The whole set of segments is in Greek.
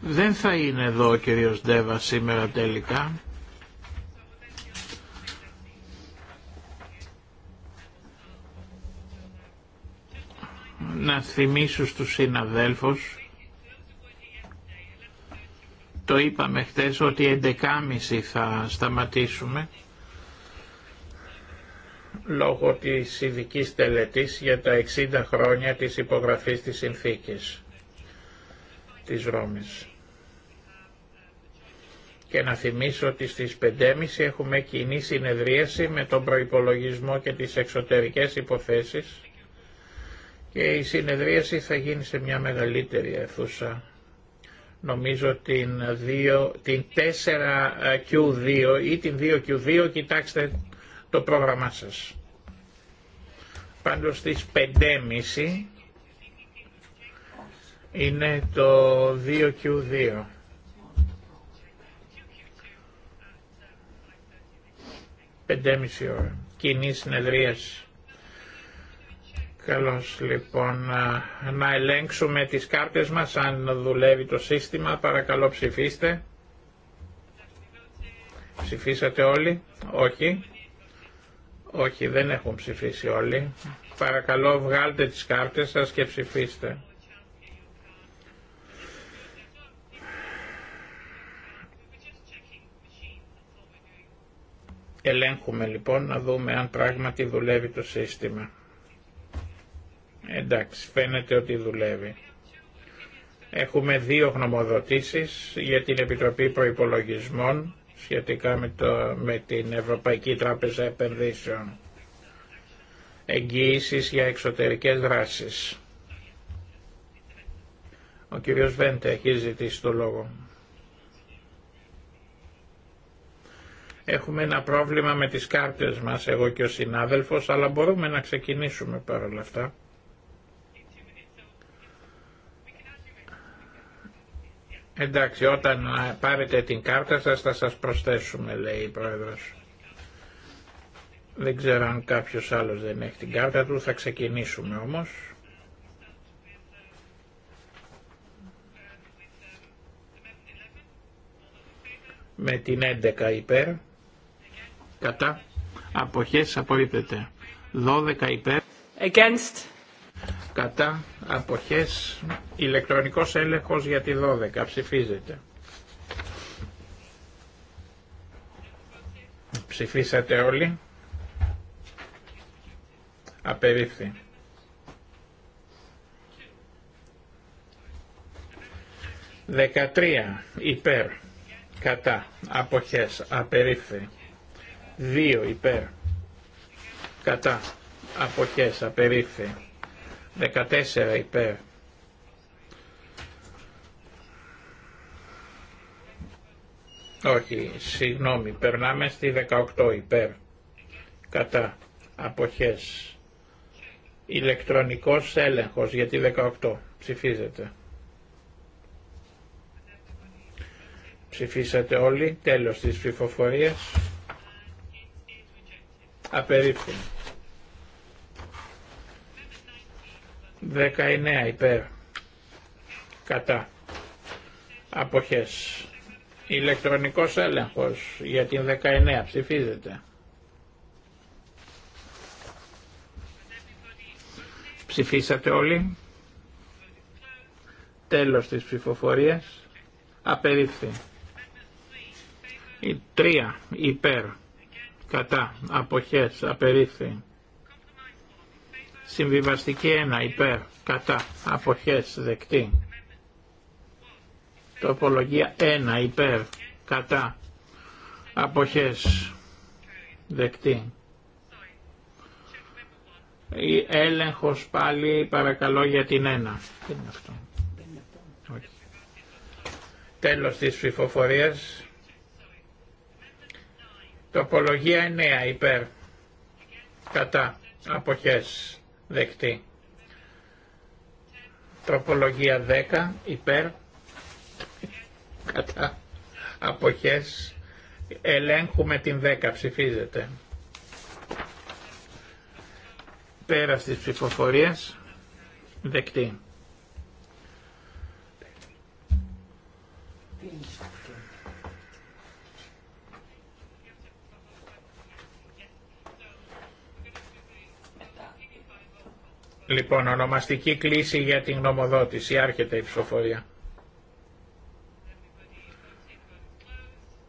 Δεν θα είναι εδώ ο κύριος Ντέβα σήμερα τελικά. Να θυμίσω στους συναδέλφους το είπαμε χτες ότι 11.30 θα σταματήσουμε λόγω της ειδική τελετής για τα 60 χρόνια της υπογραφής της συνθήκης της Ρώμης. Και να θυμίσω ότι στις 5.30 έχουμε κοινή συνεδρίαση με τον προϋπολογισμό και τις εξωτερικές υποθέσεις και η συνεδρίαση θα γίνει σε μια μεγαλύτερη αίθουσα. Νομίζω την, την 4Q2 ή την 2Q2 κοιτάξτε το πρόγραμμά σας. Πάντως στις 5.30 είναι το 2Q2. Πεντέμιση ώρα. Κοινή συνεδρίαση. Καλώς λοιπόν να ελέγξουμε τις κάρτες μας αν δουλεύει το σύστημα. Παρακαλώ ψηφίστε. Ψηφίσατε όλοι. Όχι. Όχι, δεν έχουν ψηφίσει όλοι. Παρακαλώ βγάλτε τις κάρτες σας και ψηφίστε. Ελέγχουμε λοιπόν να δούμε αν πράγματι δουλεύει το σύστημα. Εντάξει, φαίνεται ότι δουλεύει. Έχουμε δύο γνωμοδοτήσεις για την Επιτροπή Προϋπολογισμών σχετικά με, το, με την Ευρωπαϊκή Τράπεζα Επενδύσεων. Εγγύησεις για εξωτερικές δράσεις. Ο κύριος Βέντε έχει ζητήσει το λόγο. Έχουμε ένα πρόβλημα με τις κάρτες μας, εγώ και ο συνάδελφος, αλλά μπορούμε να ξεκινήσουμε παρόλα αυτά. Εντάξει, όταν ε, πάρετε την κάρτα σας θα σας προσθέσουμε, λέει η Πρόεδρος. Δεν ξέρω αν κάποιος άλλος δεν έχει την κάρτα του, θα ξεκινήσουμε όμως. Με την 11 υπέρ, κατά, αποχές απορρίπτεται. 12 υπέρ. Against κατά αποχές ηλεκτρονικός έλεγχος για τη 12 ψηφίζεται ψηφίσατε όλοι απερίφθη Δεκατρία υπέρ κατά αποχές απερίφθη δύο υπέρ κατά αποχές απερίφθη 14 υπέρ. Όχι, συγγνώμη, περνάμε στη 18 υπέρ. Κατά. Αποχές. Ηλεκτρονικός έλεγχος για τη 18. Ψηφίζεται. Ψηφίσατε όλοι. Τέλος της ψηφοφορίας. Απερίφθηνη. 19 υπέρ. Κατά. Αποχές. Ηλεκτρονικός έλεγχος για την 19 ψηφίζεται. Ψηφίσατε όλοι. Τέλος της ψηφοφορίας. Απερίφθη. Η 3 υπέρ. Κατά. Αποχές. Απερίφθη. Συμβιβαστική 1 υπέρ, κατά, αποχές, δεκτή. Τοπολογία 1 υπέρ, κατά, αποχές, δεκτή. Η έλεγχος πάλι παρακαλώ για την 1. Τι είναι αυτό. Τέλος της ψηφοφορίας. Τοπολογία 9 υπέρ. Κατά. Αποχές. Δεκτή. Τροπολογία 10 υπέρ. Κατά. Αποχές. Ελέγχουμε την 10. Ψηφίζεται. Πέρα στις ψηφοφορίες. Δεκτή. Λοιπόν, ονομαστική κλίση για την γνωμοδότηση. Άρχεται η ψηφοφορία.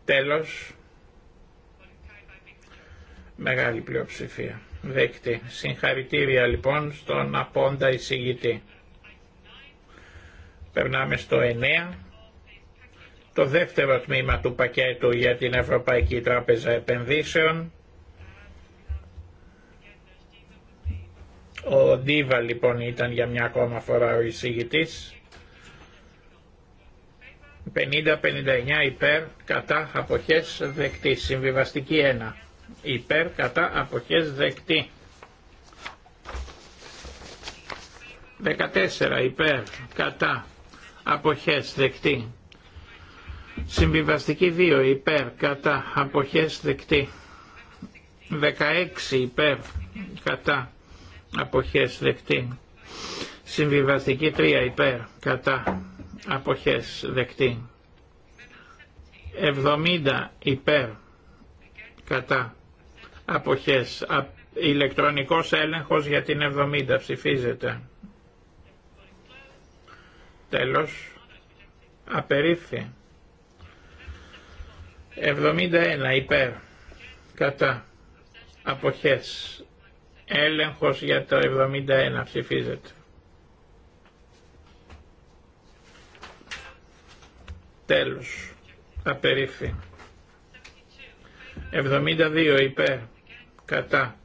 Τέλος. Μεγάλη πλειοψηφία. Δέκτη. Συγχαρητήρια λοιπόν στον απόντα εισηγητή. Περνάμε στο 9. Το δεύτερο τμήμα του πακέτου για την Ευρωπαϊκή Τράπεζα Επενδύσεων Ο Δίβα λοιπόν ήταν για μια ακόμα φορά ο εισηγητής. 50-59 υπέρ κατά αποχές δεκτή. Συμβιβαστική 1. Υπέρ κατά αποχές δεκτή. 14 υπέρ κατά αποχές δεκτή. Συμβιβαστική 2 υπέρ κατά αποχές δεκτή. 16 υπέρ κατά αποχές δεκτή. Συμβιβαστική 3 υπέρ κατά αποχές δεκτή. 70 υπέρ κατά αποχές α, ηλεκτρονικός έλεγχος για την 70 ψηφίζεται τέλος απερίφθη 71 υπέρ κατά αποχές Έλεγχος για το 71 ψηφίζεται. Τέλος. Απερίφη. 72 υπέρ. Κατά.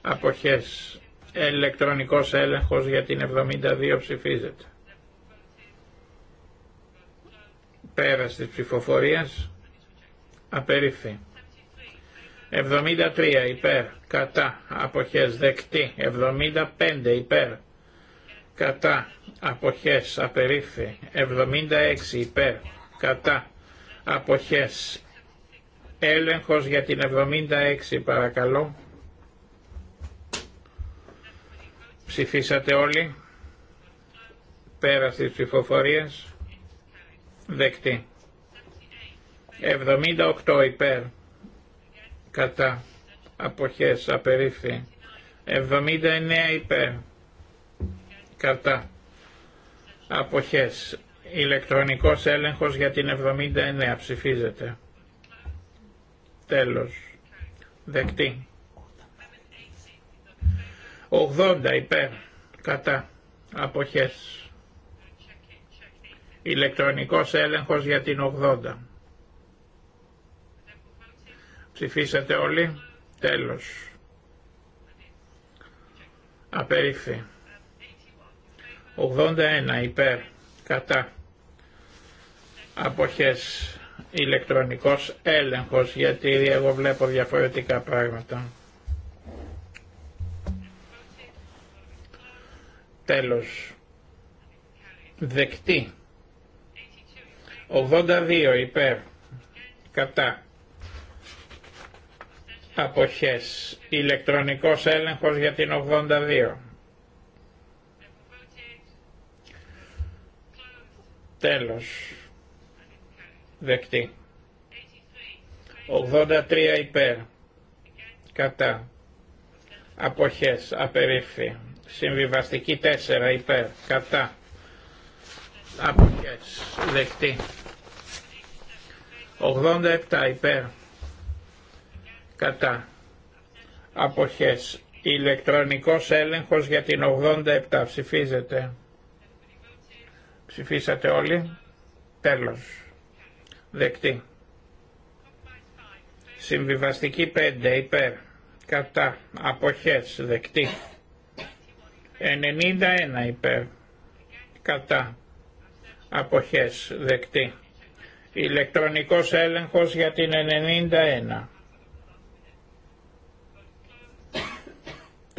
Αποχές. Ελεκτρονικός έλεγχος για την 72 ψηφίζεται. Πέρας της ψηφοφορίας. Απερίφη. 73 υπέρ, κατά, αποχές δεκτή, 75 υπέρ, κατά, αποχές απερίφθη, 76 υπέρ, κατά, αποχές. Έλεγχος για την 76 παρακαλώ. Ψηφίσατε όλοι. Πέρασε στις ψηφοφορίες. Δεκτή. 78 υπέρ κατά αποχές απερίφθη 79 υπέρ κατά αποχές ηλεκτρονικός έλεγχος για την 79 ψηφίζεται τέλος δεκτή 80 υπέρ κατά αποχές ηλεκτρονικός έλεγχος για την 80 Ψηφίσατε όλοι. Τέλος. Απερίφθη. 81 υπέρ. Κατά. Αποχές. Ηλεκτρονικός έλεγχος γιατί εγώ βλέπω διαφορετικά πράγματα. Τέλος. Δεκτή. 82 υπέρ. Κατά αποχές, ηλεκτρονικός έλεγχος για την 82. Τέλος. Δεκτή. 83 υπέρ. Κατά. Αποχές. Απερίφθη. Συμβιβαστική 4 υπέρ. Κατά. Αποχές. Δεκτή. 87 υπέρ κατά αποχές ηλεκτρονικός έλεγχος για την 87 ψηφίζεται ψηφίσατε όλοι τέλος δεκτή συμβιβαστική 5 υπέρ κατά αποχές δεκτή 91 υπέρ κατά αποχές δεκτή ηλεκτρονικός έλεγχος για την 91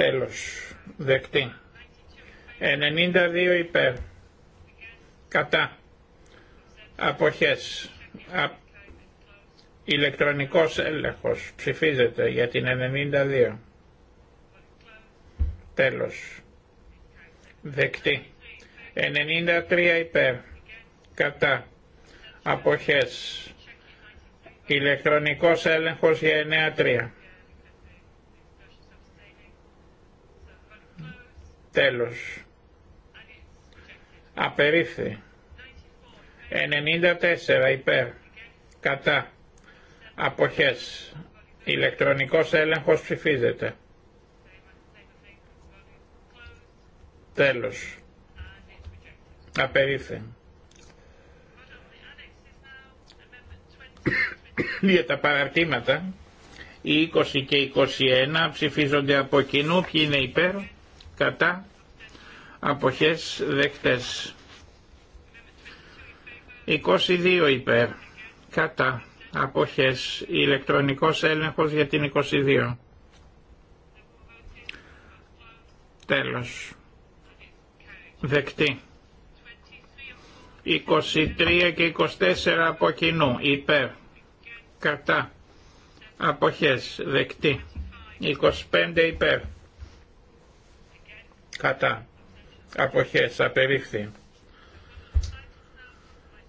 Τέλος. Δεκτή. 92 υπέρ. Κατά. Αποχές. Α... Ηλεκτρονικός έλεγχος. Ψηφίζεται για την 92. Τέλος. Δεκτή. 93 υπέρ. Κατά. Αποχές. Ηλεκτρονικός έλεγχος για 93. Τέλος. Απερίφθη. 94 υπέρ. Κατά. Αποχές. Ηλεκτρονικός έλεγχος ψηφίζεται. Τέλος. Απερίφθη. Για τα παραρτήματα, οι 20 και 21 ψηφίζονται από κοινού. Ποιοι είναι υπέρ κατά αποχές δεκτές. 22 υπέρ κατά αποχές ηλεκτρονικός έλεγχος για την 22. Τέλος. Δεκτή. 23 και 24 από κοινού υπέρ κατά αποχές δεκτή. 25 υπέρ κατά αποχές απερίφθη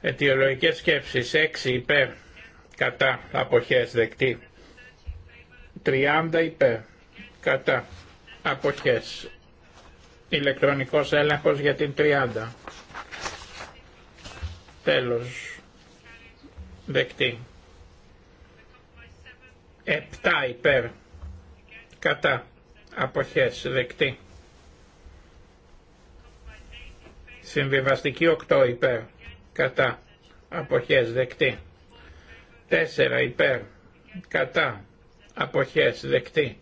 αιτιολογικές σκέψεις 6 υπέρ κατά αποχές δεκτή 30 υπέρ κατά αποχές ηλεκτρονικός έλεγχος για την 30 τέλος δεκτή 7 υπέρ κατά αποχές δεκτή Συμβιβαστική 8 υπέρ. Κατά. Αποχές δεκτή. 4 υπέρ. Κατά. Αποχές δεκτή.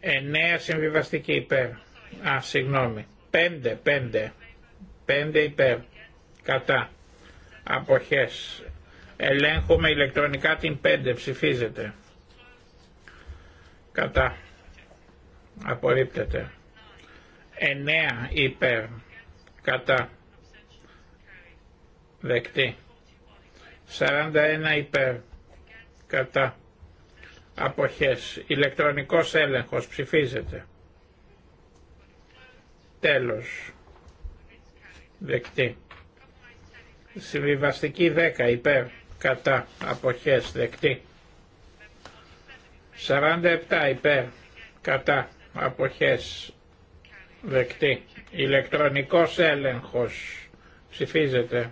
9 συμβιβαστική υπέρ. Α, συγγνώμη. 5, 5. 5 υπέρ. Κατά. Αποχές. Ελέγχουμε ηλεκτρονικά την 5. Ψηφίζεται. Κατά. Απορρίπτεται. 9 υπέρ κατά δεκτή 41 υπέρ κατά αποχές ηλεκτρονικός έλεγχος ψηφίζεται τέλος δεκτή συμβιβαστική 10 υπέρ κατά αποχές δεκτή 47 υπέρ κατά αποχές δεκτή Ηλεκτρονικός έλεγχος. Ψηφίζεται.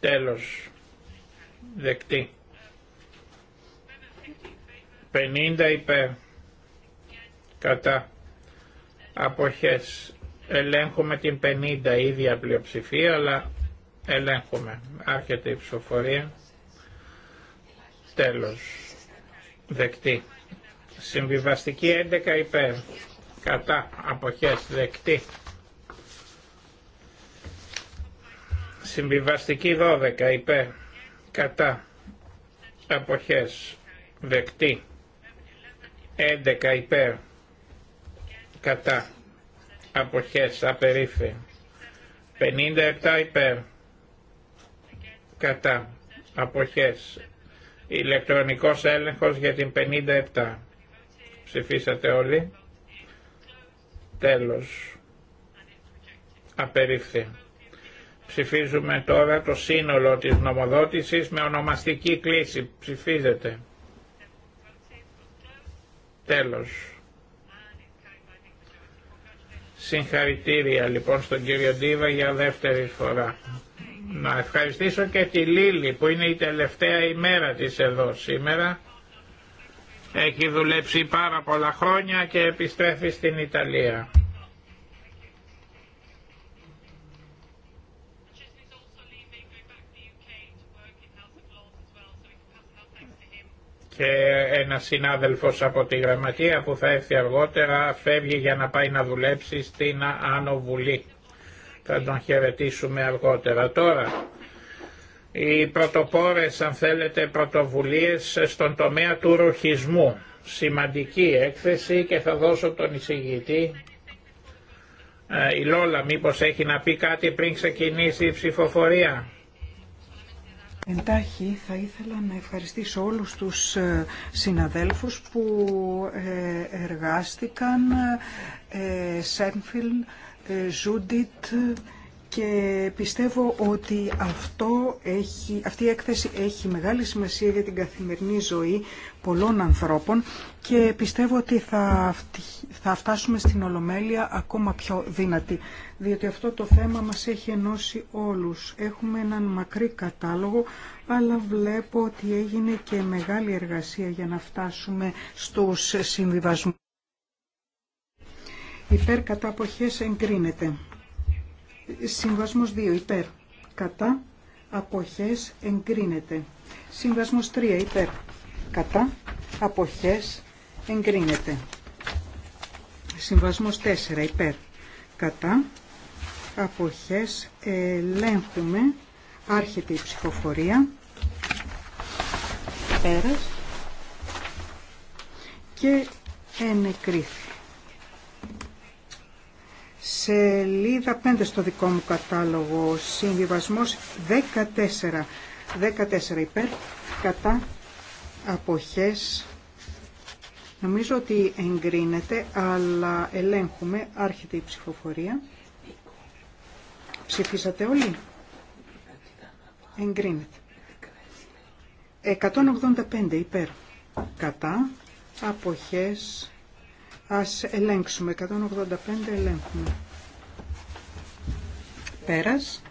Τέλος. Δεκτή. 50 υπέρ. Κατά. Αποχές. Ελέγχουμε την 50 ίδια πλειοψηφία, αλλά ελέγχουμε. Άρχεται η ψηφοφορία. Τέλος. Δεκτή. Συμβιβαστική 11 υπέρ. Κατά αποχές δεκτή. Συμβιβαστική 12 υπέρ. Κατά αποχές δεκτή. 11 υπέρ. Κατά αποχές απερίφη. 57 υπέρ. Κατά αποχές ηλεκτρονικός έλεγχος για την 57. Ψηφίσατε όλοι. Τέλος. Απερίφθη. Ψηφίζουμε τώρα το σύνολο της νομοδότησης με ονομαστική κλίση. Ψηφίζετε; Τέλος. Συγχαρητήρια λοιπόν στον κύριο Ντίβα για δεύτερη φορά. Να ευχαριστήσω και τη Λίλη που είναι η τελευταία ημέρα της εδώ σήμερα. Έχει δουλέψει πάρα πολλά χρόνια και επιστρέφει στην Ιταλία. και ένα συνάδελφος από τη γραμματεία που θα έρθει αργότερα φεύγει για να πάει να δουλέψει στην Άνω Βουλή. Θα τον χαιρετήσουμε αργότερα. Τώρα οι πρωτοπόρες αν θέλετε πρωτοβουλίες στον τομέα του ροχισμού. Σημαντική έκθεση και θα δώσω τον εισηγητή. Ε, η Λόλα μήπως έχει να πει κάτι πριν ξεκινήσει η ψηφοφορία. Εντάχει θα ήθελα να ευχαριστήσω όλους τους ε, συναδέλφους που ε, εργάστηκαν, Σένφιλ, Ζούντιτ, και πιστεύω ότι αυτό έχει, αυτή η έκθεση έχει μεγάλη σημασία για την καθημερινή ζωή πολλών ανθρώπων και πιστεύω ότι θα, θα φτάσουμε στην Ολομέλεια ακόμα πιο δυνατή, διότι αυτό το θέμα μας έχει ενώσει όλους. Έχουμε έναν μακρύ κατάλογο, αλλά βλέπω ότι έγινε και μεγάλη εργασία για να φτάσουμε στους συμβιβασμούς. Υπέρ κατά εγκρίνεται. Συμβασμός 2 υπέρ. Κατά. Αποχές εγκρίνεται. Συμβασμός 3 υπέρ. Κατά. Αποχές εγκρίνεται. Συμβασμός 4 υπέρ. Κατά. Αποχές ελέγχουμε. Άρχεται η ψηφοφορία. Πέρας. Και ενεκρίθη. Σελίδα 5 στο δικό μου κατάλογο. Συμβιβασμός 14. 14 υπέρ, κατά αποχές. Νομίζω ότι εγκρίνεται, αλλά ελέγχουμε. Άρχεται η ψηφοφορία. Ψηφίσατε όλοι. Εγκρίνεται. 185 υπέρ. Κατά. Αποχές. Ας ελέγξουμε. 185 ελέγχουμε. Πέρας.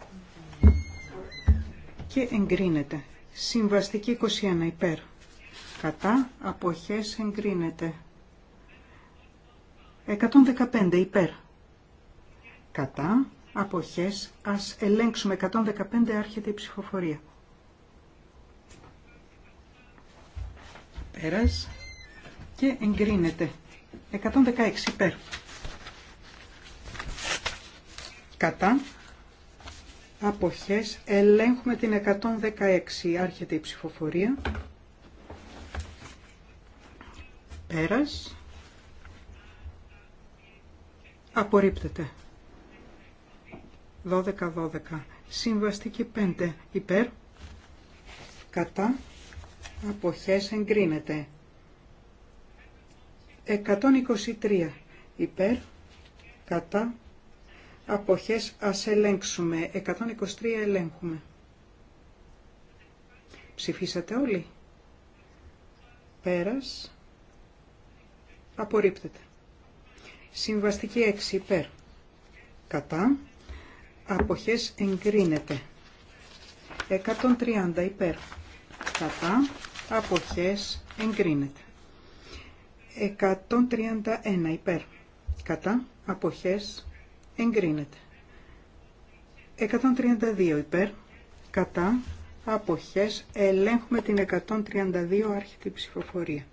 Και εγκρίνεται. Συμβαστική 21 υπέρ. Κατά. Αποχές εγκρίνεται. 115 υπέρ. Κατά. Αποχές. Ας ελέγξουμε. 115 άρχεται η ψηφοφορία. Πέρας. Και εγκρίνεται. 116 υπέρ. Κατά. Αποχές. Ελέγχουμε την 116. Άρχεται η ψηφοφορία. Πέρας. Απορρίπτεται. 12-12. Συμβαστική 5 υπέρ. Κατά. Αποχές εγκρίνεται. 123 υπέρ, κατά, αποχές ας ελέγξουμε. 123 ελέγχουμε. Ψηφίσατε όλοι. Πέρας. Απορρίπτεται. Συμβαστική 6 υπέρ. Κατά. Αποχές εγκρίνεται. 130 υπέρ. Κατά. Αποχές εγκρίνεται. 131 υπέρ. Κατά. Αποχές. Εγκρίνεται. 132 υπέρ. Κατά. Αποχές. Ελέγχουμε την 132 άρχητη ψηφοφορία.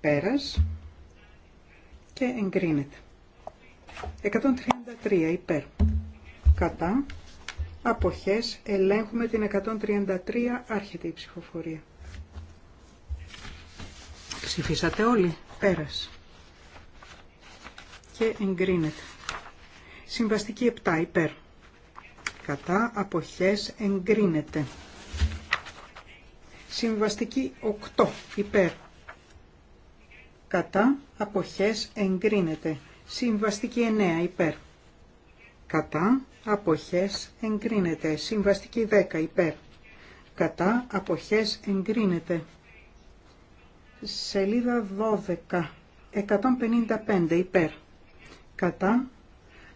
Πέρας. Και εγκρίνεται. 133 υπέρ. Κατά. Αποχές. Ελέγχουμε την 133 άρχιτη ψηφοφορία. Ψηφίσατε όλοι. Πέρας. Και εγκρίνεται. Συμβαστική 7 υπέρ. Κατά αποχές εγκρίνεται. Συμβαστική 8 υπέρ. Κατά αποχές εγκρίνεται. Συμβαστική 9 υπέρ. Κατά αποχές εγκρίνεται. Συμβαστική 10 υπέρ. Κατά αποχές εγκρίνεται. Σελίδα 12. 155 υπέρ. Κατά.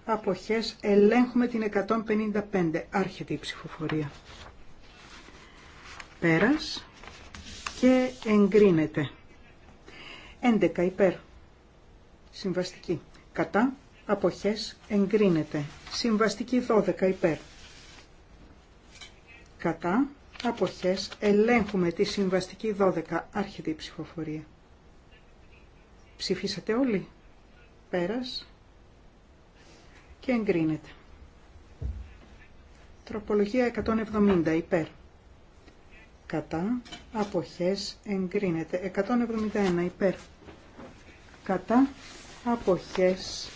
Αποχές. Ελέγχουμε την 155. Άρχεται η ψηφοφορία. Πέρας. Και εγκρίνεται. 11 υπέρ. Συμβαστική. Κατά. Αποχές. Εγκρίνεται. Συμβαστική 12 υπέρ. Κατά αποχές ελέγχουμε τη συμβαστική 12 άρχεται η ψηφοφορία. Ψηφίσατε όλοι. Πέρας. Και εγκρίνεται. Τροπολογία 170 υπέρ. Κατά. Αποχές εγκρίνεται. 171 υπέρ. Κατά. Αποχές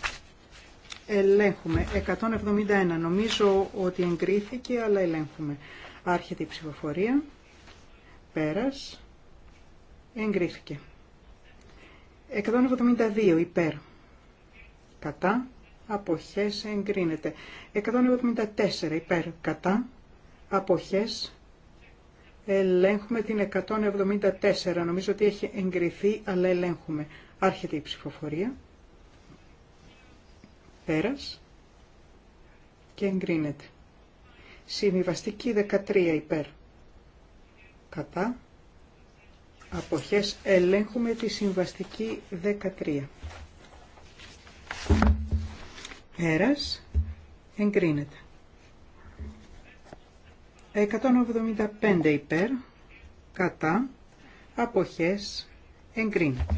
ελέγχουμε. 171. Νομίζω ότι εγκρίθηκε αλλά ελέγχουμε. Άρχεται η ψηφοφορία. Πέρας. Εγκρίθηκε. 172 υπέρ. Κατά. Αποχές εγκρίνεται. 174 υπέρ. Κατά. Αποχές. Ελέγχουμε την 174. Νομίζω ότι έχει εγκριθεί, αλλά ελέγχουμε. Άρχεται η ψηφοφορία. Πέρας. Και εγκρίνεται. Συμβιβαστική 13 υπέρ. Κατά. Αποχές ελέγχουμε τη συμβαστική 13. Έρας Εγκρίνεται. 175 υπέρ. Κατά. Αποχές εγκρίνεται.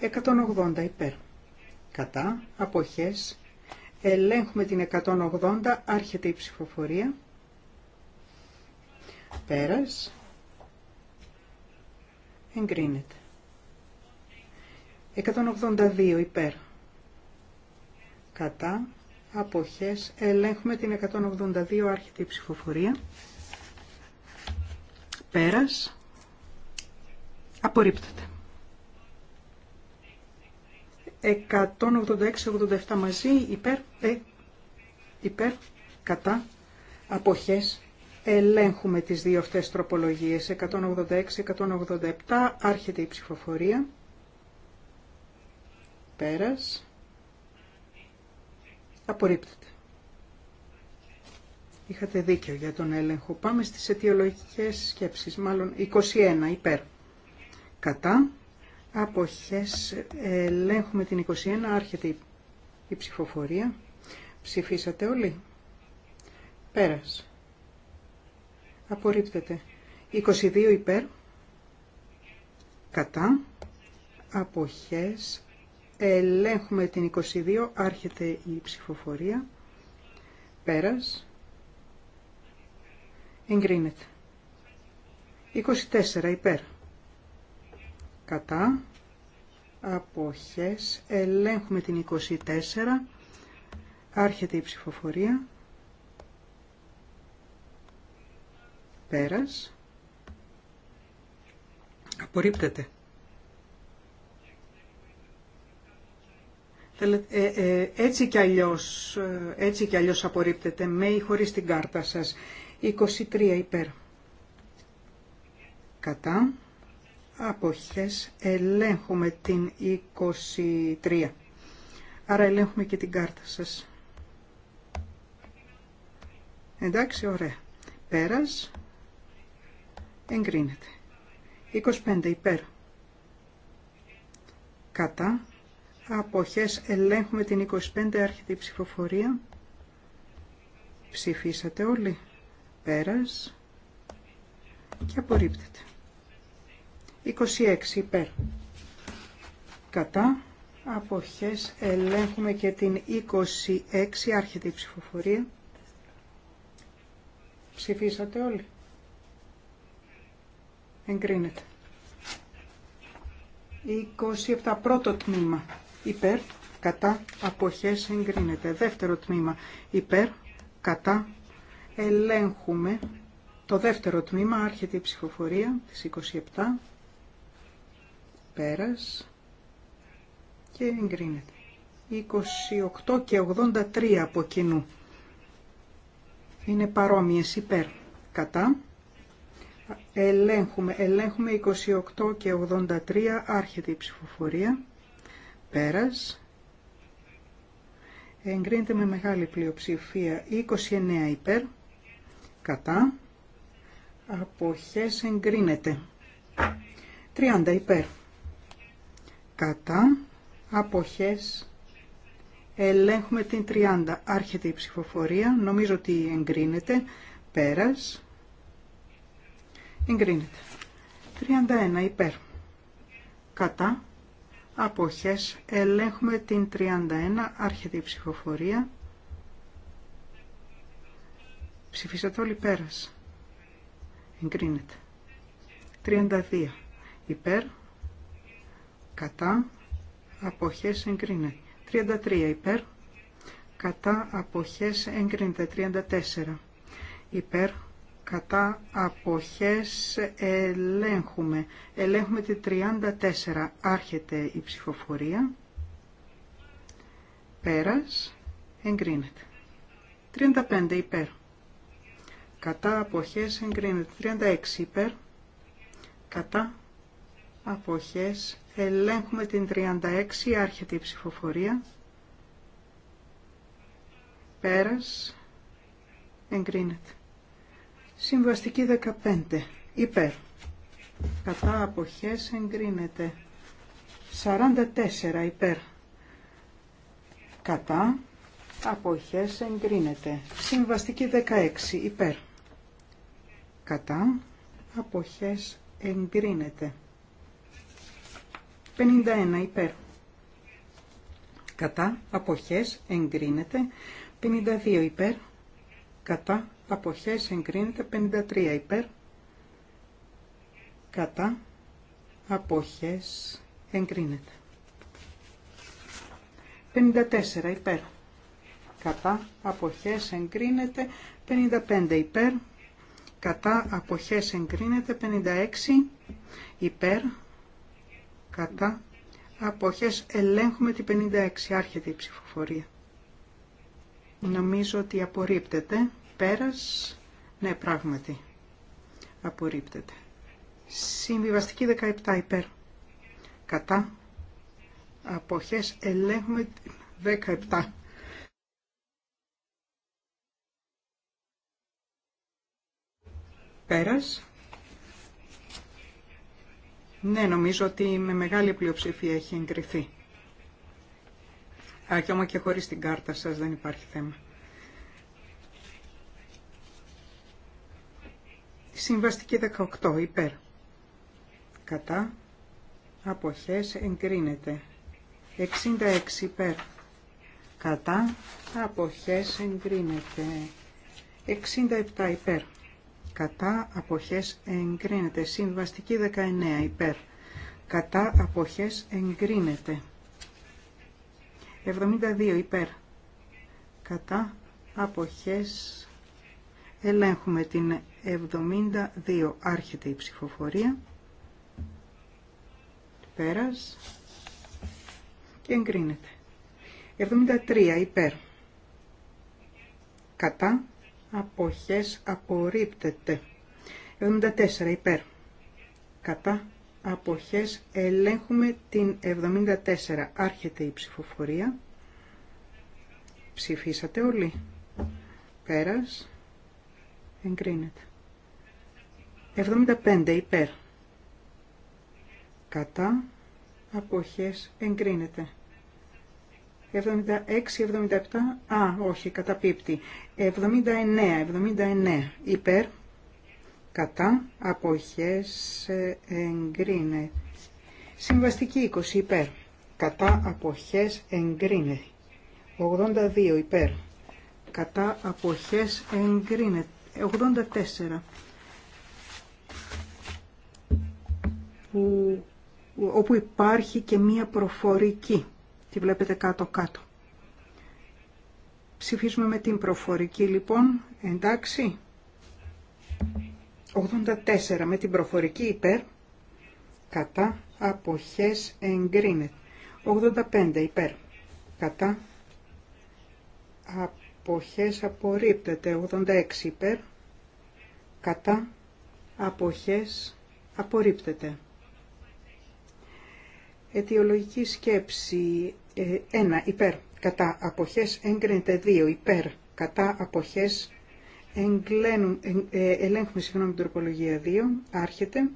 180 υπέρ. Κατά. Αποχές Ελέγχουμε την 180, άρχεται η ψηφοφορία. Πέρας. Εγκρίνεται. 182 υπέρ. Κατά. Αποχές. Ελέγχουμε την 182, άρχεται η ψηφοφορία. Πέρας. Απορρίπτεται. 186-87 μαζί ε, υπέρ, κατά, αποχές. Ελέγχουμε τις δύο αυτές τροπολογίες, 186-187, άρχεται η ψηφοφορία. Πέρας. Απορρίπτεται. Είχατε δίκιο για τον έλεγχο. Πάμε στις αιτιολογικές σκέψεις, μάλλον 21 υπέρ. Κατά, αποχές ελέγχουμε την 21 άρχεται η ψηφοφορία ψηφίσατε όλοι πέρας απορρίπτεται 22 υπέρ κατά αποχές ελέγχουμε την 22 άρχεται η ψηφοφορία πέρας εγκρίνεται 24 υπέρ κατά, αποχές, ελέγχουμε την 24, άρχεται η ψηφοφορία, πέρας, απορρίπτεται. Ε, ε, έτσι κι αλλιώς, ε, έτσι κι αλλιώς απορρίπτεται με ή χωρίς την κάρτα σας. 23 υπέρ. Κατά αποχές ελέγχουμε την 23. Άρα ελέγχουμε και την κάρτα σας. Εντάξει, ωραία. Πέρας, εγκρίνεται. 25 υπέρ. Κατά. Αποχές ελέγχουμε την 25 άρχεται η ψηφοφορία. Ψηφίσατε όλοι. Πέρας. Και απορρίπτεται. 26 υπέρ. Κατά. Αποχές. Ελέγχουμε και την 26. Άρχεται η ψηφοφορία. Ψηφίσατε όλοι. Εγκρίνεται. 27 πρώτο τμήμα. Υπέρ. Κατά. Αποχές. Εγκρίνεται. Δεύτερο τμήμα. Υπέρ. Κατά. Ελέγχουμε. Το δεύτερο τμήμα. Άρχεται η ψηφοφορία. της 27 πέρας και εγκρίνεται. 28 και 83 από κοινού. Είναι παρόμοιες υπέρ. Κατά. Ελέγχουμε. Ελέγχουμε 28 και 83. Άρχεται η ψηφοφορία. Πέρας. Εγκρίνεται με μεγάλη πλειοψηφία. 29 υπέρ. Κατά. Αποχές εγκρίνεται. 30 υπέρ κατά, αποχές, ελέγχουμε την 30. Άρχεται η ψηφοφορία, νομίζω ότι εγκρίνεται, πέρας, εγκρίνεται. 31 υπέρ, κατά, αποχές, ελέγχουμε την 31, άρχεται η ψηφοφορία, ψηφίσατε όλοι πέρας, εγκρίνεται. 32 υπέρ, κατά αποχές εγκρίνεται. 33 υπέρ κατά αποχές εγκρίνεται. 34 υπέρ κατά αποχές ελέγχουμε. Ελέγχουμε τη 34. Άρχεται η ψηφοφορία. Πέρας. Εγκρίνεται. 35 υπέρ. Κατά αποχές εγκρίνεται. 36 υπέρ. Κατά αποχές ελέγχουμε την 36 άρχεται η ψηφοφορία πέρας εγκρίνεται συμβαστική 15 υπέρ κατά αποχές εγκρίνεται 44 υπέρ κατά αποχές εγκρίνεται συμβαστική 16 υπέρ κατά αποχές εγκρίνεται 51 υπέρ. Κατά αποχές εγκρίνεται 52 υπέρ. Κατά αποχές εγκρίνεται 53 υπέρ. Κατά αποχές εγκρίνεται. 54 υπέρ. Κατά αποχές εγκρίνεται 55 υπέρ. Κατά αποχές εγκρίνεται 56 υπέρ κατά αποχές ελέγχουμε την 56 άρχεται η ψηφοφορία νομίζω ότι απορρίπτεται πέρας ναι πράγματι απορρίπτεται συμβιβαστική 17 υπέρ κατά αποχές ελέγχουμε 17 πέρας ναι, νομίζω ότι με μεγάλη πλειοψηφία έχει εγκριθεί. Ακόμα και χωρίς την κάρτα σας δεν υπάρχει θέμα. Συμβαστική 18, υπέρ. Κατά. Αποχές εγκρίνεται. 66 υπέρ. Κατά. Αποχές εγκρίνεται. 67 υπέρ κατά αποχές εγκρίνεται. Συμβαστική 19 υπέρ, κατά αποχές εγκρίνεται. 72 υπέρ, κατά αποχές ελέγχουμε την 72 άρχεται η ψηφοφορία πέρας και εγκρίνεται 73 υπέρ κατά αποχές απορρίπτεται. 74 υπέρ. Κατά αποχές ελέγχουμε την 74. Άρχεται η ψηφοφορία. Ψηφίσατε όλοι. Πέρας. Εγκρίνεται. 75 υπέρ. Κατά αποχές εγκρίνεται. 76, 77, α, όχι, καταπίπτει. 79, 79, υπέρ, κατά, αποχές, ε, εγκρίνε. Συμβαστική 20, υπέρ, κατά, αποχές, εγκρίνε. 82, υπέρ, κατά, αποχές, εγκρίνε. 84, που, όπου υπάρχει και μία προφορική Τη βλέπετε κάτω-κάτω. Ψηφίζουμε με την προφορική λοιπόν, εντάξει. 84 με την προφορική υπέρ, κατά, αποχές εγκρίνεται. 85 υπέρ, κατά, αποχές απορρίπτεται. 86 υπέρ, κατά, αποχές απορρίπτεται. Αιτιολογική σκέψη 1 ε, υπέρ κατά αποχές εγκρίνεται 2 υπέρ κατά αποχές εγκλένουν, ε, ε ελέγχουμε συγγνώμη την τροπολογία 2 άρχεται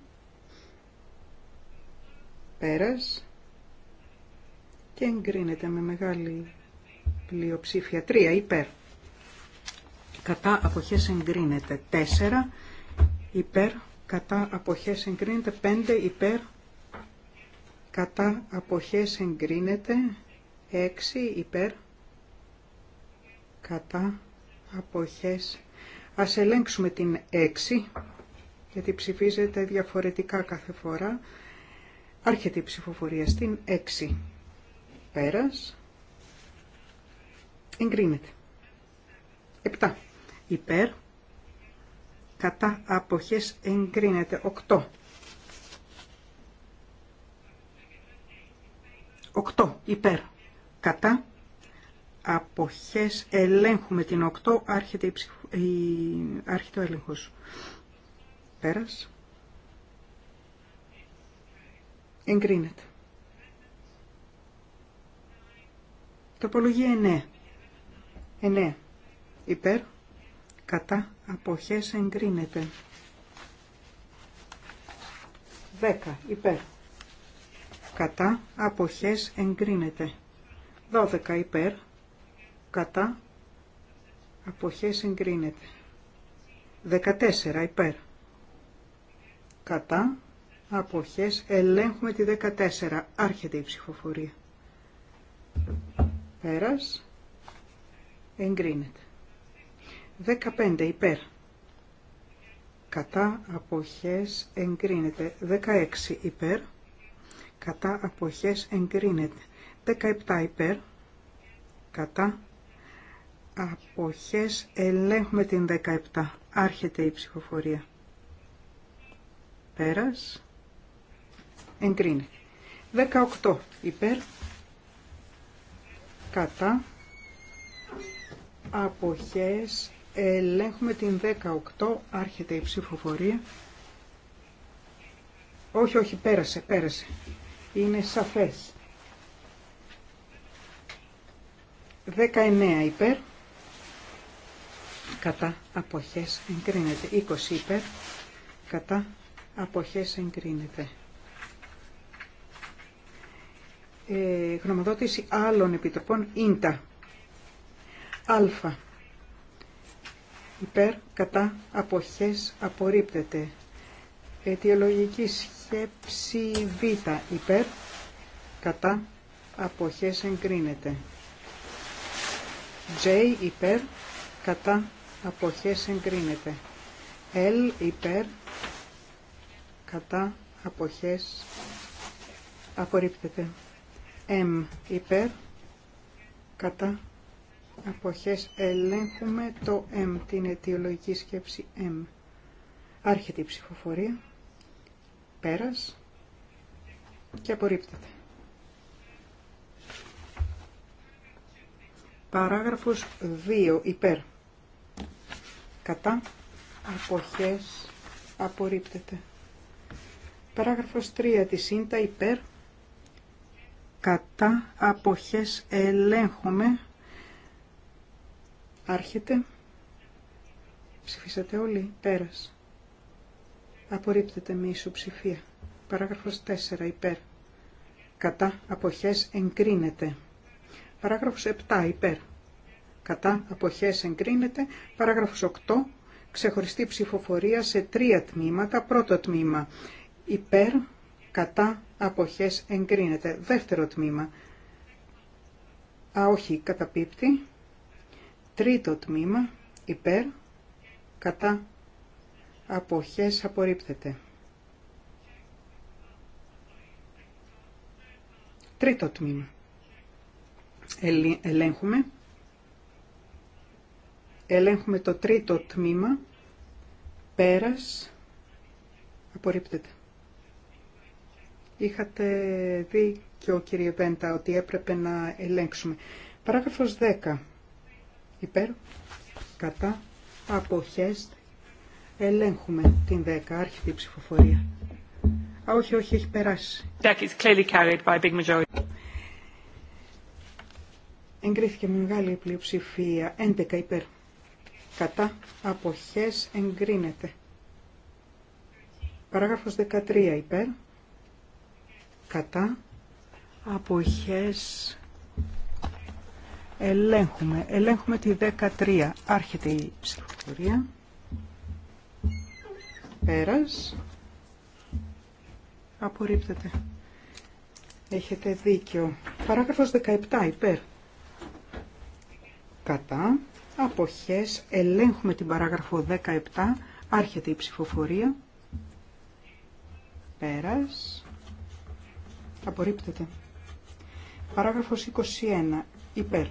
πέρας και εγκρίνεται με μεγάλη πλειοψήφια 3 υπέρ κατά αποχές εγκρίνεται 4 υπέρ κατά αποχές εγκρίνεται 5 υπέρ κατά αποχές εγκρίνεται 6 υπέρ κατά αποχές. Ας ελέγξουμε την 6 γιατί ψηφίζεται διαφορετικά κάθε φορά. Άρχεται η ψηφοφορία στην 6. Πέρας. Εγκρίνεται. 7. Υπέρ. Κατά αποχές εγκρίνεται. 8. 8. Υπέρ κατά αποχές ελέγχουμε την 8 άρχεται, η η... άρχεται ο έλεγχος πέρας εγκρίνεται τοπολογία 9 9 υπέρ κατά αποχές εγκρίνεται 10 υπέρ κατά αποχές εγκρίνεται 12 υπέρ, κατά, αποχές εγκρίνεται. 14 υπέρ, κατά, αποχές ελέγχουμε τη 14. Άρχεται η ψηφοφορία. Πέρας, εγκρίνεται. 15 υπέρ, κατά, αποχές εγκρίνεται. 16 υπέρ, κατά, αποχές εγκρίνεται. 17 υπέρ, κατά, αποχές, ελέγχουμε την 17. Άρχεται η ψηφοφορία. Πέρας, εγκρίνει. 18 υπέρ, κατά, αποχές, ελέγχουμε την 18, άρχεται η ψηφοφορία. Όχι, όχι, πέρασε, πέρασε. Είναι σαφές. 19 υπέρ, κατά αποχές εγκρίνεται. 20 υπέρ, κατά αποχές εγκρίνεται. Ε, γνωμοδότηση άλλων επιτροπών ίντα. Α. Υπέρ, κατά, αποχές, απορρίπτεται. Αιτιολογική σκέψη Β. Υπέρ, κατά, αποχές, εγκρίνεται. J υπέρ κατά αποχές εγκρίνεται. L υπέρ κατά αποχές απορρίπτεται. M υπέρ κατά αποχές ελέγχουμε το M, την αιτιολογική σκέψη M. Άρχεται η ψηφοφορία, πέρας και απορρίπτεται. Παράγραφος 2. Υπέρ. Κατά. Αποχές. Απορρίπτεται. Παράγραφος 3 της ΣΥΝΤΑ. Υπέρ. Κατά. Αποχές. Ελέγχουμε. Άρχεται. Ψηφίσατε όλοι. Πέρας. Απορρίπτεται με ισοψηφία. Παράγραφος 4. Υπέρ. Κατά. Αποχές. Εγκρίνεται. Παράγραφος 7 υπέρ. Κατά αποχές εγκρίνεται. Παράγραφος 8 ξεχωριστή ψηφοφορία σε τρία τμήματα. Πρώτο τμήμα υπέρ. Κατά αποχές εγκρίνεται. Δεύτερο τμήμα. Α, όχι, καταπίπτει. Τρίτο τμήμα υπέρ. Κατά αποχές απορρίπτεται. Τρίτο τμήμα ελέγχουμε. Ελέγχουμε το τρίτο τμήμα. Πέρας. Απορρίπτεται. Είχατε δει και ο κύριε Βέντα ότι έπρεπε να ελέγξουμε. Παράγραφος 10. Υπέρ. Κατά. Αποχές. Ελέγχουμε την 10. Άρχεται η ψηφοφορία. Α, όχι, όχι, έχει περάσει. Εγκρίθηκε με μεγάλη πλειοψηφία. 11 υπέρ. Κατά αποχές εγκρίνεται. Παράγραφος 13 υπέρ. Κατά αποχές ελέγχουμε. Ελέγχουμε τη 13. Άρχεται η ψηφοφορία. Πέρας. Απορρίπτεται. Έχετε δίκιο. Παράγραφος 17 υπέρ κατά, αποχές, ελέγχουμε την παράγραφο 17, άρχεται η ψηφοφορία, πέρας, απορρίπτεται. Παράγραφος 21, υπέρ,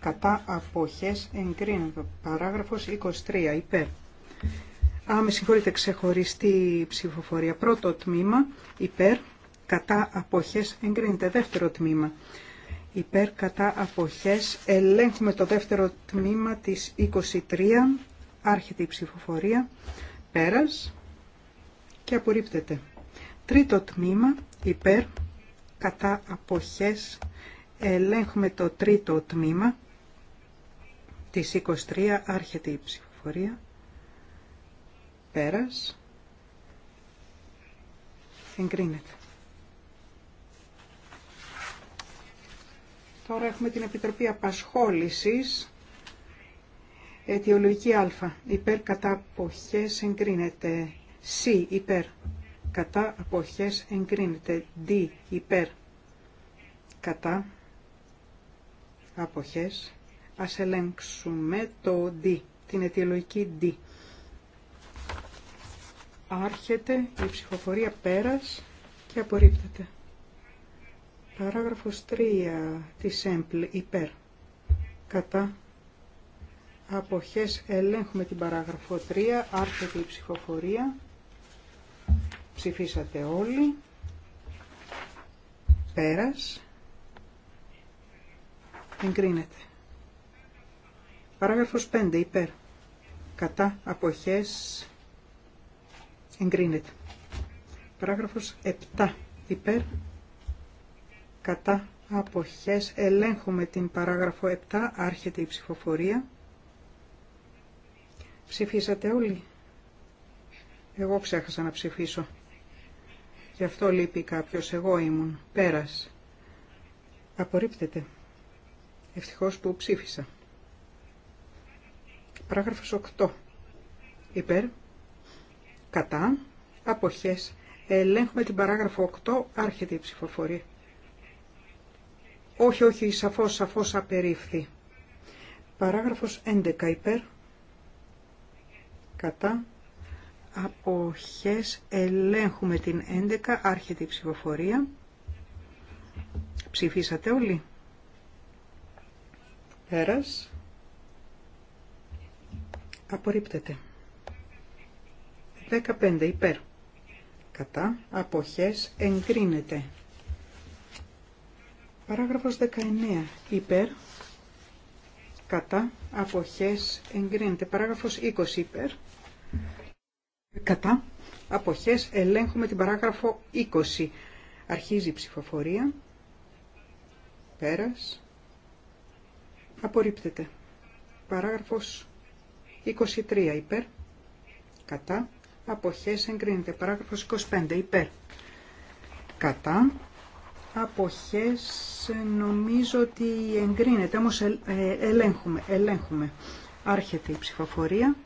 κατά, αποχές, εγκρίνεται. Παράγραφος 23, υπέρ. Α, με συγχωρείτε, ξεχωριστή ψηφοφορία. Πρώτο τμήμα, υπέρ, κατά, αποχές, εγκρίνεται. Δεύτερο τμήμα, υπέρ κατά αποχές. Ελέγχουμε το δεύτερο τμήμα της 23, άρχεται η ψηφοφορία, πέρας και απορρίπτεται. Τρίτο τμήμα, υπέρ κατά αποχές. Ελέγχουμε το τρίτο τμήμα της 23, άρχεται η ψηφοφορία, πέρας, εγκρίνεται. Τώρα έχουμε την Επιτροπή Απασχόλησης, αιτιολογική α, υπέρ κατά αποχές εγκρίνεται, C υπέρ κατά αποχές εγκρίνεται, Δ, υπέρ κατά αποχές. Ας ελέγξουμε το D, την αιτιολογική D. Άρχεται η ψηφοφορία πέρας και απορρίπτεται. Παράγραφος 3 της ΕΜΠΛ υπέρ. Κατά αποχές ελέγχουμε την παράγραφο 3, άρχεται η ψηφοφορία. Ψηφίσατε όλοι. Πέρας. Εγκρίνεται. Παράγραφος 5 υπέρ. Κατά αποχές εγκρίνεται. Παράγραφος 7 υπέρ κατά αποχές ελέγχουμε την παράγραφο 7 άρχεται η ψηφοφορία ψηφίσατε όλοι εγώ ξέχασα να ψηφίσω γι' αυτό λείπει κάποιος εγώ ήμουν πέρας απορρίπτεται ευτυχώς που ψήφισα παράγραφος 8 υπέρ κατά αποχές ελέγχουμε την παράγραφο 8 άρχεται η ψηφοφορία όχι, όχι, σαφώς, σαφώς απερίφθη. Παράγραφος 11 υπέρ. Κατά. Αποχές ελέγχουμε την 11, άρχεται η ψηφοφορία. Ψηφίσατε όλοι. Πέρας. Απορρίπτεται. 15 υπέρ. Κατά. Αποχές εγκρίνεται. Παράγραφος 19. Υπέρ, κατά, αποχές, εγκρίνεται. Παράγραφος 20. Υπέρ, κατά, αποχές, ελέγχουμε την παράγραφο 20. Αρχίζει η ψηφοφορία. Πέρας. Απορρίπτεται. Παράγραφος 23. Υπέρ, κατά, αποχές, εγκρίνεται. Παράγραφος 25. Υπέρ, κατά, αποχές νομίζω ότι εγκρίνεται, όμως ε, ελέγχουμε, ελέγχουμε. Άρχεται η ψηφοφορία,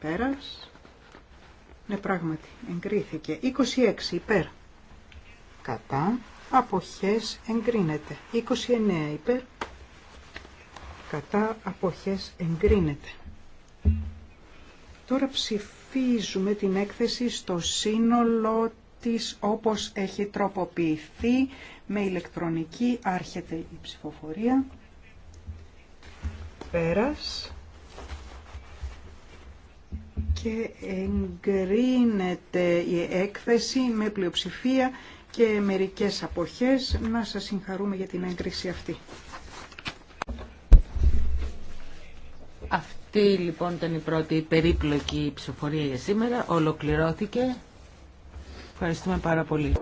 πέρας, ναι πράγματι, εγκρίθηκε. 26 υπέρ, κατά, αποχές εγκρίνεται. 29 υπέρ, κατά, αποχές εγκρίνεται. Τώρα ψηφίζουμε την έκθεση στο σύνολο της όπως έχει τροποποιηθεί με ηλεκτρονική άρχεται η ψηφοφορία. Πέρας. Και εγκρίνεται η έκθεση με πλειοψηφία και μερικές αποχές. Να σας συγχαρούμε για την έγκριση αυτή. Αυτή λοιπόν ήταν η πρώτη περίπλοκη ψηφοφορία για σήμερα. Ολοκληρώθηκε. Ευχαριστούμε πάρα πολύ.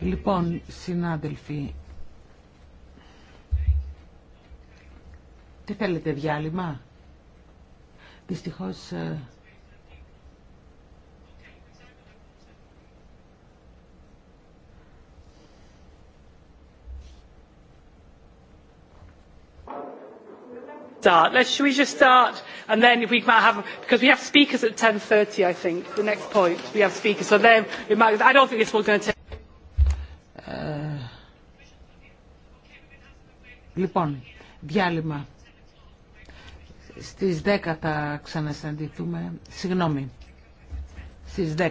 Λοιπόν, συνάδελφοι, τι θέλετε, διάλειμμα. Δυστυχώς ε, start. Let's, should we just start? And then if we might have, because we have speakers at 10.30, I think, the next point. We have speakers. So then, we might, I don't think this will going to take... Λοιπόν, διάλειμμα. Στις 10 θα ξανασυναντηθούμε. Συγγνώμη. Στις 10.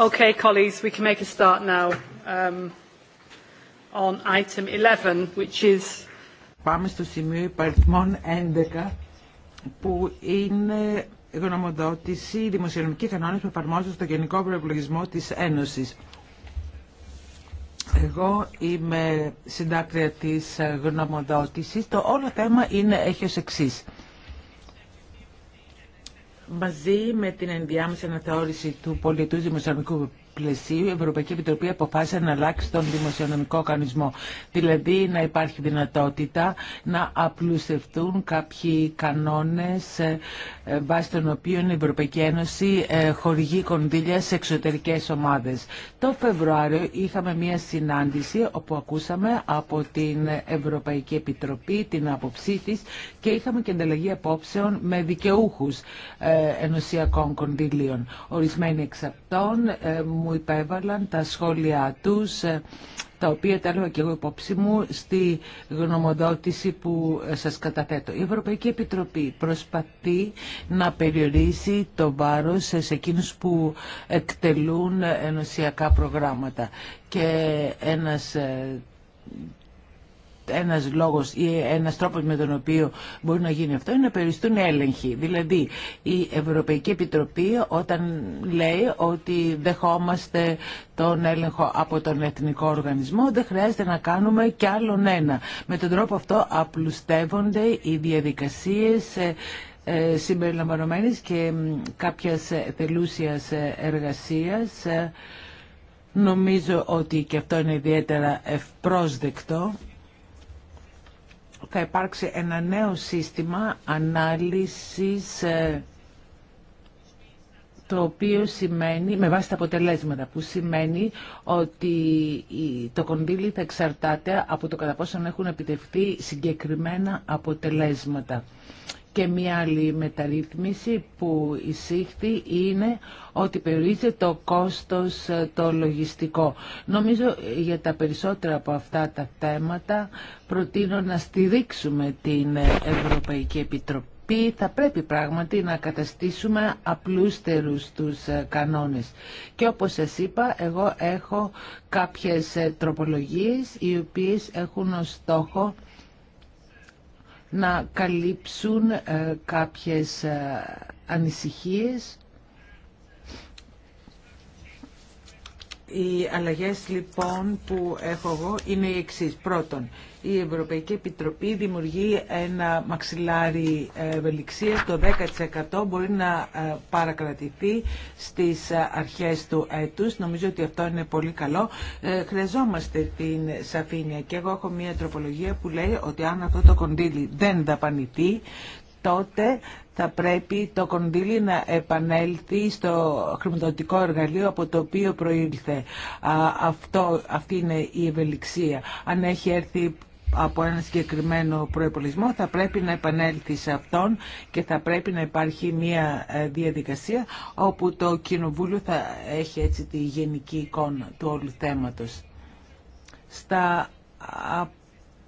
Okay, colleagues, we can make a start now um, on item 11, which is... Πάμε στο σημείο υπαριθμών 11, που είναι γνωμοδότηση δημοσιονομική κανόνε που εφαρμόζονται στο Γενικό Προεπλογισμό της Ένωσης. Εγώ είμαι συντάκτρια της γνωμοδότησης. Το όλο θέμα είναι, έχει ως εξής μαζί με την ενδιάμεση αναθεώρηση του πολιτού δημοσιονομικού η Ευρωπαϊκή Επιτροπή αποφάσισε να αλλάξει τον δημοσιονομικό κανονισμό. Δηλαδή να υπάρχει δυνατότητα να απλουστευτούν κάποιοι κανόνες ε, ε, βάσει των οποίων η Ευρωπαϊκή Ένωση ε, χορηγεί κονδύλια σε εξωτερικές ομάδες. Το Φεβρουάριο είχαμε μία συνάντηση όπου ακούσαμε από την Ευρωπαϊκή Επιτροπή την άποψή και είχαμε και ανταλλαγή απόψεων με δικαιούχους ενωσιακών κονδύλιων. Ορισμένοι εξ αυτών μου υπέβαλαν τα σχόλιά τους, ε, τα οποία τα έλεγα και εγώ υπόψη μου στη γνωμοδότηση που σας καταθέτω. Η Ευρωπαϊκή Επιτροπή προσπαθεί να περιορίσει το βάρος σε εκείνους που εκτελούν ενωσιακά προγράμματα. Και ένας ε, ένας λόγος ή ένας τρόπος με τον οποίο μπορεί να γίνει αυτό είναι να περιστούν έλεγχοι. Δηλαδή η Ευρωπαϊκή Επιτροπή όταν λέει ότι δεχόμαστε τον έλεγχο από τον Εθνικό Οργανισμό δεν χρειάζεται να κάνουμε κι άλλον ένα. Με τον τρόπο αυτό απλουστεύονται οι διαδικασίες ε, ε, συμπεριλαμβανομένης και κάποιας θελούσιας εργασίας. Ε, νομίζω ότι και αυτό είναι ιδιαίτερα ευπρόσδεκτο θα υπάρξει ένα νέο σύστημα ανάλυσης ε, το οποίο σημαίνει, με βάση τα αποτελέσματα, που σημαίνει ότι το κονδύλι θα εξαρτάται από το κατά πόσο έχουν επιτευχθεί συγκεκριμένα αποτελέσματα. Και μια άλλη μεταρρύθμιση που εισήχθη είναι ότι περιορίζεται το κόστος ε, το λογιστικό. Νομίζω ε, για τα περισσότερα από αυτά τα θέματα προτείνω να στηρίξουμε την ε, Ευρωπαϊκή Επιτροπή θα πρέπει πράγματι να καταστήσουμε απλούστερους τους κανόνες. Και όπως σας είπα, εγώ έχω κάποιες τροπολογίες οι οποίες έχουν ως στόχο να καλύψουν ε, κάποιες ε, ανησυχίες. Οι αλλαγές λοιπόν που έχω εγώ είναι οι εξής. Πρώτον, η Ευρωπαϊκή Επιτροπή δημιουργεί ένα μαξιλάρι ευελιξία Το 10% μπορεί να ε, παρακρατηθεί στις ε, αρχές του έτους. Νομίζω ότι αυτό είναι πολύ καλό. Ε, χρειαζόμαστε την σαφήνεια. Και εγώ έχω μια τροπολογία που λέει ότι αν αυτό το κονδύλι δεν δαπανηθεί, τότε θα πρέπει το κονδύλι να επανέλθει στο χρηματοδοτικό εργαλείο από το οποίο προήλθε. αυτό, αυτή είναι η ευελιξία. Αν έχει έρθει από ένα συγκεκριμένο προϋπολισμό θα πρέπει να επανέλθει σε αυτόν και θα πρέπει να υπάρχει μια ε, διαδικασία όπου το Κοινοβούλιο θα έχει έτσι τη γενική εικόνα του όλου θέματος. Στα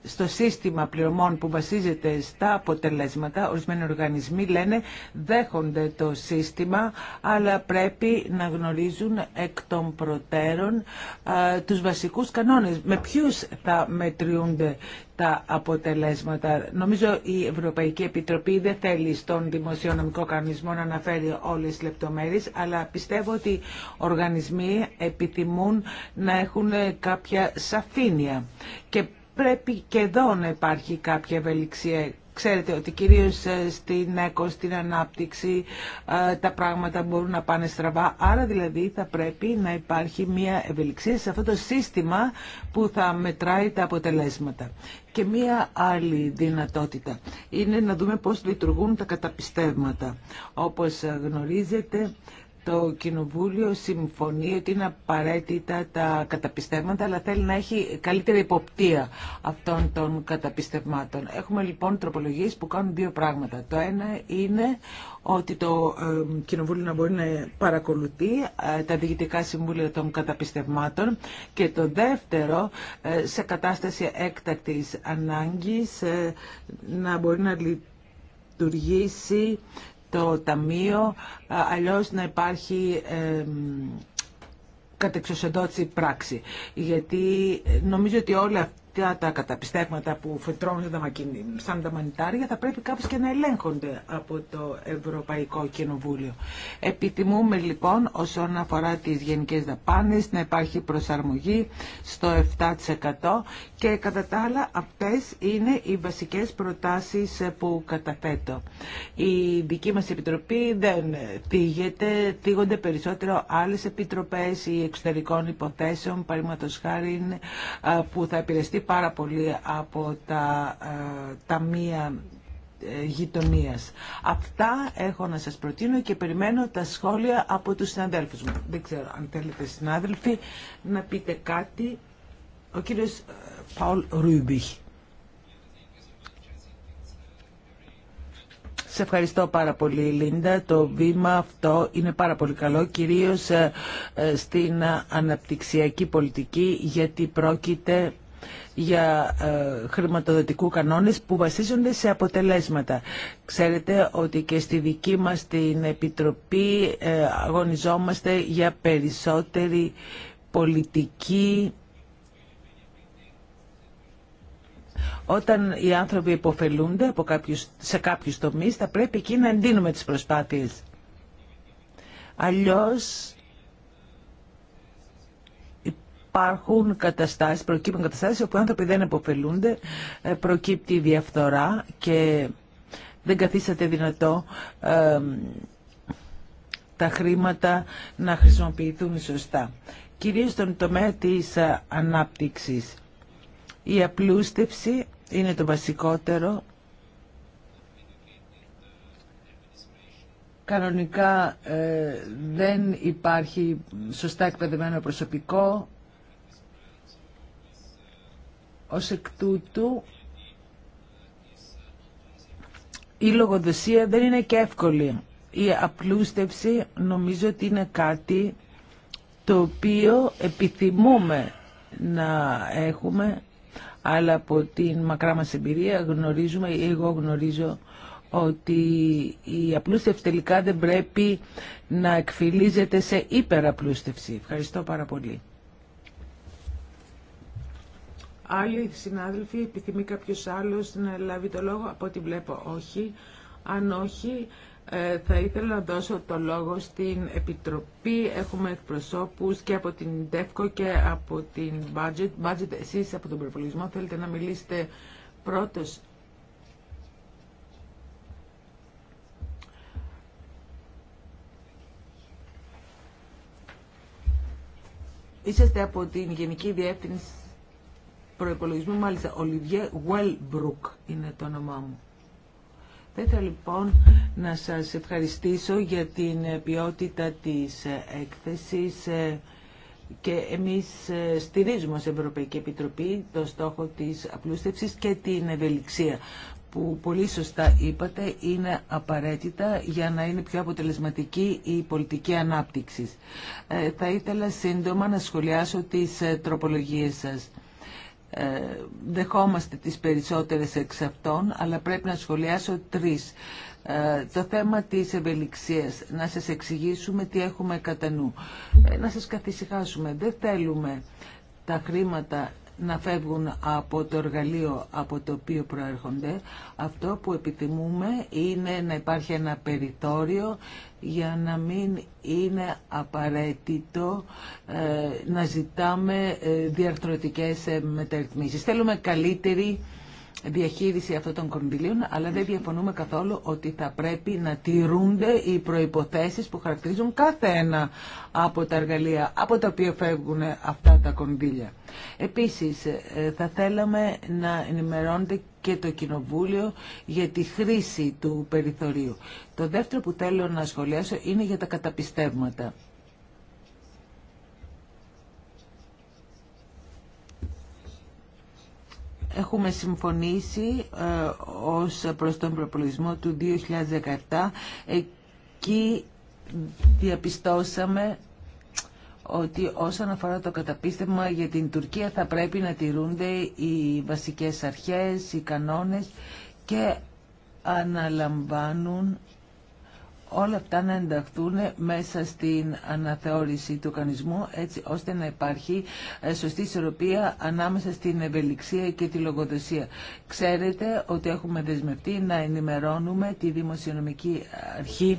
στο σύστημα πληρωμών που βασίζεται στα αποτελέσματα, ορισμένοι οργανισμοί λένε δέχονται το σύστημα, αλλά πρέπει να γνωρίζουν εκ των προτέρων τους βασικούς κανόνες. Με ποιους θα μετριούνται τα αποτελέσματα. Νομίζω η Ευρωπαϊκή Επιτροπή δεν θέλει στον δημοσιονομικό κανονισμό να αναφέρει όλες τις λεπτομέρειες, αλλά πιστεύω ότι οργανισμοί επιθυμούν να έχουν κάποια σαφήνεια πρέπει και εδώ να υπάρχει κάποια ευελιξία. Ξέρετε ότι κυρίως ε, στην ΕΚΟ, στην ανάπτυξη, ε, τα πράγματα μπορούν να πάνε στραβά. Άρα δηλαδή θα πρέπει να υπάρχει μια ευελιξία σε αυτό το σύστημα που θα μετράει τα αποτελέσματα. Και μια άλλη δυνατότητα είναι να δούμε πώς λειτουργούν τα καταπιστεύματα. Όπως ε, γνωρίζετε, το Κοινοβούλιο συμφωνεί ότι είναι απαραίτητα τα καταπιστεύματα, αλλά θέλει να έχει καλύτερη υποπτία αυτών των καταπιστευμάτων. Έχουμε λοιπόν τροπολογίες που κάνουν δύο πράγματα. Το ένα είναι ότι το ε, Κοινοβούλιο να μπορεί να παρακολουθεί ε, τα διοικητικά συμβούλια των καταπιστευμάτων και το δεύτερο, ε, σε κατάσταση έκτακτης ανάγκης, να μπορεί να λειτουργήσει το Ταμείο, αλλιώς να υπάρχει κατεξοσεντότηση πράξη. Γιατί νομίζω ότι όλα τα καταπιστεύματα που φετρώνουν σαν τα μανιτάρια θα πρέπει κάπως και να ελέγχονται από το Ευρωπαϊκό Κοινοβούλιο. Επιτιμούμε λοιπόν όσον αφορά τις γενικές δαπάνες να υπάρχει προσαρμογή στο 7% και κατά τα άλλα αυτές είναι οι βασικές προτάσεις που καταθέτω. Η δική μας επιτροπή δεν θίγεται, θίγονται περισσότερο άλλες επιτροπές ή εξωτερικών υποθέσεων, χάρη ε, που θα επηρεαστεί πάρα πολύ από τα ε, ταμεία ε, γειτονίας. Αυτά έχω να σας προτείνω και περιμένω τα σχόλια από τους συναδέλφους μου. Δεν ξέρω αν θέλετε συνάδελφοι να πείτε κάτι. Ο κύριος Παουλ ε, Ρούμπιχ. Σε ευχαριστώ πάρα πολύ Λίντα. Το βήμα αυτό είναι πάρα πολύ καλό, κυρίως στην αναπτυξιακή πολιτική, γιατί πρόκειται για ε, χρηματοδοτικού κανόνες που βασίζονται σε αποτελέσματα. Ξέρετε ότι και στη δική μας την Επιτροπή ε, αγωνιζόμαστε για περισσότερη πολιτική Όταν οι άνθρωποι υποφελούνται από κάποιους, σε κάποιους τομείς, θα πρέπει εκεί να εντείνουμε τις προσπάθειες. Αλλιώς υπάρχουν καταστάσεις, προκύπτουν καταστάσεις όπου οι άνθρωποι δεν επωφελούνται, ε, προκύπτει η διαφθορά και δεν καθίσατε δυνατό τα χρήματα να χρησιμοποιηθούν σωστά. Κυρίως στον τομέα της ε, ανάπτυξης. Η απλούστευση είναι το βασικότερο. Κανονικά ε, δεν υπάρχει σωστά εκπαιδευμένο προσωπικό, ως εκ τούτου η λογοδοσία δεν είναι και εύκολη. Η απλούστευση νομίζω ότι είναι κάτι το οποίο επιθυμούμε να έχουμε, αλλά από την μακρά μας εμπειρία γνωρίζουμε ή εγώ γνωρίζω ότι η απλούστευση τελικά δεν πρέπει να εκφυλίζεται σε υπεραπλούστευση. Ευχαριστώ πάρα πολύ. Άλλοι συνάδελφοι, επιθυμεί κάποιος άλλος να λάβει το λόγο, από ό,τι βλέπω όχι. Αν όχι, ε, θα ήθελα να δώσω το λόγο στην Επιτροπή. Έχουμε εκπροσώπους και από την ΤΕΦΚΟ και από την Budget. Budget, εσείς από τον προπολογισμό θέλετε να μιλήσετε πρώτος. Είσαστε από την Γενική Διεύθυνση προπολογισμού μάλιστα, Ολιβιέ Βουέλμπρουκ είναι το όνομά μου. Θα ήθελα λοιπόν να σας ευχαριστήσω για την ποιότητα της έκθεσης ε, και εμείς ε, στηρίζουμε ως Ευρωπαϊκή Επιτροπή το στόχο της απλούστευσης και την ευελιξία που πολύ σωστά είπατε είναι απαραίτητα για να είναι πιο αποτελεσματική η πολιτική ανάπτυξη. Ε, θα ήθελα σύντομα να σχολιάσω τις τροπολογίες σας. Ε, δεχόμαστε τις περισσότερες εξ αυτών, αλλά πρέπει να σχολιάσω τρεις. Ε, το θέμα της ευελιξίας, να σας εξηγήσουμε τι έχουμε κατά νου. Ε, να σας καθησυχάσουμε, δεν θέλουμε τα χρήματα να φεύγουν από το εργαλείο από το οποίο προέρχονται. Αυτό που επιθυμούμε είναι να υπάρχει ένα περιτόριο για να μην είναι απαραίτητο ε, να ζητάμε ε, διαρθρωτικές ε, μεταρρυθμίσεις. Θέλουμε καλύτερη διαχείριση αυτών των κονδυλίων, αλλά δεν διαφωνούμε καθόλου ότι θα πρέπει να τηρούνται οι προϋποθέσεις που χαρακτηρίζουν κάθε ένα από τα εργαλεία από τα οποία φεύγουν αυτά τα κονδύλια. Επίσης, ε, θα θέλαμε να ενημερώνεται και το Κοινοβούλιο για τη χρήση του περιθωρίου. Το δεύτερο που θέλω να σχολιάσω είναι για τα καταπιστεύματα. Έχουμε συμφωνήσει ε, ως προς τον προπολογισμό του 2017. Εκεί διαπιστώσαμε ότι όσον αφορά το καταπίστευμα για την Τουρκία θα πρέπει να τηρούνται οι βασικές αρχές, οι κανόνες και αναλαμβάνουν όλα αυτά να ενταχθούν μέσα στην αναθεώρηση του κανισμού έτσι ώστε να υπάρχει ε, σωστή ισορροπία ανάμεσα στην ευελιξία και τη λογοδοσία. Ξέρετε ότι έχουμε δεσμευτεί να ενημερώνουμε τη Δημοσιονομική Αρχή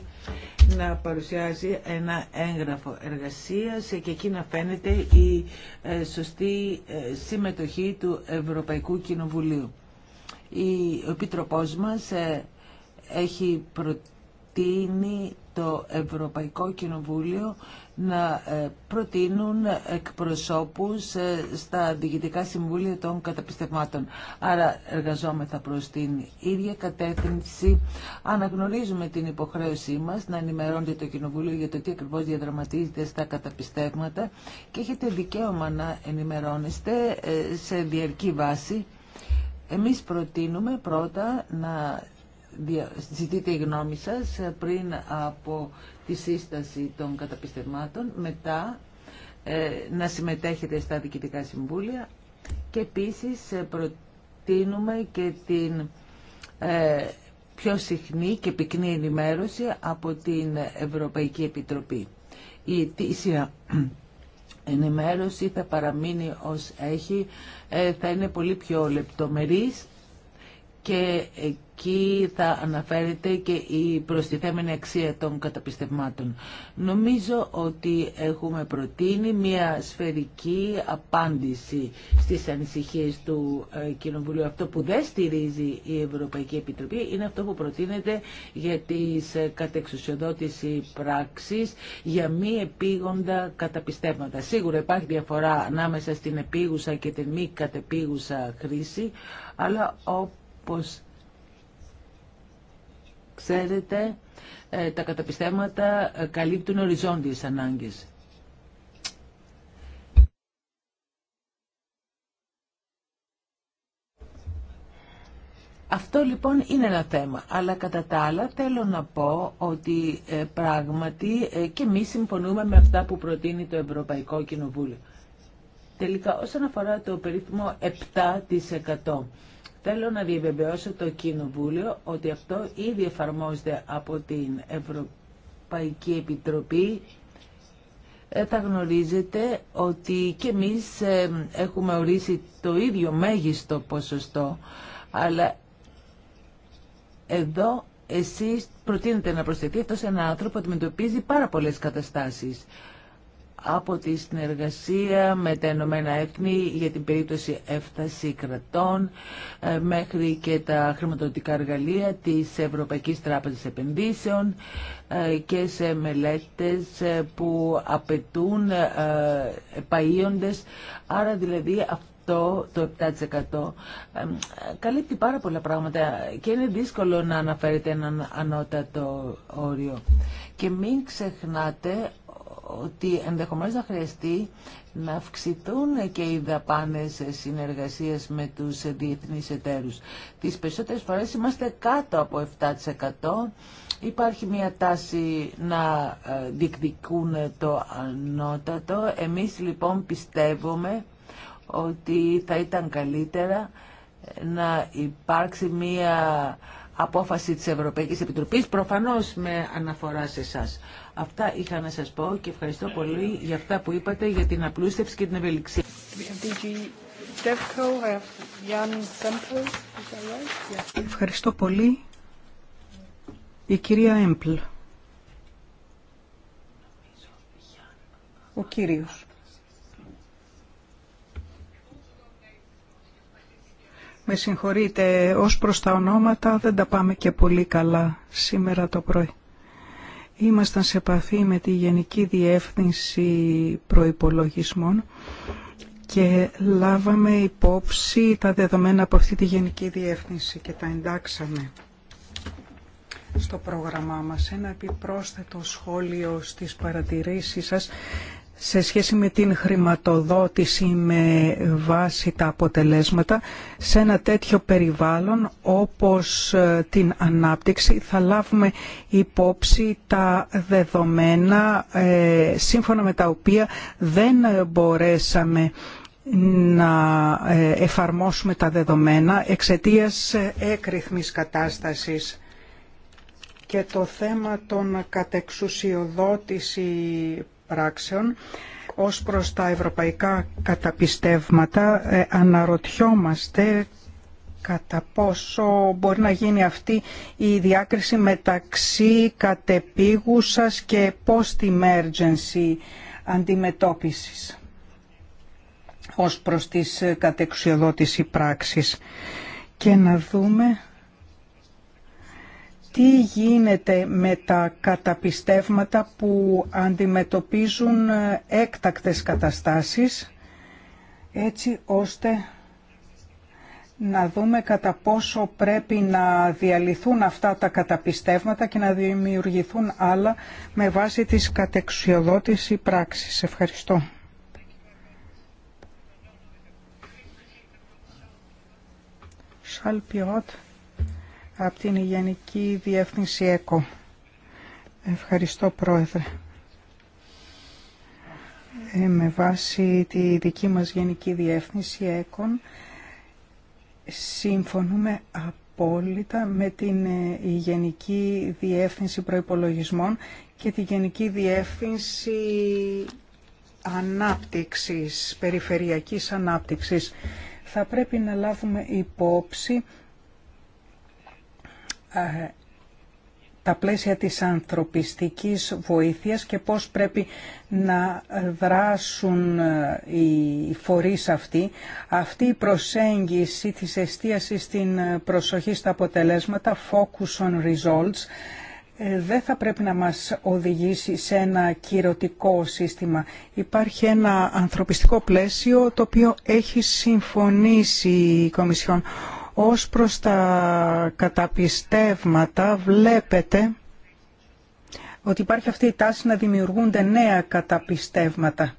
να παρουσιάσει ένα έγγραφο εργασίας και εκεί να φαίνεται η ε, σωστή ε, συμμετοχή του Ευρωπαϊκού Κοινοβουλίου. Ο Επίτροπός μας έχει προτείνει προτείνει το Ευρωπαϊκό Κοινοβούλιο να ε, προτείνουν εκπροσώπους ε, στα διοικητικά συμβούλια των καταπιστευμάτων. Άρα εργαζόμεθα προς την ίδια κατεύθυνση. Αναγνωρίζουμε την υποχρέωσή μας να ενημερώνεται το Κοινοβούλιο για το τι ακριβώς διαδραματίζεται στα καταπιστεύματα και έχετε δικαίωμα να ενημερώνεστε ε, σε διαρκή βάση. Εμείς προτείνουμε πρώτα να ζητείτε η γνώμη σας πριν από τη σύσταση των καταπιστευμάτων, μετά ε, να συμμετέχετε στα διοικητικά συμβούλια και επίσης ε, προτείνουμε και την ε, πιο συχνή και πυκνή ενημέρωση από την Ευρωπαϊκή Επιτροπή. Η ετήσια ενημέρωση θα παραμείνει ως έχει, θα είναι πολύ πιο λεπτομερής και εκεί θα αναφέρεται και η προστιθέμενη αξία των καταπιστευμάτων. Νομίζω ότι έχουμε προτείνει μια σφαιρική απάντηση στις ανησυχίες του ε, Κοινοβουλίου. Αυτό που δεν στηρίζει η Ευρωπαϊκή Επιτροπή είναι αυτό που προτείνεται για τις ε, κατεξουσιοδότηση πράξης για μη επίγοντα καταπιστεύματα. Σίγουρα υπάρχει διαφορά ανάμεσα στην επίγουσα και την μη κατεπίγουσα χρήση, αλλά όπως πως ξέρετε, ε, τα καταπιστέματα ε, καλύπτουν οριζόντιες ανάγκες. Αυτό λοιπόν είναι ένα θέμα. Αλλά κατά τα άλλα θέλω να πω ότι ε, πράγματι και εμείς συμφωνούμε με αυτά που προτείνει το Ευρωπαϊκό Κοινοβούλιο. Τελικά όσον αφορά το περίφημο 7% Θέλω να διαβεβαιώσω το Κοινοβούλιο ότι αυτό ήδη εφαρμόζεται από την Ευρωπαϊκή Επιτροπή. Ε, θα γνωρίζετε ότι και εμείς ε, έχουμε ορίσει το ίδιο μέγιστο ποσοστό, αλλά εδώ εσείς προτείνετε να προσθεθεί αυτό σε ένα άνθρωπο που αντιμετωπίζει πάρα πολλές καταστάσεις από τη συνεργασία με τα Ηνωμένα Έθνη για την περίπτωση έφταση κρατών ε, μέχρι και τα χρηματοδοτικά εργαλεία της Ευρωπαϊκής Τράπεζας Επενδύσεων ε, και σε μελέτες ε, που απαιτούν επαΐοντες. Άρα δηλαδή αυτό το 7% καλύπτει πάρα πολλά πράγματα και είναι δύσκολο να αναφέρετε έναν ανώτατο όριο. Και μην ξεχνάτε ότι ενδεχομένως θα χρειαστεί να αυξηθούν και οι δαπάνες συνεργασίας με τους διεθνείς εταίρους. Τις περισσότερες φορές είμαστε κάτω από 7%. Υπάρχει μια τάση να ε, διεκδικούν το ανώτατο. Εμείς λοιπόν πιστεύουμε ότι θα ήταν καλύτερα ε, να υπάρξει μια απόφαση της Ευρωπαϊκής Επιτροπής, προφανώς με αναφορά σε εσάς. Αυτά είχα να σας πω και ευχαριστώ πολύ για αυτά που είπατε για την απλούστευση και την ευελιξία. Ευχαριστώ πολύ. Η κυρία Έμπλ. Ο κύριος. Με συγχωρείτε, ως προς τα ονόματα δεν τα πάμε και πολύ καλά σήμερα το πρωί ήμασταν σε επαφή με τη Γενική Διεύθυνση Προϋπολογισμών και λάβαμε υπόψη τα δεδομένα από αυτή τη Γενική Διεύθυνση και τα εντάξαμε στο πρόγραμμά μας. Ένα επιπρόσθετο σχόλιο στις παρατηρήσεις σας σε σχέση με την χρηματοδότηση με βάση τα αποτελέσματα σε ένα τέτοιο περιβάλλον όπως ε, την ανάπτυξη θα λάβουμε υπόψη τα δεδομένα ε, σύμφωνα με τα οποία δεν μπορέσαμε να ε, εφαρμόσουμε τα δεδομένα εξαιτίας έκρηθμης κατάστασης και το θέμα των κατεξουσιοδότηση πράξεων ως προς τα ευρωπαϊκά καταπιστεύματα ε, αναρωτιόμαστε κατά πόσο μπορεί να γίνει αυτή η διάκριση μεταξύ κατεπίγουσας και post-emergency αντιμετώπισης ως προς τις κατεξιοδότηση πράξεις. και να δούμε τι γίνεται με τα καταπιστεύματα που αντιμετωπίζουν ε, έκτακτες καταστάσεις έτσι ώστε να δούμε κατά πόσο πρέπει να διαλυθούν αυτά τα καταπιστεύματα και να δημιουργηθούν άλλα με βάση της κατεξιοδότηση πράξης. Ευχαριστώ. Σαλπιότ από την Γενική Διεύθυνση ΕΚΟ. Ευχαριστώ Πρόεδρε. Ε, με βάση τη δική μας Γενική Διεύθυνση ΕΚΟΝ συμφωνούμε απόλυτα με την ε, Γενική Διεύθυνση Προϋπολογισμών και τη Γενική Διεύθυνση Ανάπτυξης, Περιφερειακής Ανάπτυξης. Θα πρέπει να λάβουμε υπόψη ε, τα πλαίσια της ανθρωπιστικής βοήθειας και πώς πρέπει να δράσουν ε, οι φορείς αυτοί. Αυτή η προσέγγιση της εστίασης στην προσοχή στα αποτελέσματα, focus on results, ε, δεν θα πρέπει να μας οδηγήσει σε ένα κυρωτικό σύστημα. Υπάρχει ένα ανθρωπιστικό πλαίσιο το οποίο έχει συμφωνήσει η Κομισιόν ως προς τα καταπιστεύματα βλέπετε ότι υπάρχει αυτή η τάση να δημιουργούνται νέα καταπιστεύματα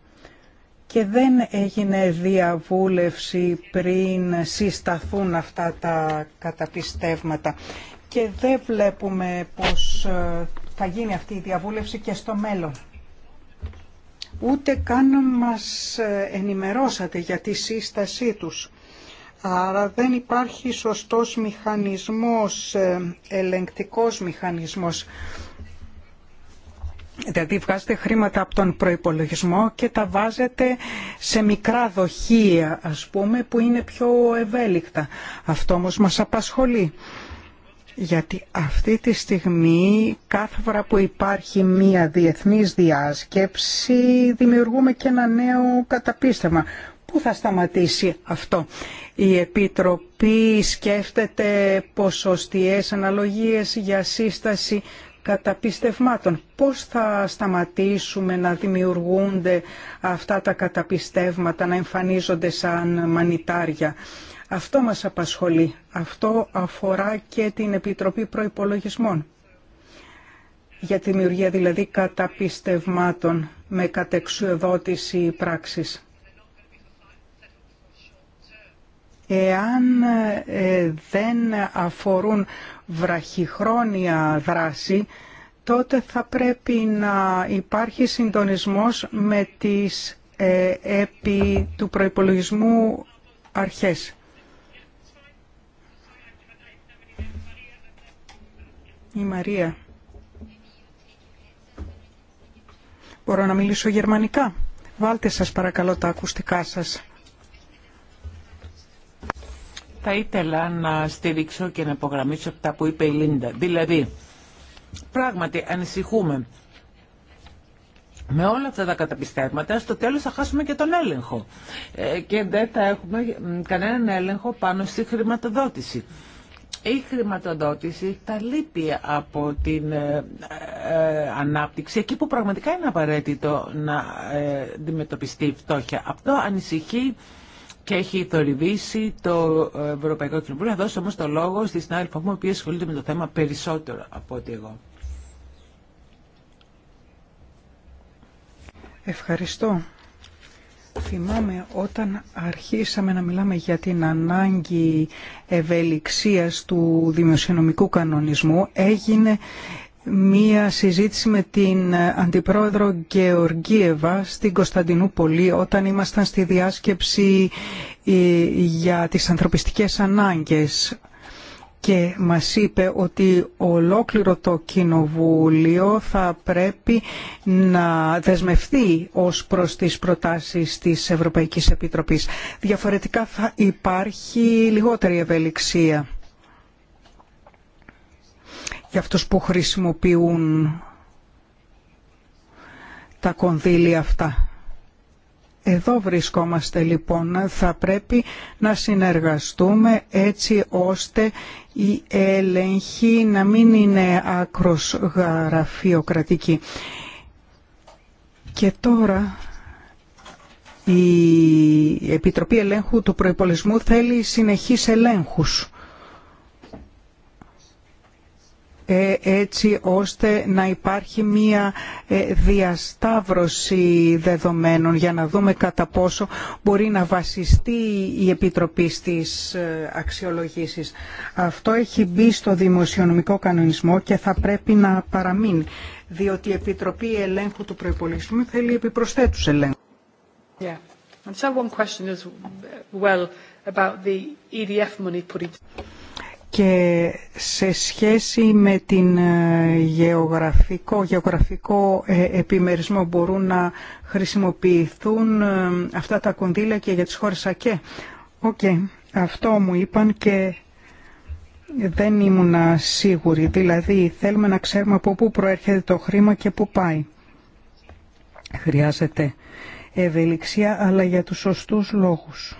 και δεν έγινε διαβούλευση πριν συσταθούν αυτά τα καταπιστεύματα και δεν βλέπουμε πως ε, θα γίνει αυτή η διαβούλευση και στο μέλλον. Ούτε καν μας ε, ενημερώσατε για τη σύστασή τους. Άρα δεν υπάρχει σωστός μηχανισμός, ε, ελεγκτικός μηχανισμός. Δηλαδή βγάζετε χρήματα από τον προϋπολογισμό και τα βάζετε σε μικρά δοχεία, ας πούμε, που είναι πιο ευέλικτα. Αυτό όμως μας απασχολεί. Γιατί αυτή τη στιγμή κάθε φορά που υπάρχει μία διεθνής διάσκεψη δημιουργούμε και ένα νέο καταπίστευμα. Πού θα σταματήσει αυτό. Η Επιτροπή σκέφτεται ποσοστιαίες αναλογίες για σύσταση καταπιστευμάτων. Πώς θα σταματήσουμε να δημιουργούνται αυτά τα καταπιστεύματα, να εμφανίζονται σαν μανιτάρια. Αυτό μας απασχολεί. Αυτό αφορά και την Επιτροπή Προϋπολογισμών. Για τη δημιουργία δηλαδή καταπιστευμάτων με κατεξουδότηση πράξης. εάν ε, δεν αφορούν βραχυχρόνια δράση, τότε θα πρέπει να υπάρχει συντονισμός με τις ε, επί του προϋπολογισμού αρχές. Η Μαρία. Μπορώ να μιλήσω γερμανικά. Βάλτε σας παρακαλώ τα ακουστικά σας θα ήθελα να στηρίξω και να υπογραμμίσω αυτά που είπε η Λίντα. Δηλαδή, πράγματι ανησυχούμε με όλα αυτά τα καταπιστεύματα, στο τέλος θα χάσουμε και τον έλεγχο. Ε, και δεν θα έχουμε κανέναν έλεγχο πάνω στη χρηματοδότηση. Η χρηματοδότηση τα λείπει από την ε, ε, ανάπτυξη εκεί που πραγματικά είναι απαραίτητο να ε, αντιμετωπιστεί η φτώχεια. Αυτό ανησυχεί και έχει θορυβήσει το Ευρωπαϊκό Κοινοβούλιο. Θα δώσω όμως το λόγο στη συνάδελφα μου, η οποία ασχολείται με το θέμα περισσότερο από ό,τι εγώ. Ευχαριστώ. Θυμάμαι όταν αρχίσαμε να μιλάμε για την ανάγκη ευελιξίας του δημοσιονομικού κανονισμού έγινε μία συζήτηση με την Αντιπρόεδρο Γεωργίεβα στην Κωνσταντινούπολη όταν ήμασταν στη διάσκεψη ε, για τις ανθρωπιστικές ανάγκες και μας είπε ότι ολόκληρο το Κοινοβούλιο θα πρέπει να δεσμευτεί ως προς τις προτάσεις της Ευρωπαϊκής Επιτροπής. Διαφορετικά θα υπάρχει λιγότερη ευελιξία για αυτούς που χρησιμοποιούν τα κονδύλια αυτά. Εδώ βρισκόμαστε λοιπόν, θα πρέπει να συνεργαστούμε έτσι ώστε η έλεγχη να μην είναι άκρος γραφειοκρατική. Και τώρα η Επιτροπή Ελέγχου του Προϋπολισμού θέλει συνεχείς ελέγχους. Ε, έτσι ώστε να υπάρχει μία ε, διασταύρωση δεδομένων για να δούμε κατά πόσο μπορεί να βασιστεί η Επιτροπή στις ε, αξιολογήσεις. Αυτό έχει μπει στο δημοσιονομικό κανονισμό και θα πρέπει να παραμείνει, διότι η Επιτροπή Ελέγχου του Προϋπολογισμού θέλει επιπροσθέτους ελέγχου. Yeah. And so one question is well about the EDF money put και σε σχέση με την ε, γεωγραφικό, γεωγραφικό ε, επιμερισμό μπορούν να χρησιμοποιηθούν ε, αυτά τα κονδύλια και για τις χώρες ΑΚΕ. Οκ, αυτό μου είπαν και δεν ήμουν σίγουρη. Δηλαδή θέλουμε να ξέρουμε από πού προέρχεται το χρήμα και πού πάει. Χρειάζεται ευελιξία αλλά για τους σωστούς λόγους.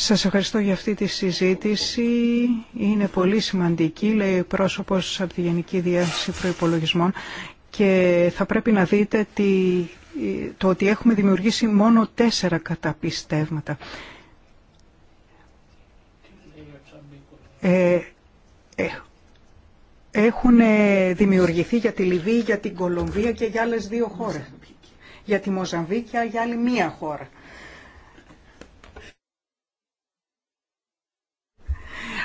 Σας ευχαριστώ για αυτή τη συζήτηση. Είναι πολύ σημαντική, λέει ο πρόσωπος από τη Γενική Διεύθυνση Προϋπολογισμών και θα πρέπει να δείτε το ότι έχουμε δημιουργήσει μόνο τέσσερα καταπιστεύματα. Ε, ε, έχουν δημιουργηθεί για τη Λιβύη, για την Κολομβία και για άλλες δύο χώρες. Για τη Μοζαμβίκια, για άλλη μία χώρα.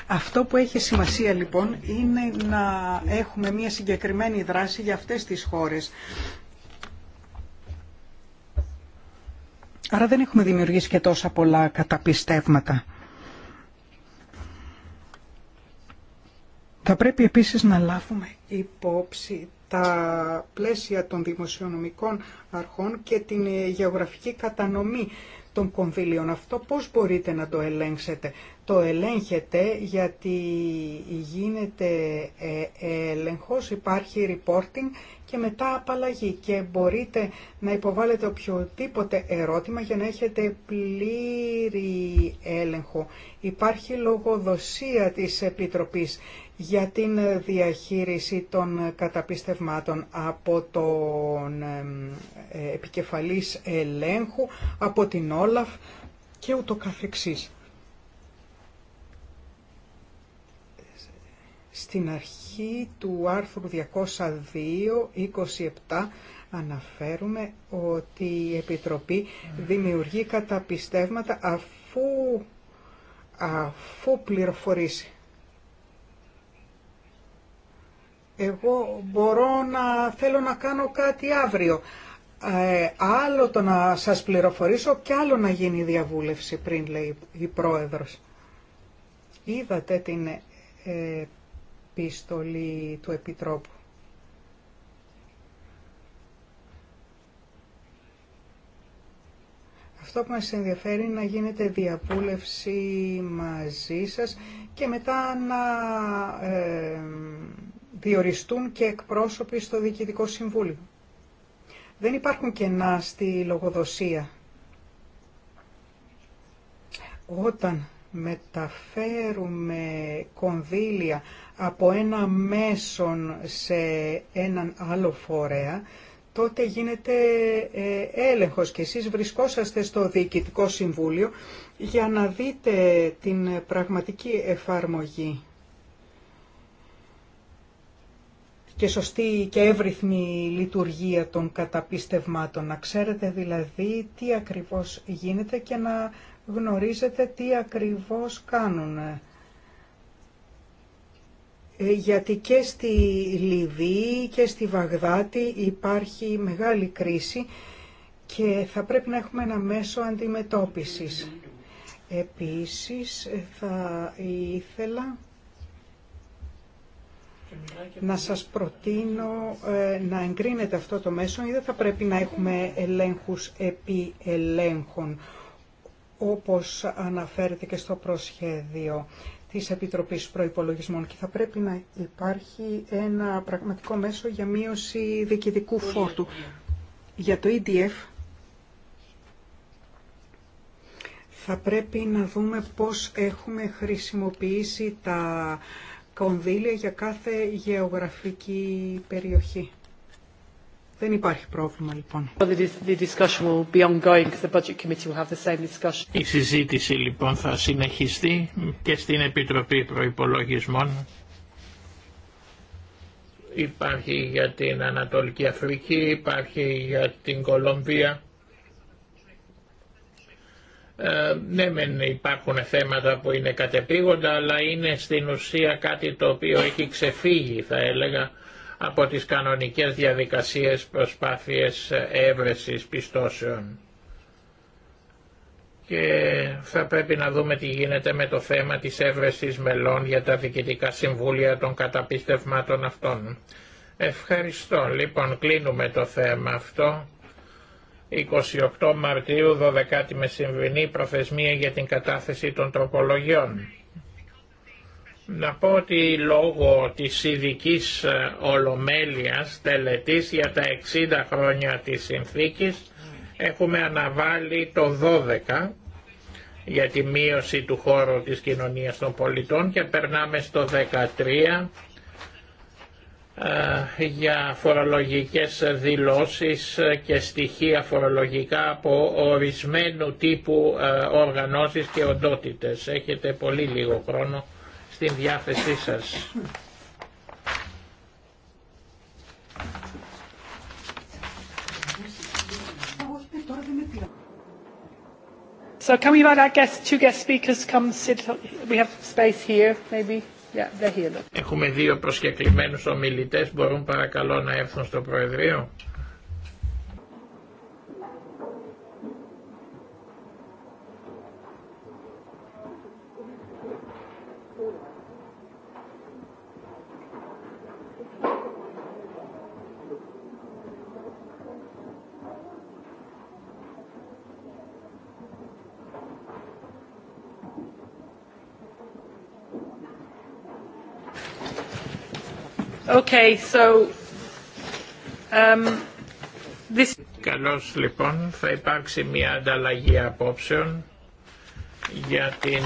Αυτό που έχει σημασία λοιπόν είναι να έχουμε μια συγκεκριμένη δράση για αυτές τις χώρες. Άρα δεν έχουμε δημιουργήσει και τόσα πολλά καταπιστεύματα. Θα πρέπει επίσης να λάβουμε υπόψη τα πλαίσια των δημοσιονομικών αρχών και την γεωγραφική κατανομή των κομβίλιων. Αυτό πώς μπορείτε να το ελέγξετε. Το ελέγχετε γιατί γίνεται ε, έλεγχος, υπάρχει reporting και μετά απαλλαγή και μπορείτε να υποβάλλετε οποιοδήποτε ερώτημα για να έχετε πλήρη έλεγχο. Υπάρχει λογοδοσία της Επιτροπής για την διαχείριση των καταπίστευμάτων από τον ε, επικεφαλής ελέγχου, από την Όλαφ και ούτω καθεξής. Στην αρχή του άρθρου 202, 27, αναφέρουμε ότι η Επιτροπή δημιουργεί καταπιστεύματα αφού, αφού πληροφορήσει. Εγώ μπορώ να θέλω να κάνω κάτι αύριο. Ε, άλλο το να σας πληροφορήσω και άλλο να γίνει η διαβούλευση πριν λέει η πρόεδρος. Είδατε την ε, πίστολη του Επιτρόπου. Αυτό που μας ενδιαφέρει είναι να γίνεται διαβούλευση μαζί σας και μετά να ε, διοριστούν και εκπρόσωποι στο Διοικητικό Συμβούλιο. Δεν υπάρχουν κενά στη λογοδοσία. Όταν μεταφέρουμε κονδύλια από ένα μέσον σε έναν άλλο φορέα, τότε γίνεται ε, έλεγχος και εσείς βρισκόσαστε στο Διοικητικό Συμβούλιο για να δείτε την πραγματική εφαρμογή και σωστή και εύρυθμη λειτουργία των καταπίστευμάτων. Να ξέρετε δηλαδή τι ακριβώς γίνεται και να γνωρίζετε τι ακριβώς κάνουν. Ε, γιατί και στη Λιβύη και στη Βαγδάτη υπάρχει μεγάλη κρίση και θα πρέπει να έχουμε ένα μέσο αντιμετώπισης. Επίσης θα ήθελα να σας προτείνω ε, να εγκρίνετε αυτό το μέσο ή δεν θα πρέπει να έχουμε ελέγχους επί ελέγχων όπως αναφέρεται και στο προσχέδιο της Επιτροπής Προϋπολογισμών και θα πρέπει να υπάρχει ένα πραγματικό μέσο για μείωση διοικητικού φόρτου. Για το EDF θα πρέπει να δούμε πώς έχουμε χρησιμοποιήσει τα κονδύλια για κάθε γεωγραφική περιοχή. Δεν υπάρχει πρόβλημα λοιπόν. Η συζήτηση λοιπόν θα συνεχιστεί και στην Επιτροπή Προϋπολογισμών. Υπάρχει για την Ανατολική Αφρική, υπάρχει για την Κολομβία ε, ναι μεν υπάρχουν θέματα που είναι κατεπήγοντα αλλά είναι στην ουσία κάτι το οποίο έχει ξεφύγει θα έλεγα από τις κανονικές διαδικασίες προσπάθειες έβρεσης πιστώσεων. Και θα πρέπει να δούμε τι γίνεται με το θέμα της έβρεσης μελών για τα διοικητικά συμβούλια των καταπίστευμάτων αυτών. Ευχαριστώ. Λοιπόν, κλείνουμε το θέμα αυτό. 28 Μαρτίου 12 12η μεσημβρινή προθεσμία για την κατάθεση των τροπολογιών. Να πω ότι λόγω της ειδική ε, ολομέλειας τελετής για τα 60 χρόνια της συνθήκης έχουμε αναβάλει το 12 για τη μείωση του χώρου της κοινωνίας των πολιτών και περνάμε στο 13 ε, για φορολογικές δηλώσεις και στοιχεία φορολογικά από ορισμένου τύπου ε, οργανώσεις και οντότητες. Έχετε πολύ λίγο χρόνο στην διάθεσή σας. So can we invite our guests, two guest speakers come sit? We have space here, maybe. Έχουμε δύο προσκεκλημένους ομιλητές, μπορούν παρακαλώ να έρθουν στο Προεδρείο. Okay, so, um, this... Καλώς λοιπόν θα υπάρξει μια ανταλλαγή απόψεων για την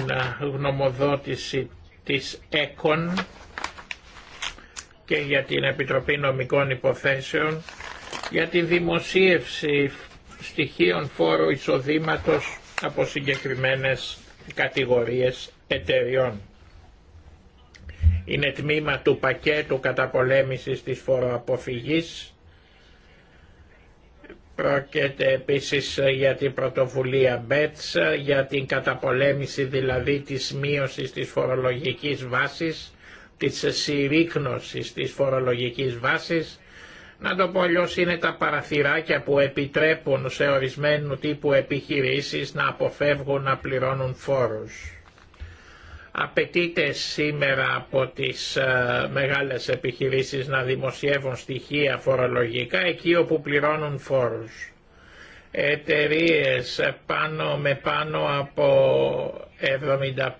γνωμοδότηση της ΕΚΟΝ και για την Επιτροπή Νομικών Υποθέσεων για τη δημοσίευση στοιχείων φόρου εισοδήματος από συγκεκριμένες κατηγορίες εταιριών είναι τμήμα του πακέτου καταπολέμησης της φοροαποφυγής. Πρόκειται επίσης για την πρωτοβουλία BETS, για την καταπολέμηση δηλαδή της μείωσης της φορολογικής βάσης, της συρρήκνωσης της φορολογικής βάσης. Να το πω αλλιώς είναι τα παραθυράκια που επιτρέπουν σε ορισμένου τύπου επιχειρήσεις να αποφεύγουν να πληρώνουν φόρους. Απαιτείται σήμερα από τις ε, μεγάλες επιχειρήσεις να δημοσιεύουν στοιχεία φορολογικά εκεί όπου πληρώνουν φόρους. Εταιρείε πάνω με πάνω από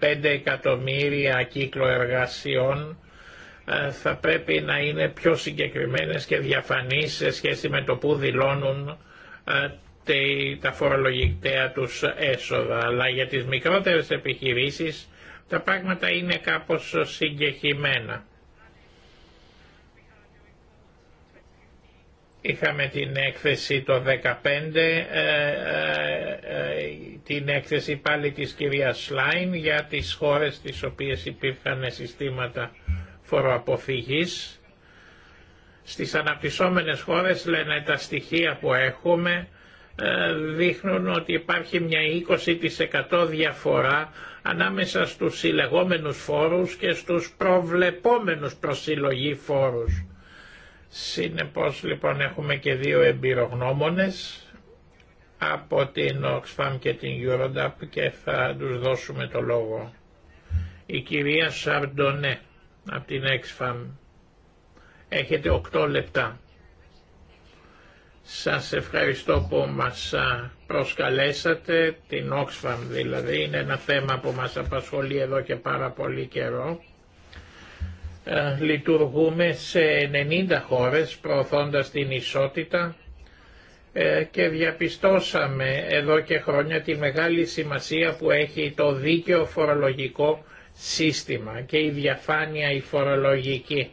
75 εκατομμύρια κύκλο εργασιών ε, θα πρέπει να είναι πιο συγκεκριμένες και διαφανείς σε σχέση με το που δηλώνουν ε, τα φορολογικτέα τους έσοδα. Αλλά για τις μικρότερες επιχειρήσεις τα πράγματα είναι κάπως συγκεχημένα. Είχαμε την έκθεση το 2015, ε, ε, ε, την έκθεση πάλι της κυρίας Σλάιν για τις χώρες τις οποίες υπήρχαν συστήματα φοροαποφυγής. Στις αναπτυσσόμενες χώρες λένε τα στοιχεία που έχουμε δείχνουν ότι υπάρχει μια 20% διαφορά ανάμεσα στους συλλεγόμενους φόρους και στους προβλεπόμενους προσυλλογή φόρους. Συνεπώς λοιπόν έχουμε και δύο εμπειρογνώμονες από την Oxfam και την Eurodap και θα τους δώσουμε το λόγο. Η κυρία Σαρντονέ από την Oxfam. Έχετε 8 λεπτά. Σας ευχαριστώ που μας προσκαλέσατε, την Oxfam δηλαδή, είναι ένα θέμα που μας απασχολεί εδώ και πάρα πολύ καιρό. Ε, λειτουργούμε σε 90 χώρες προωθώντας την ισότητα ε, και διαπιστώσαμε εδώ και χρόνια τη μεγάλη σημασία που έχει το δίκαιο φορολογικό σύστημα και η διαφάνεια η φορολογική.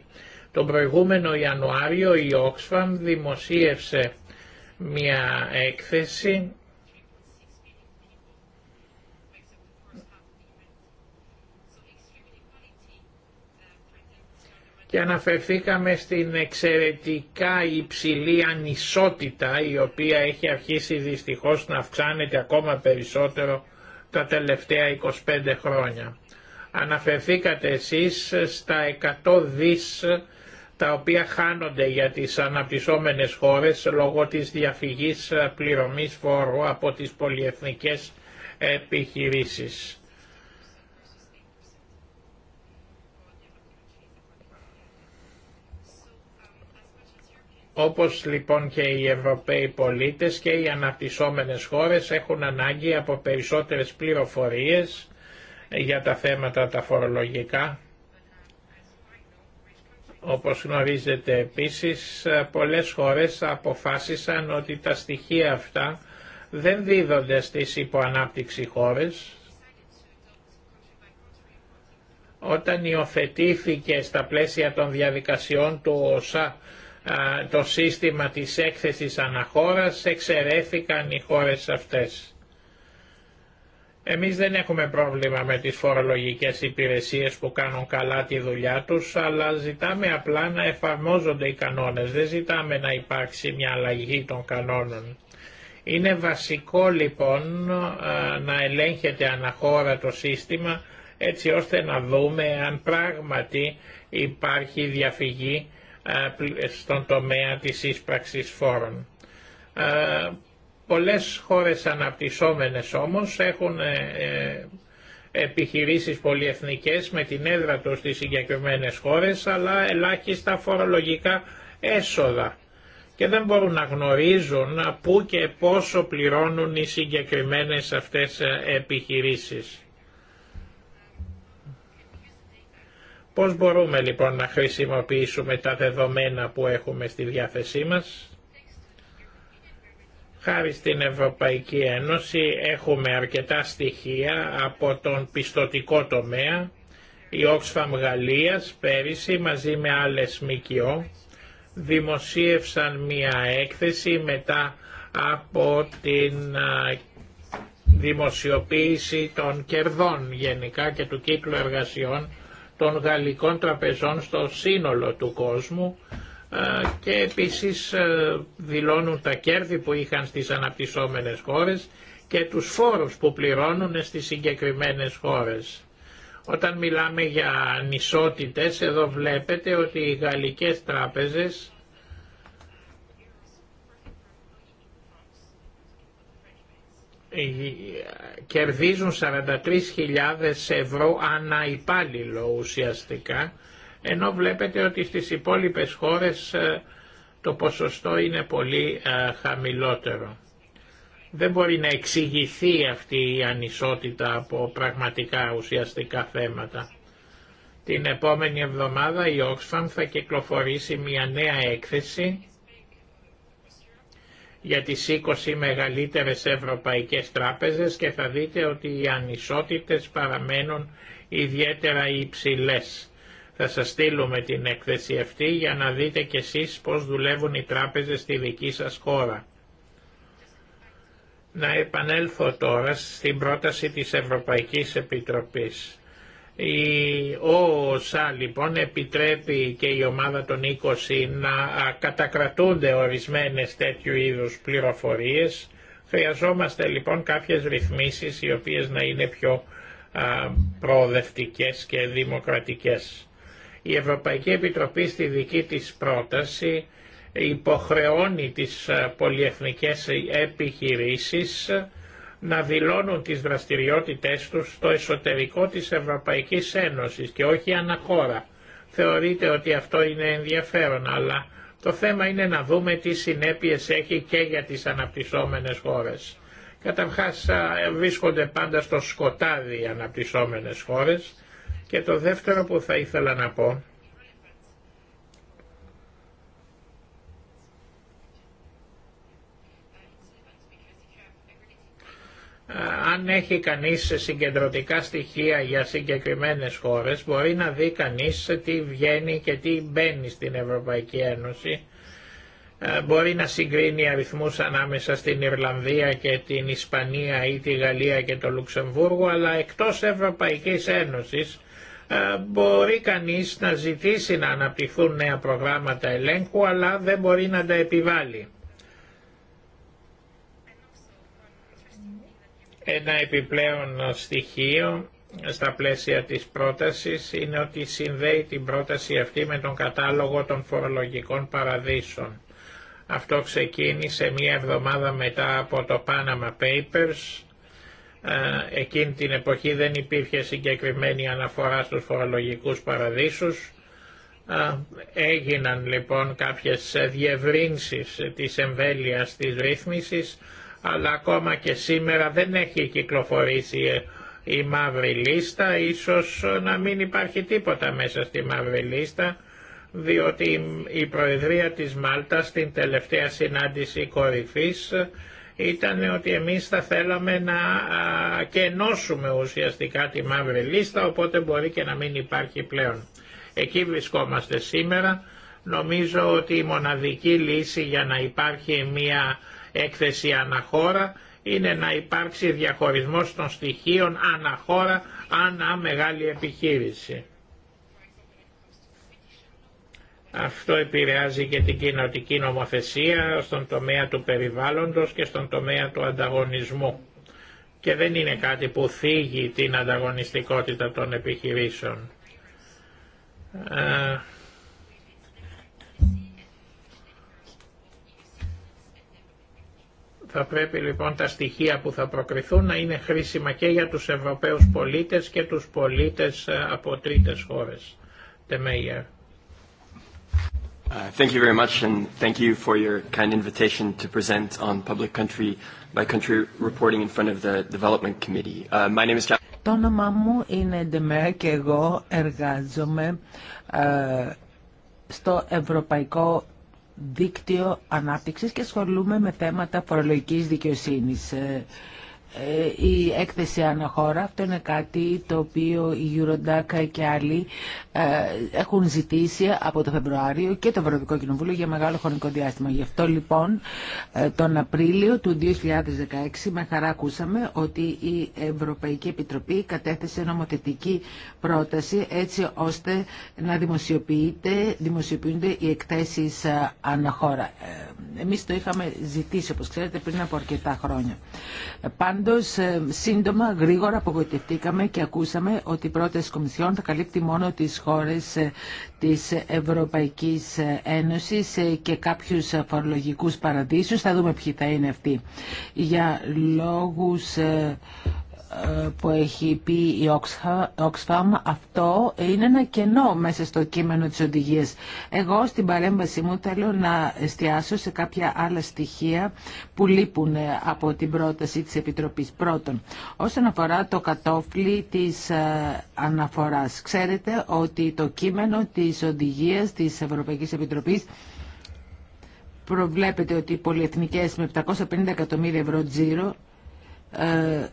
Τον προηγούμενο Ιανουάριο η Oxfam δημοσίευσε μια έκθεση και αναφερθήκαμε στην εξαιρετικά υψηλή ανισότητα η οποία έχει αρχίσει δυστυχώς να αυξάνεται ακόμα περισσότερο τα τελευταία 25 χρόνια. Αναφερθήκατε εσείς στα 100 δις τα οποία χάνονται για τις αναπτυσσόμενες χώρες λόγω της διαφυγής ε, πληρωμής φόρου από τις πολυεθνικές επιχειρήσεις. Όπως λοιπόν και οι Ευρωπαίοι πολίτες και οι αναπτυσσόμενες χώρες έχουν ανάγκη από περισσότερες πληροφορίες για τα θέματα τα φορολογικά όπως γνωρίζετε επίσης, πολλές χώρες αποφάσισαν ότι τα στοιχεία αυτά δεν δίδονται στις υποανάπτυξη χώρες. Όταν υιοθετήθηκε στα πλαίσια των διαδικασιών του ΟΣΑ το σύστημα της έκθεσης αναχώρας, εξαιρέθηκαν οι χώρες αυτές. Εμείς δεν έχουμε πρόβλημα με τις φορολογικές υπηρεσίες που κάνουν καλά τη δουλειά τους, αλλά ζητάμε απλά να εφαρμόζονται οι κανόνες, δεν ζητάμε να υπάρξει μια αλλαγή των κανόνων. Είναι βασικό λοιπόν να ελέγχεται αναχώρα το σύστημα έτσι ώστε να δούμε αν πράγματι υπάρχει διαφυγή στον τομέα της ίσπραξης φόρων Πολλές χώρες αναπτυσσόμενες όμως έχουν ε, ε, επιχειρήσεις πολυεθνικές με την έδρα τους στις συγκεκριμένε χώρες αλλά ελάχιστα φορολογικά έσοδα και δεν μπορούν να γνωρίζουν πού και πόσο πληρώνουν οι συγκεκριμένες αυτές ε, επιχειρήσεις. Πώς μπορούμε λοιπόν να χρησιμοποιήσουμε τα δεδομένα που έχουμε στη διάθεσή μας Χάρη στην Ευρωπαϊκή Ένωση έχουμε αρκετά στοιχεία από τον πιστοτικό τομέα. Η Oxfam Γαλλίας πέρυσι μαζί με άλλες ΜΚΟ δημοσίευσαν μία έκθεση μετά από την δημοσιοποίηση των κερδών γενικά και του κύκλου εργασιών των γαλλικών τραπεζών στο σύνολο του κόσμου ε, και επίσης ε, δηλώνουν τα κέρδη που είχαν στις αναπτυσσόμενες χώρες και τους φόρους που πληρώνουν στις συγκεκριμένες χώρες. Όταν μιλάμε για ανισότητες, εδώ βλέπετε ότι οι γαλλικές τράπεζες κερδίζουν 43.000 ευρώ ανά υπάλληλο ουσιαστικά ενώ βλέπετε ότι στις υπόλοιπες χώρες ε, το ποσοστό είναι πολύ ε, χαμηλότερο. Δεν μπορεί να εξηγηθεί αυτή η ανισότητα από πραγματικά ουσιαστικά θέματα. Την επόμενη εβδομάδα η Oxfam θα κυκλοφορήσει μια νέα έκθεση για τις 20 μεγαλύτερες ευρωπαϊκές τράπεζες και θα δείτε ότι οι ανισότητες παραμένουν ιδιαίτερα υψηλές. Θα σας στείλουμε την έκθεση αυτή για να δείτε κι εσείς πώς δουλεύουν οι τράπεζες στη δική σας χώρα. Να επανέλθω τώρα στην πρόταση της Ευρωπαϊκής Επιτροπής. Η ΟΟΣΑ λοιπόν επιτρέπει και η ομάδα των 20 να κατακρατούνται ορισμένες τέτοιου είδους πληροφορίες. Χρειαζόμαστε λοιπόν κάποιες ρυθμίσεις οι οποίες να είναι πιο προοδευτικές και δημοκρατικές. Η Ευρωπαϊκή Επιτροπή στη δική της πρόταση υποχρεώνει τις ε, πολυεθνικές επιχειρήσεις να δηλώνουν τις δραστηριότητές τους στο εσωτερικό της Ευρωπαϊκής Ένωσης και όχι αναχώρα. Θεωρείται ότι αυτό είναι ενδιαφέρον, αλλά το θέμα είναι να δούμε τι συνέπειες έχει και για τις αναπτυσσόμενες χώρες. Καταρχάς ε, βρίσκονται πάντα στο σκοτάδι οι αναπτυσσόμενες χώρες και το δεύτερο που θα ήθελα να πω ε, αν έχει κανείς συγκεντρωτικά στοιχεία για συγκεκριμένες χώρες μπορεί να δει κανείς τι βγαίνει και τι μπαίνει στην Ευρωπαϊκή Ένωση ε, μπορεί να συγκρίνει αριθμούς ανάμεσα στην Ιρλανδία και την Ισπανία ή τη Γαλλία και το Λουξεμβούργο αλλά εκτός Ευρωπαϊκής Ένωσης ε, μπορεί κανείς να ζητήσει να αναπτυχθούν νέα προγράμματα ελέγχου αλλά δεν μπορεί να τα επιβάλλει. Ένα επιπλέον στοιχείο στα πλαίσια της πρότασης είναι ότι συνδέει την πρόταση αυτή με τον κατάλογο των φορολογικών παραδείσων. Αυτό ξεκίνησε μία εβδομάδα μετά από το Panama Papers ε, εκείνη την εποχή δεν υπήρχε συγκεκριμένη αναφορά στους φορολογικούς παραδείσους. Ε, έγιναν λοιπόν κάποιες διευρύνσεις της εμβέλειας της ρύθμισης, αλλά ακόμα και σήμερα δεν έχει κυκλοφορήσει ε, η μαύρη λίστα, ίσως να μην υπάρχει τίποτα μέσα στη μαύρη λίστα, διότι η Προεδρία της Μάλτας στην τελευταία συνάντηση κορυφής ήταν ότι εμείς θα θέλαμε να κενώσουμε ουσιαστικά τη μαύρη λίστα, οπότε μπορεί και να μην υπάρχει πλέον. Εκεί βρισκόμαστε σήμερα. Νομίζω ότι η μοναδική λύση για να υπάρχει μια έκθεση αναχώρα είναι να υπάρξει διαχωρισμός των στοιχείων αναχώρα ανά μεγάλη επιχείρηση. Αυτό επηρεάζει και την κοινοτική νομοθεσία στον τομέα του περιβάλλοντος και στον τομέα του ανταγωνισμού. Και δεν είναι κάτι που θίγει την ανταγωνιστικότητα των επιχειρήσεων. Ε, θα πρέπει λοιπόν τα στοιχεία που θα προκριθούν να είναι χρήσιμα και για τους Ευρωπαίους πολίτες και τους πολίτες ε, από τρίτες χώρες. Τεμέγερ. Thank you very much, and thank you for your kind invitation to present on public country by country reporting in front of the Development Committee. Uh, My name is Το όνομά μου είναι Ντεμέ και εγώ εργάζομαι στο Ευρωπαϊκό Δίκτυο Ανάπτυξης και ασχολούμαι με θέματα φορολογικής δικαιοσύνης. Ε, η έκθεση αναχώρα. Αυτό είναι κάτι το οποίο η Eurodac και άλλοι ε, έχουν ζητήσει από το Φεβρουάριο και το Ευρωπαϊκό Κοινοβούλιο για μεγάλο χρονικό διάστημα. Γι' αυτό λοιπόν ε, τον Απρίλιο του 2016 με χαρά ακούσαμε ότι η Ευρωπαϊκή Επιτροπή κατέθεσε νομοθετική πρόταση έτσι ώστε να δημοσιοποιείται, δημοσιοποιούνται οι εκθέσεις αναχώρα. Εμείς το είχαμε ζητήσει όπως ξέρετε πριν από αρκετά χρόνια. Πάντα Πάντως ε, σύντομα γρήγορα απογοητευτήκαμε και ακούσαμε ότι η πρόταση Κομισιόν θα καλύπτει μόνο τις χώρες ε, της Ευρωπαϊκής ε, Ένωσης και κάποιους φορολογικούς παραδείσους. Θα δούμε ποιοι θα είναι αυτοί. Για λόγους που έχει πει η Oxfam, αυτό είναι ένα κενό μέσα στο κείμενο της οδηγίας. Εγώ στην παρέμβαση μου θέλω να εστιάσω σε κάποια άλλα στοιχεία που λείπουν από την πρόταση της Επιτροπής. Πρώτον, όσον αφορά το κατόφλι της ε, αναφοράς. Ξέρετε ότι το κείμενο της οδηγίας της Ευρωπαϊκής Επιτροπής προβλέπεται ότι οι πολυεθνικές με 750 εκατομμύρια ευρώ τζίρο ε,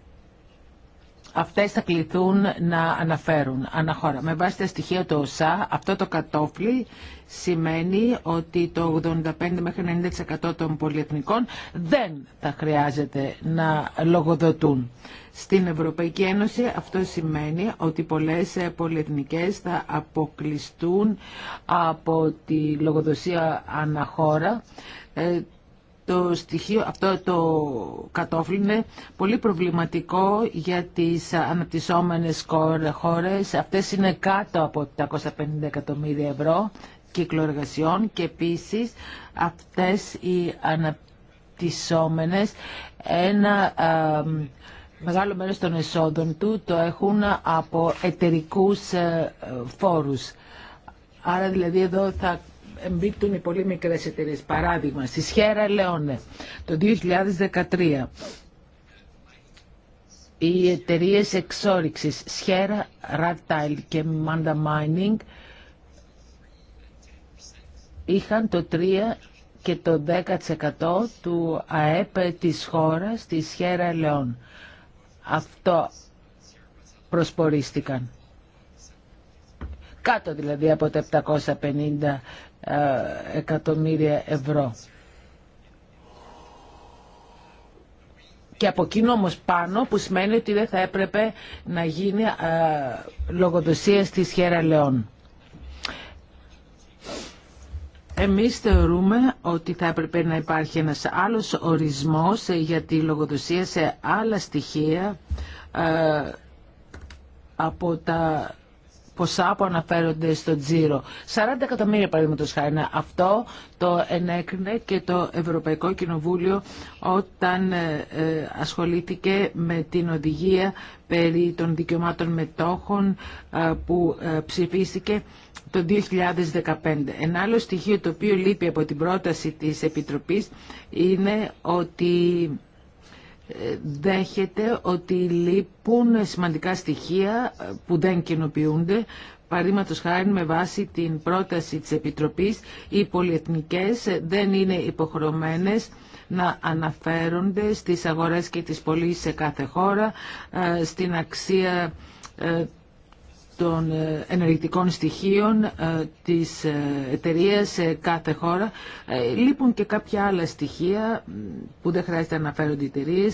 αυτές θα κληθούν να αναφέρουν αναχώρα. Με βάση τα στοιχεία του ΟΣΑ αυτό το κατόφλι σημαίνει ότι το 85 μέχρι 90% των πολυεθνικών δεν θα χρειάζεται να λογοδοτούν. Στην Ευρωπαϊκή Ένωση αυτό σημαίνει ότι πολλές πολυεθνικές θα αποκλειστούν από τη λογοδοσία αναχώρα ε, το στοιχείο, αυτό το κατόφλι είναι πολύ προβληματικό για τις αναπτυσσόμενες χώρες. Αυτές είναι κάτω από 750 εκατομμύρια ευρώ κύκλο εργασιών και επίσης αυτές οι αναπτυσσόμενες ένα μεγάλο μέρος των εσόδων του το έχουν από εταιρικούς ε, φόρους. Άρα δηλαδή εδώ θα εμπίπτουν οι πολύ μικρές εταιρείε. Παράδειγμα, στη Σιέρα Λεόνε το 2013 οι εταιρείε εξόριξης Σιέρα, Ρατάιλ και Μάντα Μάινινγκ είχαν το 3% και το 10% του ΑΕΠ της χώρας, τη Σιέρα Λεόν. Αυτό προσπορίστηκαν. Κάτω δηλαδή από τα 750 ε, εκατομμύρια ευρώ. Και από εκείνο όμω πάνω που σημαίνει ότι δεν θα έπρεπε να γίνει ε, λογοδοσία στη Σιέρα Λεόν. Εμείς θεωρούμε ότι θα έπρεπε να υπάρχει ένας άλλος ορισμός ε, για τη λογοδοσία σε άλλα στοιχεία από τα ποσά που αναφέρονται στο τζίρο. 40 εκατομμύρια παραδείγματο χάρη. Ναι. Αυτό το ενέκρινε και το Ευρωπαϊκό Κοινοβούλιο όταν ε, ε, ασχολήθηκε με την οδηγία περί των δικαιωμάτων μετόχων ε, που ψηφίστηκε το 2015. Ένα άλλο στοιχείο το οποίο λείπει από την πρόταση της Επιτροπής είναι ότι δέχεται ότι λείπουν σημαντικά στοιχεία ε, που δεν κοινοποιούνται, Παραδείγματο χάρη με βάση την πρόταση της Επιτροπής, οι πολυεθνικές ε, δεν είναι υποχρεωμένες να αναφέρονται στις αγορές και τις πωλήσει σε κάθε χώρα, ε, στην αξία των ε, ενεργητικών στοιχείων ε, της ε, εταιρεία σε κάθε χώρα. Λείπουν και κάποια άλλα στοιχεία που δεν χρειάζεται να αναφέρονται οι εταιρείε.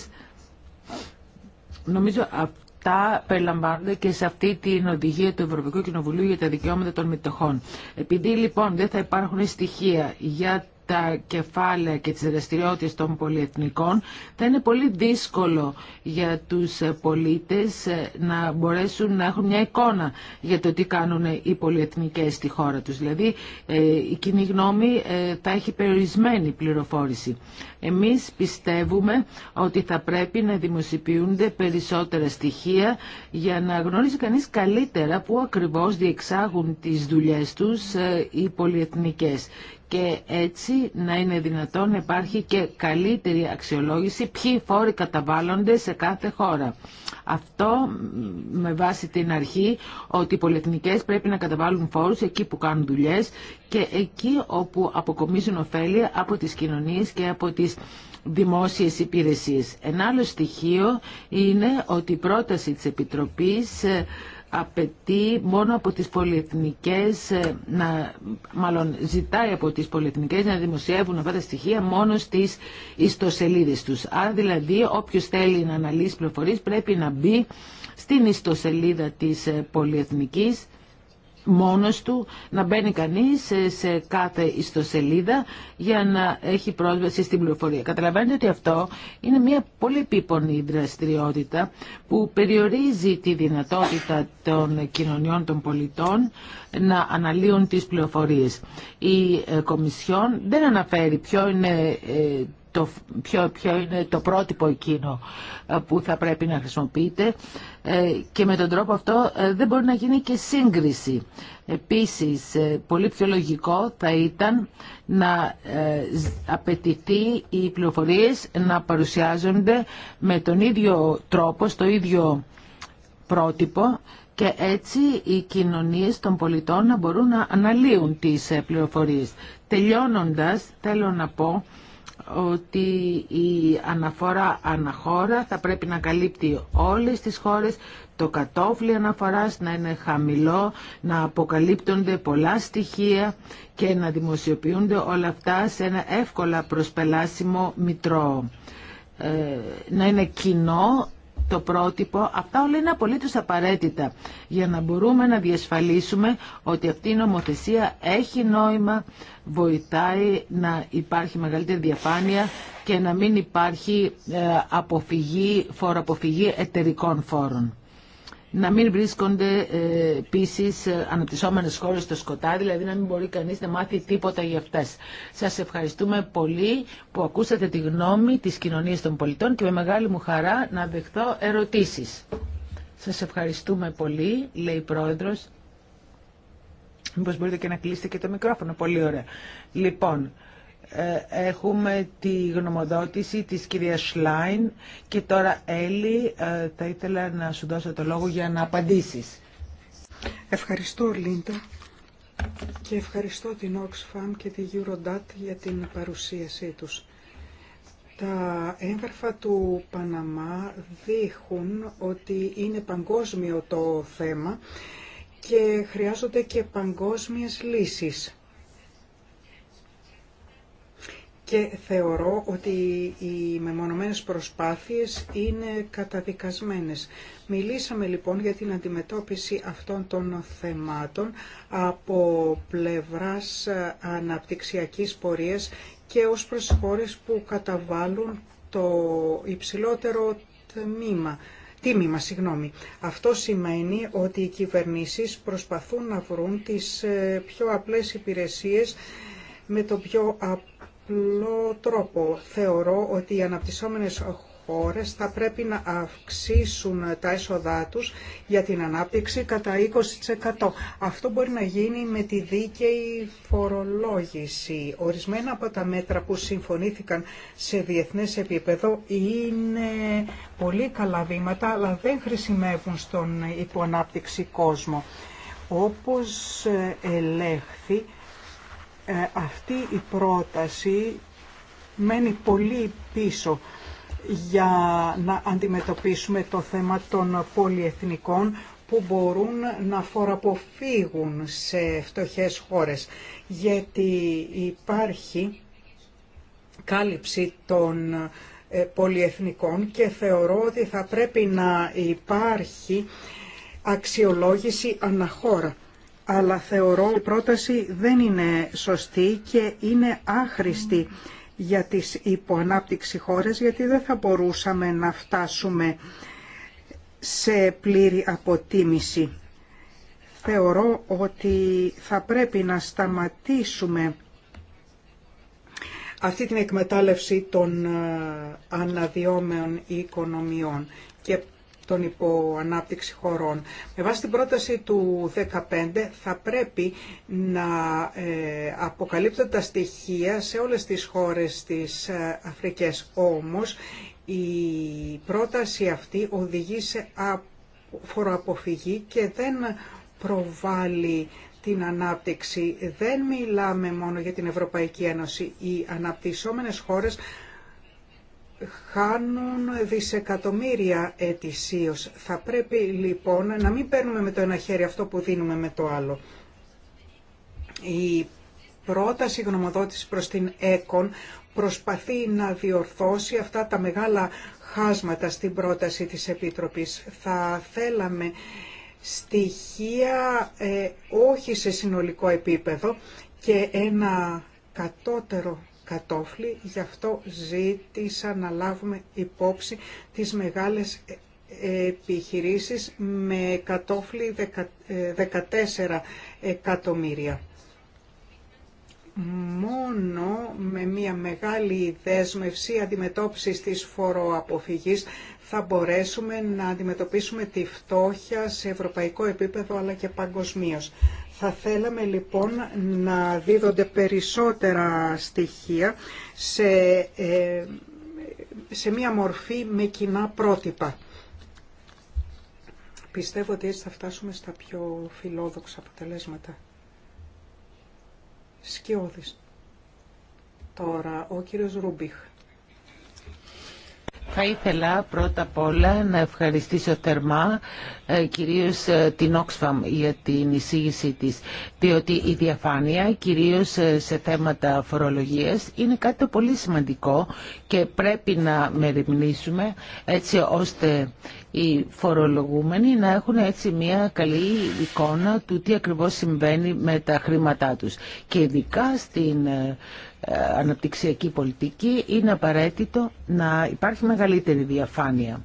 Νομίζω αυτά περιλαμβάνονται και σε αυτή την οδηγία του Ευρωπαϊκού Κοινοβουλίου για τα δικαιώματα των μετοχών. Επειδή λοιπόν δεν θα υπάρχουν στοιχεία για τα κεφάλαια και τις δραστηριότητες των πολυεθνικών θα είναι πολύ δύσκολο για τους πολίτες ε, να μπορέσουν να έχουν μια εικόνα για το τι κάνουν οι πολυεθνικές στη χώρα τους. Δηλαδή ε, η κοινή γνώμη ε, θα έχει περιορισμένη πληροφόρηση. Εμείς πιστεύουμε ότι θα πρέπει να δημοσιοποιούνται περισσότερα στοιχεία για να γνωρίζει κανείς καλύτερα που ακριβώς διεξάγουν τις δουλειές τους οι πολυεθνικές και έτσι να είναι δυνατόν να υπάρχει και καλύτερη αξιολόγηση ποιοι φόροι καταβάλλονται σε κάθε χώρα. Αυτό με βάση την αρχή ότι οι πολυεθνικές πρέπει να καταβάλουν φόρους εκεί που κάνουν δουλειές και εκεί όπου αποκομίζουν ωφέλη από τις κοινωνίες και από τις δημόσιες υπηρεσίες. Ένα άλλο στοιχείο είναι ότι η πρόταση της Επιτροπής ε, απαιτεί μόνο από τις πολυεθνικές, ε, να, μάλλον ζητάει από τις πολυεθνικές να δημοσιεύουν αυτά τα στοιχεία μόνο στις ιστοσελίδες τους. Άρα δηλαδή όποιος θέλει να αναλύσει πληροφορίες πρέπει να μπει στην ιστοσελίδα της ε, πολυεθνικής μόνος του να μπαίνει κανείς σε, κάθε ιστοσελίδα για να έχει πρόσβαση στην πληροφορία. Καταλαβαίνετε ότι αυτό είναι μια πολύ επίπονη δραστηριότητα που περιορίζει τη δυνατότητα των κοινωνιών των πολιτών να αναλύουν τις πληροφορίες. Η ε, Κομισιόν δεν αναφέρει ποιο είναι ε, το, ποιο, είναι το πρότυπο εκείνο ε, που θα πρέπει να χρησιμοποιείτε ε, και με τον τρόπο αυτό ε, δεν μπορεί να γίνει και σύγκριση. Επίσης, πολύ πιο λογικό θα ήταν να απαιτηθεί οι πληροφορίες να παρουσιάζονται με τον ίδιο τρόπο, στο ίδιο πρότυπο και έτσι οι κοινωνίες των πολιτών να μπορούν να αναλύουν τις πληροφορίες. Τελειώνοντας, θέλω να πω ότι η αναφορά αναχώρα θα πρέπει να καλύπτει όλες τις χώρες, το κατόφλι αναφοράς να είναι χαμηλό, να αποκαλύπτονται πολλά στοιχεία και να δημοσιοποιούνται όλα αυτά σε ένα εύκολα προσπελάσιμο μητρό. Ε, να είναι κοινό το πρότυπο. Αυτά όλα είναι απολύτως απαραίτητα για να μπορούμε να διασφαλίσουμε ότι αυτή η νομοθεσία έχει νόημα, βοηθάει να υπάρχει μεγαλύτερη διαφάνεια και να μην υπάρχει ε, αποφυγή, φοροαποφυγή εταιρικών φόρων να μην βρίσκονται ε, επίση ε, αναπτυσσόμενες χώρες στο σκοτάδι, δηλαδή να μην μπορεί κανείς να μάθει τίποτα για αυτές. Σας ευχαριστούμε πολύ που ακούσατε τη γνώμη της κοινωνίας των πολιτών και με μεγάλη μου χαρά να δεχτώ ερωτήσεις. Σας ευχαριστούμε πολύ, λέει η Πρόεδρος. Μήπως μπορείτε και να κλείσετε και το μικρόφωνο. Πολύ ωραία. Λοιπόν, ε, έχουμε τη γνωμοδότηση της κυρία Σλάιν και τώρα Έλλη ε, θα ήθελα να σου δώσω το λόγο για να απαντήσεις. Ευχαριστώ Λίντα και ευχαριστώ την Oxfam και τη Eurodat για την παρουσίασή τους. Τα έγγραφα του Παναμά δείχνουν ότι είναι παγκόσμιο το θέμα και χρειάζονται και παγκόσμιες λύσεις. και θεωρώ ότι οι μεμονωμένες προσπάθειες είναι καταδικασμένες. Μιλήσαμε λοιπόν για την αντιμετώπιση αυτών των θεμάτων από πλευράς αναπτυξιακής πορείας και ως προς που καταβάλουν το υψηλότερο τμήμα. Τίμημα, συγγνώμη. Αυτό σημαίνει ότι οι κυβερνήσεις προσπαθούν να βρουν τις ε, πιο απλές υπηρεσίες με το πιο απλό τρόπο. Θεωρώ ότι οι αναπτυσσόμενες χώρες θα πρέπει να αυξήσουν τα έσοδά τους για την ανάπτυξη κατά 20%. Αυτό μπορεί να γίνει με τη δίκαιη φορολόγηση. Ορισμένα από τα μέτρα που συμφωνήθηκαν σε διεθνές επίπεδο είναι πολύ καλά βήματα, αλλά δεν χρησιμεύουν στον υποανάπτυξη κόσμο. Όπως ελέγχθη, ε, αυτή η πρόταση μένει πολύ πίσω για να αντιμετωπίσουμε το θέμα των πολυεθνικών που μπορούν να φοραποφύγουν σε φτωχές χώρες, γιατί υπάρχει κάλυψη των ε, πολυεθνικών και θεωρώ ότι θα πρέπει να υπάρχει αξιολόγηση αναχώρα αλλά θεωρώ ότι η πρόταση δεν είναι σωστή και είναι άχρηστη για τις υποανάπτυξη χώρες γιατί δεν θα μπορούσαμε να φτάσουμε σε πλήρη αποτίμηση. Θεωρώ ότι θα πρέπει να σταματήσουμε αυτή την εκμετάλλευση των ε, αναδυόμενων οικονομιών και των υποανάπτυξη χωρών. Με βάση την πρόταση του 2015 θα πρέπει να ε, αποκαλύπτουν τα στοιχεία σε όλες τις χώρες της ε, Αφρικές. Όμως η πρόταση αυτή οδηγεί σε φοροαποφυγή και δεν προβάλλει την ανάπτυξη. Δεν μιλάμε μόνο για την Ευρωπαϊκή Ένωση. Οι αναπτυσσόμενες χώρες χάνουν δισεκατομμύρια ετησίως. Θα πρέπει λοιπόν να μην παίρνουμε με το ένα χέρι αυτό που δίνουμε με το άλλο. Η πρόταση γνωμοδότηση προς την ΕΚΟΝ προσπαθεί να διορθώσει αυτά τα μεγάλα χάσματα στην πρόταση της Επίτροπης. Θα θέλαμε στοιχεία ε, όχι σε συνολικό επίπεδο και ένα κατώτερο κατόφλι, γι' αυτό ζήτησα να λάβουμε υπόψη τις μεγάλες ε, ε, επιχειρήσεις με κατόφλι 14 ε, εκατομμύρια. Μόνο με μια μεγάλη δέσμευση αντιμετώπισης της φοροαποφυγής θα μπορέσουμε να αντιμετωπίσουμε τη φτώχεια σε ευρωπαϊκό επίπεδο αλλά και παγκοσμίως. Θα θέλαμε λοιπόν να δίδονται περισσότερα στοιχεία σε, ε, σε μία μορφή με κοινά πρότυπα. Πιστεύω ότι έτσι θα φτάσουμε στα πιο φιλόδοξα αποτελέσματα. Σκιώδης. Τώρα ο κύριος Ρούμπιχ. Θα ήθελα πρώτα απ' όλα να ευχαριστήσω θερμά ε, κυρίως ε, την Oxfam για την εισήγησή της, διότι η διαφάνεια κυρίως ε, σε θέματα φορολογίας είναι κάτι πολύ σημαντικό και πρέπει να μεριμνήσουμε έτσι ώστε οι φορολογούμενοι να έχουν έτσι μια καλή εικόνα του τι ακριβώς συμβαίνει με τα χρήματά τους. Και ειδικά στην ε, αναπτυξιακή πολιτική είναι απαραίτητο να υπάρχει μεγαλύτερη διαφάνεια.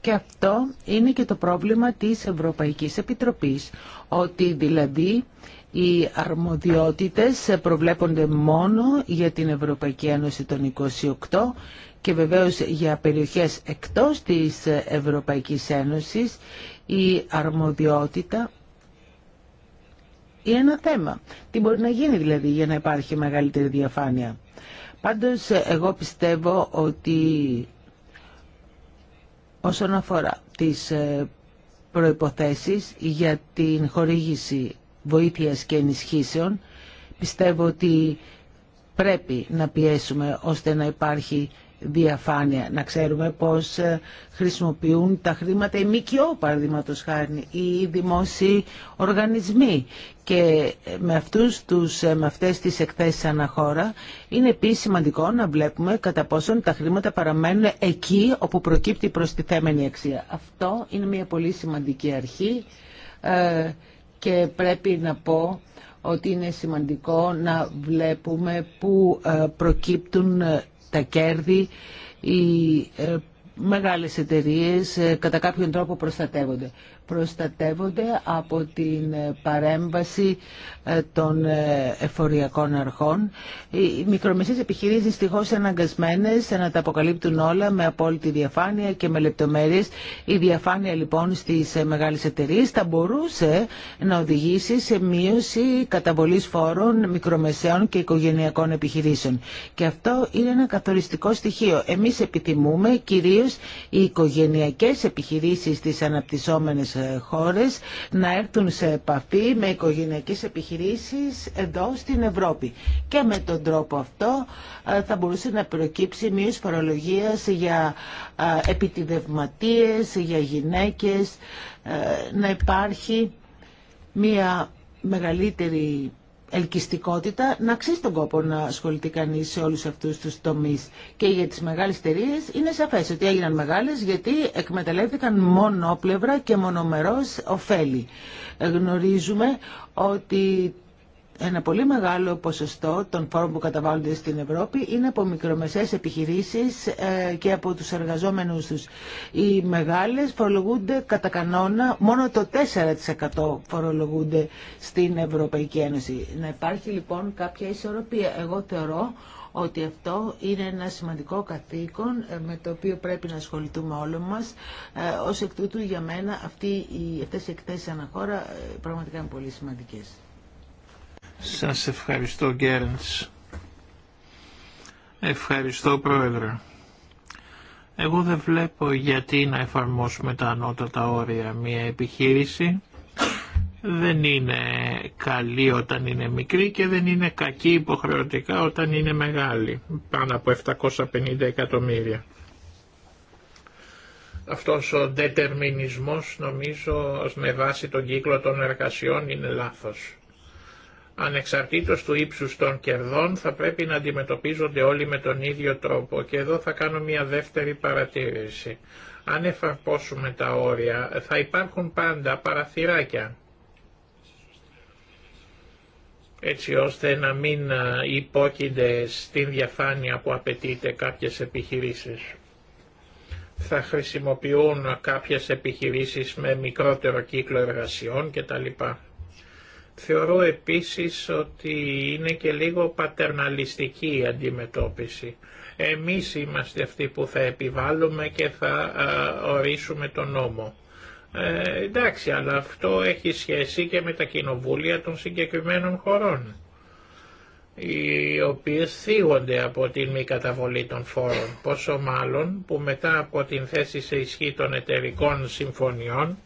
Και αυτό είναι και το πρόβλημα της Ευρωπαϊκής Επιτροπής, ότι δηλαδή οι αρμοδιότητες προβλέπονται μόνο για την Ευρωπαϊκή Ένωση των 28 και βεβαίως για περιοχές εκτός της Ευρωπαϊκής Ένωσης η αρμοδιότητα είναι ένα θέμα. Τι μπορεί να γίνει δηλαδή για να υπάρχει μεγαλύτερη διαφάνεια. Πάντως εγώ πιστεύω ότι όσον αφορά τις ε, προϋποθέσεις για την χορήγηση βοήθειας και ενισχύσεων, πιστεύω ότι πρέπει να πιέσουμε ώστε να υπάρχει διαφάνεια. Να ξέρουμε πώς ε, χρησιμοποιούν τα χρήματα η ΜΚΟ, παραδείγματος χάρη, ή οι δημόσιοι οργανισμοί. Και ε, με, αυτούς τους, ε, με αυτές τις εκθέσεις αναχώρα είναι επίσης σημαντικό να βλέπουμε κατά πόσον τα χρήματα παραμένουν εκεί όπου προκύπτει τη προστιθέμενη αξία. Αυτό είναι μια πολύ σημαντική αρχή και πρέπει να πω ότι είναι σημαντικό να βλέπουμε πού προκύπτουν τα κέρδη, οι ε, μεγάλες εταιρείες ε, κατά κάποιον τρόπο προστατεύονται προστατεύονται από την παρέμβαση ε, των ε, εφοριακών αρχών. Οι μικρομεσαίες επιχειρήσεις δυστυχώ αναγκασμένες να τα αποκαλύπτουν όλα με απόλυτη διαφάνεια και με λεπτομέρειες. Η διαφάνεια λοιπόν στις ε, μεγάλες εταιρείες θα μπορούσε να οδηγήσει σε μείωση καταβολής φόρων μικρομεσαίων και οικογενειακών επιχειρήσεων. Και αυτό είναι ένα καθοριστικό στοιχείο. Εμείς επιθυμούμε κυρίως οι οικογενειακές επιχειρήσεις στις αναπτυσσόμενες χώρες να έρθουν σε επαφή με οικογενειακές επιχειρήσεις εδώ στην Ευρώπη. Και με τον τρόπο αυτό ε, θα μπορούσε να προκύψει μια φορολογίας για ε, επιτιδευματίες, για γυναίκες, ε, να υπάρχει μια μεγαλύτερη ελκυστικότητα να αξίζει τον κόπο να ασχοληθεί κανεί σε όλου αυτού του τομεί. Και για τι μεγάλε εταιρείε είναι σαφέ ότι έγιναν μεγάλε γιατί εκμεταλλεύτηκαν μονόπλευρα και μονομερό ωφέλη. Ε, γνωρίζουμε ότι ένα πολύ μεγάλο ποσοστό των φόρων που καταβάλλονται στην Ευρώπη είναι από μικρομεσαίες επιχειρήσεις ε, και από τους εργαζόμενους τους. Οι μεγάλες φορολογούνται κατά κανόνα, μόνο το 4% φορολογούνται στην Ευρωπαϊκή Ένωση. Να υπάρχει λοιπόν κάποια ισορροπία. Εγώ θεωρώ ότι αυτό είναι ένα σημαντικό καθήκον ε, με το οποίο πρέπει να ασχοληθούμε όλοι μας. Ε, ως εκ τούτου για μένα αυτή, αυτές οι εκθέσεις αναχώρα πραγματικά είναι πολύ σημαντικές. Σας ευχαριστώ Γκέρνς. Ευχαριστώ Πρόεδρε. Εγώ δεν βλέπω γιατί να εφαρμόσουμε τα ανώτατα όρια μια επιχείρηση. Δεν είναι καλή όταν είναι μικρή και δεν είναι κακή υποχρεωτικά όταν είναι μεγάλη, πάνω από 750 εκατομμύρια. Αυτός ο δετερμινισμός νομίζω με βάση τον κύκλο των εργασιών είναι λάθος ανεξαρτήτως του ύψους των κερδών θα πρέπει να αντιμετωπίζονται όλοι με τον ίδιο τρόπο και εδώ θα κάνω μια δεύτερη παρατήρηση. Αν εφαρμόσουμε τα όρια θα υπάρχουν πάντα παραθυράκια έτσι ώστε να μην υπόκεινται στην διαφάνεια που απαιτείται κάποιες επιχειρήσεις. Θα χρησιμοποιούν κάποιες επιχειρήσεις με μικρότερο κύκλο εργασιών κτλ. Θεωρώ επίσης ότι είναι και λίγο πατερναλιστική η αντιμετώπιση. Εμείς είμαστε αυτοί που θα επιβάλλουμε και θα ορίσουμε τον νόμο. Ε, εντάξει, αλλά αυτό έχει σχέση και με τα κοινοβούλια των συγκεκριμένων χωρών, οι οποίες θίγονται από την μη καταβολή των φόρων, πόσο μάλλον που μετά από την θέση σε ισχύ των εταιρικών συμφωνιών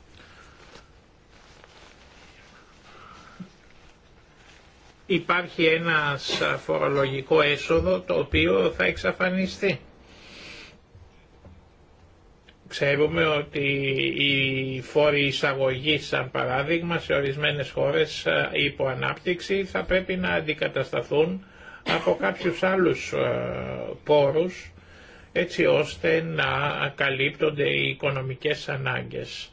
υπάρχει ένας φορολογικό έσοδο το οποίο θα εξαφανιστεί. Ξέρουμε ότι η φόροι εισαγωγή, σαν παράδειγμα, σε ορισμένες χώρες ε, υπό ανάπτυξη θα πρέπει να αντικατασταθούν από κάποιους άλλους ε, πόρους έτσι ώστε να καλύπτονται οι οικονομικές ανάγκες.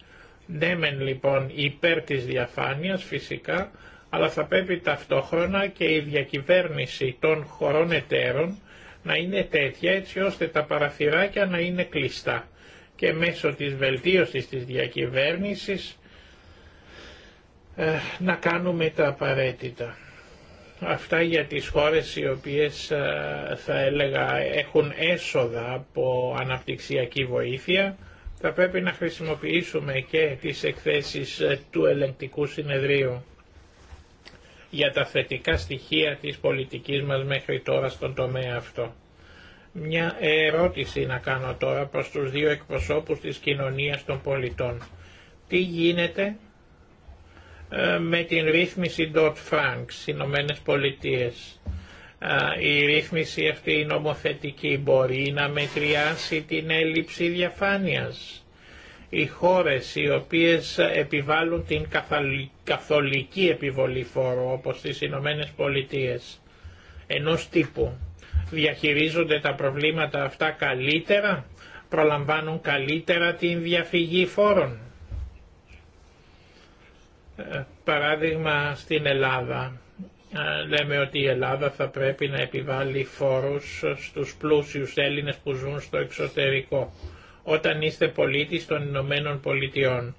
Ναι μεν λοιπόν υπέρ της διαφάνειας φυσικά, αλλά θα πρέπει ταυτόχρονα και η διακυβέρνηση των χωρών εταίρων να είναι τέτοια έτσι ώστε τα παραθυράκια να είναι κλειστά και μέσω της βελτίωσης της διακυβέρνησης ε, να κάνουμε τα απαραίτητα. Αυτά για τις χώρες οι οποίες ε, θα έλεγα έχουν έσοδα από αναπτυξιακή βοήθεια. Θα πρέπει να χρησιμοποιήσουμε και τις εκθέσεις ε, του ελεγκτικού συνεδρίου για τα θετικά στοιχεία της πολιτικής μας μέχρι τώρα στον τομέα αυτό. Μια ερώτηση να κάνω τώρα προς τους δύο εκπροσώπους της κοινωνίας των πολιτών. Τι γίνεται ε, με την ρύθμιση Dodd Frank στις Ηνωμένες Πολιτείες. Η ρύθμιση αυτή η νομοθετική μπορεί να μετριάσει την έλλειψη διαφάνειας οι χώρες οι οποίες επιβάλλουν την καθολική επιβολή φόρου όπως τις Ηνωμένε Πολιτείες ενός τύπου διαχειρίζονται τα προβλήματα αυτά καλύτερα, προλαμβάνουν καλύτερα την διαφυγή φόρων. Ε, παράδειγμα στην Ελλάδα. Ε, λέμε ότι η Ελλάδα θα πρέπει να επιβάλλει φόρους στους πλούσιους Έλληνες που ζουν στο εξωτερικό όταν είστε πολίτης των Ηνωμένων Πολιτειών.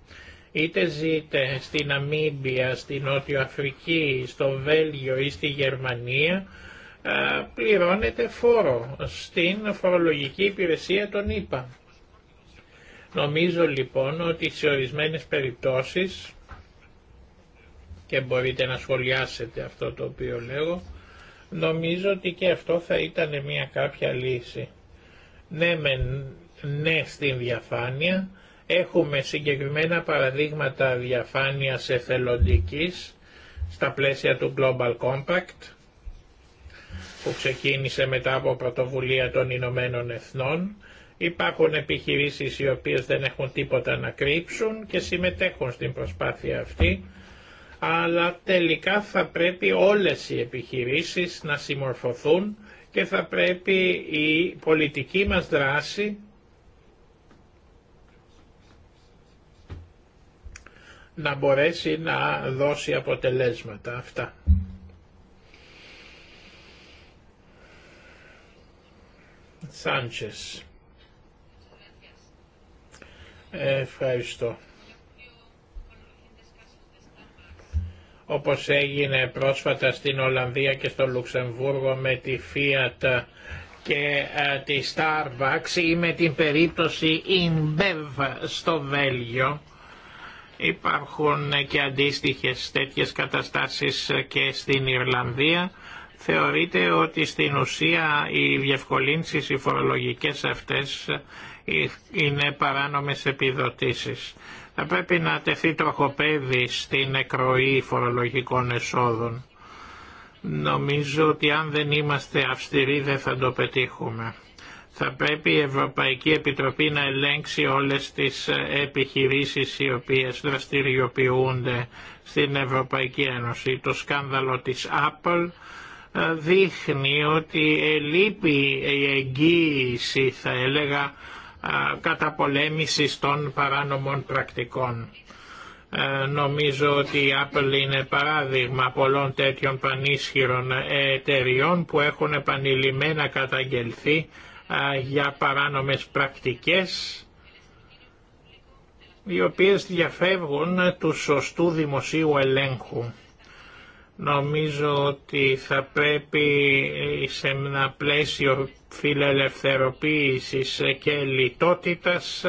Είτε ζείτε στην Ναμίμπια, στην Νότιο Αφρική, στο Βέλγιο ή στη Γερμανία, πληρώνετε φόρο στην φορολογική υπηρεσία των ΗΠΑ. Νομίζω λοιπόν ότι σε ορισμένες περιπτώσεις, και μπορείτε να σχολιάσετε αυτό το οποίο λέγω, νομίζω ότι και αυτό θα ήταν μια κάποια λύση. Ναι, ναι στην διαφάνεια, έχουμε συγκεκριμένα παραδείγματα διαφάνειας εθελοντικής στα πλαίσια του Global Compact που ξεκίνησε μετά από πρωτοβουλία των Ηνωμένων Εθνών. Υπάρχουν επιχειρήσεις οι οποίες δεν έχουν τίποτα να κρύψουν και συμμετέχουν στην προσπάθεια αυτή, αλλά τελικά θα πρέπει όλες οι επιχειρήσεις να συμμορφωθούν και θα πρέπει η πολιτική μας δράση να μπορέσει να δώσει αποτελέσματα αυτά. Σάντσες. Ευχαριστώ. Όπως έγινε πρόσφατα στην Ολλανδία και στο Λουξεμβούργο με τη Fiat και ε, τη Starbucks ή με την περίπτωση InBev στο Βέλγιο, Υπάρχουν και αντίστοιχες τέτοιες καταστάσεις και στην Ιρλανδία. Θεωρείται ότι στην ουσία οι διευκολύνσεις οι φορολογικές αυτές είναι παράνομες επιδοτήσεις. Θα πρέπει να τεθεί τροχοπέδι στην εκροή φορολογικών εσόδων. Νομίζω ότι αν δεν είμαστε αυστηροί δεν θα το πετύχουμε θα πρέπει η Ευρωπαϊκή Επιτροπή να ελέγξει όλες τις ε, επιχειρήσεις οι οποίες δραστηριοποιούνται στην Ευρωπαϊκή Ένωση. Το σκάνδαλο της Apple ε, δείχνει ότι ελείπει η εγγύηση, θα έλεγα, ε, καταπολέμησης των παράνομων πρακτικών. Νομίζω ότι η Apple είναι παράδειγμα πολλών τέτοιων πανίσχυρων εταιριών που έχουν επανειλημμένα καταγγελθεί για παράνομες πρακτικές οι οποίες διαφεύγουν του σωστού δημοσίου ελέγχου. Νομίζω ότι θα πρέπει ε, σε ένα πλαίσιο φιλελευθεροποίησης και λιτότητας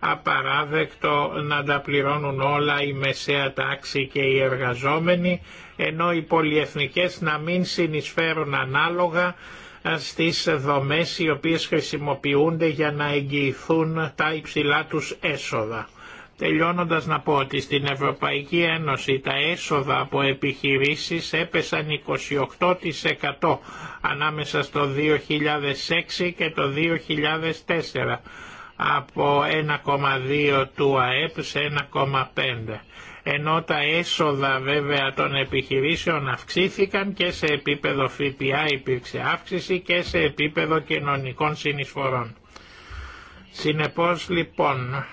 απαράδεκτο να τα πληρώνουν όλα η μεσαία τάξη και οι εργαζόμενοι, ενώ οι πολιεθνικές να μην συνεισφέρουν ανάλογα ε, στις δομές οι οποίες χρησιμοποιούνται για να εγγυηθούν τα υψηλά τους έσοδα. Τελειώνοντας να πω ότι στην Ευρωπαϊκή Ένωση τα έσοδα από επιχειρήσεις έπεσαν 28% ανάμεσα στο 2006 και το 2004 από 1,2 του ΑΕΠ σε 1,5 ενώ τα έσοδα βέβαια των επιχειρήσεων αυξήθηκαν και σε επίπεδο ΦΠΑ υπήρξε αύξηση και σε επίπεδο κοινωνικών συνεισφορών. Συνεπώς λοιπόν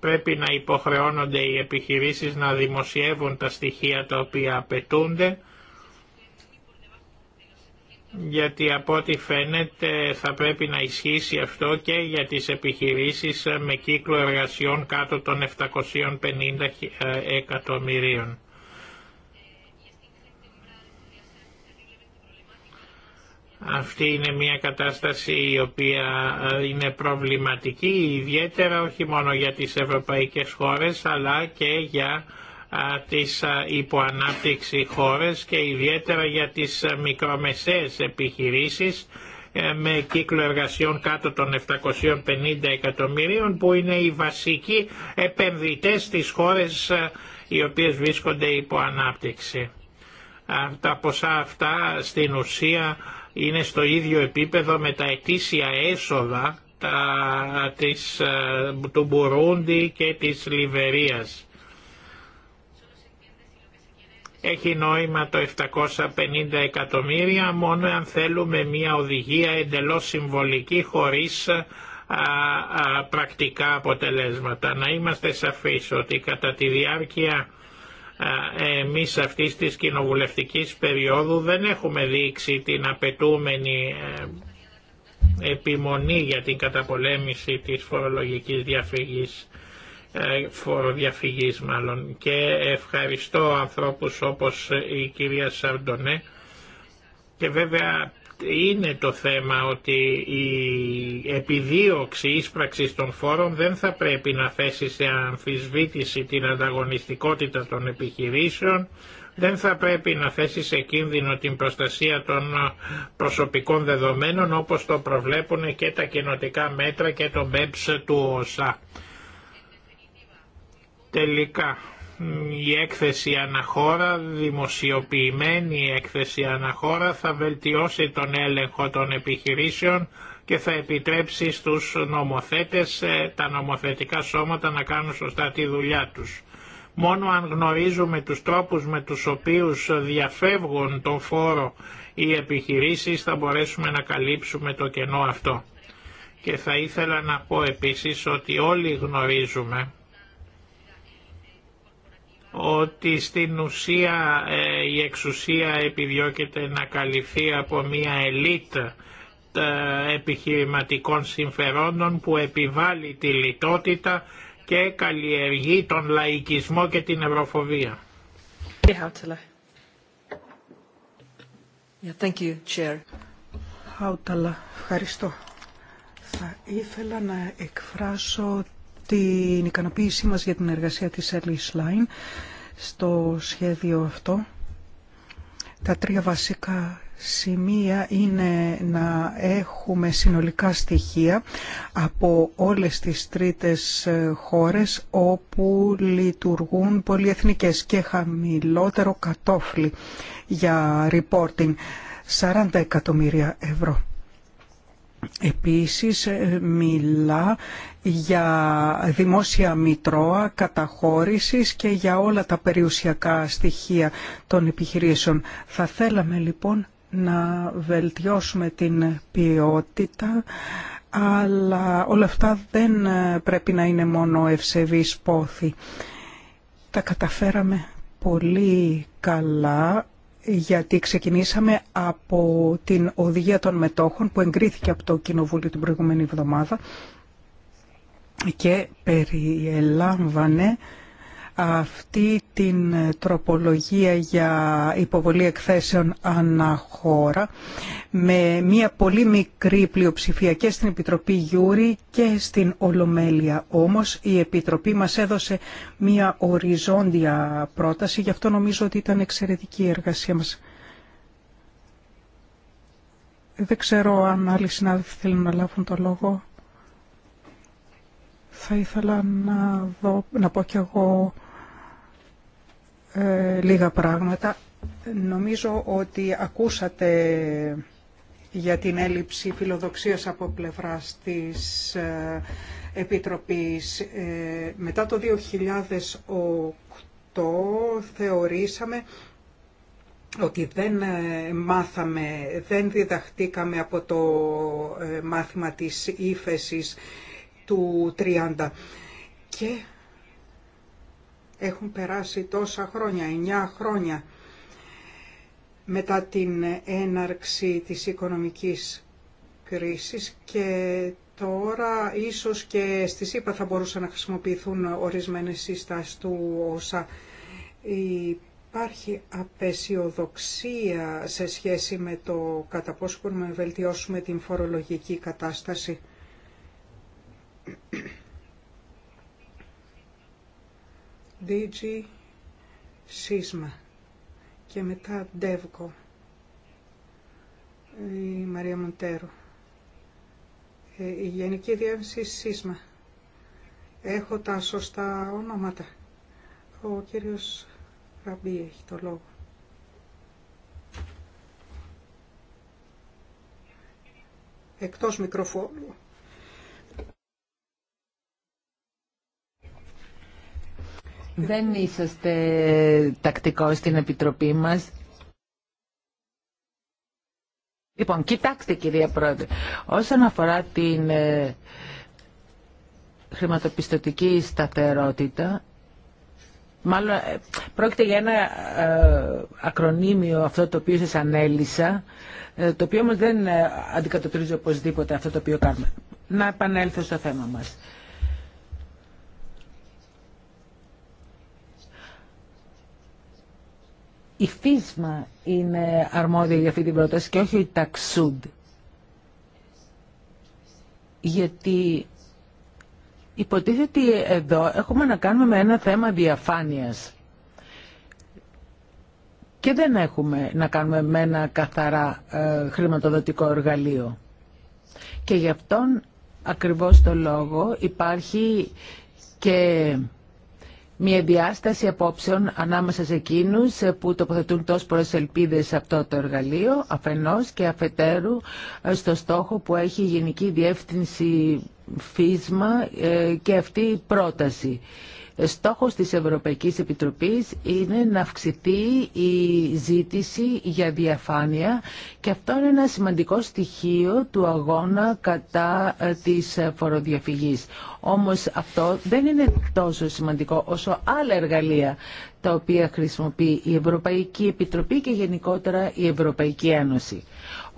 πρέπει να υποχρεώνονται οι επιχειρήσεις να δημοσιεύουν τα στοιχεία τα οποία απαιτούνται γιατί από ό,τι φαίνεται θα πρέπει να ισχύσει αυτό και για τις επιχειρήσεις με κύκλο εργασιών κάτω των 750 ε, εκατομμυρίων. Αυτή είναι μια κατάσταση η οποία ε, είναι προβληματική ιδιαίτερα όχι μόνο για τις ευρωπαϊκές χώρες αλλά και για τις υποανάπτυξη χώρες και ιδιαίτερα για τις μικρομεσαίες επιχειρήσεις ε, με κύκλο εργασιών κάτω των 750 εκατομμυρίων που είναι οι βασικοί επενδυτές στις χώρες οι οποίες βρίσκονται υπό ανάπτυξη. Τα ποσά αυτά στην ουσία είναι στο ίδιο επίπεδο με τα ετήσια έσοδα τα, της, του Μπουρούντι και της Λιβερίας έχει νόημα το 750 εκατομμύρια μόνο αν θέλουμε μια οδηγία εντελώς συμβολική χωρίς πρακτικά αποτελέσματα. Να είμαστε σαφείς ότι κατά τη διάρκεια εμείς αυτής της κοινοβουλευτικής περίοδου δεν έχουμε δείξει την απαιτούμενη ε, επιμονή για την καταπολέμηση της φορολογικής διαφυγής. Ε, φοροδιαφυγής μάλλον και ευχαριστώ ανθρώπους όπως η κυρία Σαρντονέ και βέβαια είναι το θέμα ότι η επιδίωξη ίσπραξης των φόρων δεν θα πρέπει να θέσει σε αμφισβήτηση την ανταγωνιστικότητα των επιχειρήσεων, δεν θα πρέπει να θέσει σε κίνδυνο την προστασία των προσωπικών δεδομένων όπως το προβλέπουν και τα κοινοτικά μέτρα και το BEPS του ΟΣΑ. Τελικά, η έκθεση αναχώρα, δημοσιοποιημένη έκθεση αναχώρα, θα βελτιώσει τον έλεγχο των επιχειρήσεων και θα επιτρέψει στους νομοθέτες, ε, τα νομοθετικά σώματα να κάνουν σωστά τη δουλειά τους. Μόνο αν γνωρίζουμε τους τρόπους με τους οποίους διαφεύγουν το φόρο οι επιχειρήσεις θα μπορέσουμε να καλύψουμε το κενό αυτό. Και θα ήθελα να πω επίσης ότι όλοι γνωρίζουμε ότι στην ουσία ε, η εξουσία επιδιώκεται να καλυφθεί από μια ελίτ ε, επιχειρηματικών συμφερόντων που επιβάλλει τη λιτότητα και καλλιεργεί τον λαϊκισμό και την ευρωφοβία. Θα ήθελα να εκφράσω την ικανοποίησή μας για την εργασία της Ellis Line στο σχέδιο αυτό. Τα τρία βασικά σημεία είναι να έχουμε συνολικά στοιχεία από όλες τις τρίτες χώρες όπου λειτουργούν πολυεθνικές και χαμηλότερο κατόφλι για reporting 40 εκατομμύρια ευρώ. Επίσης ε, μιλά για δημόσια μητρώα, καταχώρησης και για όλα τα περιουσιακά στοιχεία των επιχειρήσεων. Θα θέλαμε λοιπόν να βελτιώσουμε την ποιότητα, αλλά όλα αυτά δεν ε, πρέπει να είναι μόνο ευσεβείς πόθη. Τα καταφέραμε πολύ καλά γιατί ξεκινήσαμε από την οδηγία των μετόχων που εγκρίθηκε από το Κοινοβούλιο την προηγούμενη εβδομάδα και περιελάμβανε αυτή την ε, τροπολογία για υποβολή εκθέσεων αναχώρα με μια πολύ μικρή πλειοψηφία και στην Επιτροπή Γιούρη και στην Ολομέλεια. Όμως η Επιτροπή μας έδωσε μια οριζόντια πρόταση, γι' αυτό νομίζω ότι ήταν εξαιρετική η εργασία μας. Δεν ξέρω αν άλλοι συνάδελφοι θέλουν να λάβουν το λόγο. Θα ήθελα να, να πω κι εγώ ε, λίγα πράγματα. Νομίζω ότι ακούσατε για την έλλειψη φιλοδοξίας από πλευράς της ε, Επιτροπής. Ε, μετά το 2008 θεωρήσαμε ότι δεν μάθαμε, δεν διδαχτήκαμε από το μάθημα της ύφεσης του 30 και έχουν περάσει τόσα χρόνια, εννιά χρόνια μετά την έναρξη της οικονομικής κρίσης και τώρα ίσως και στη ΣΥΠΑ θα μπορούσαν να χρησιμοποιηθούν ορισμένες συστάσεις του όσα υπάρχει απεσιοδοξία σε σχέση με το κατά πόσο μπορούμε να βελτιώσουμε την φορολογική κατάσταση. DG Σίσμα και μετά Ντεύκο η Μαρία Μοντέρο ε, η Γενική Διεύθυνση Σίσμα έχω τα σωστά ονόματα ο κύριος Ραμπή έχει το λόγο εκτός μικροφώνου Δεν είσαστε τακτικό στην Επιτροπή μας. Λοιπόν, κοιτάξτε κυρία Πρόεδρε, όσον αφορά την ε, χρηματοπιστωτική σταθερότητα, μάλλον ε, πρόκειται για ένα ε, ακρονίμιο αυτό το οποίο σας ανέλησα, το οποίο όμως δεν αντικατοπτρίζει οπωσδήποτε αυτό το οποίο κάνουμε. Να επανέλθω στο θέμα μας. Η φύσμα είναι αρμόδια για αυτή την πρόταση και όχι η ταξούντ. Γιατί υποτίθεται εδώ έχουμε να κάνουμε με ένα θέμα διαφάνειας. Και δεν έχουμε να κάνουμε με ένα καθαρά ε, χρηματοδοτικό εργαλείο. Και γι' αυτόν ακριβώς το λόγο υπάρχει και μια διάσταση απόψεων ανάμεσα σε εκείνους που τοποθετούν τόσο πολλές ελπίδες σε αυτό το εργαλείο, αφενός και αφετέρου ε, στο στόχο που έχει η Γενική Διεύθυνση Φύσμα ε, και αυτή η πρόταση. Στόχος της Ευρωπαϊκής Επιτροπής είναι να αυξηθεί η ζήτηση για διαφάνεια και αυτό είναι ένα σημαντικό στοιχείο του αγώνα κατά ε, της φοροδιαφυγής. Όμως αυτό δεν είναι τόσο σημαντικό όσο άλλα εργαλεία τα οποία χρησιμοποιεί η Ευρωπαϊκή Επιτροπή και γενικότερα η Ευρωπαϊκή Ένωση.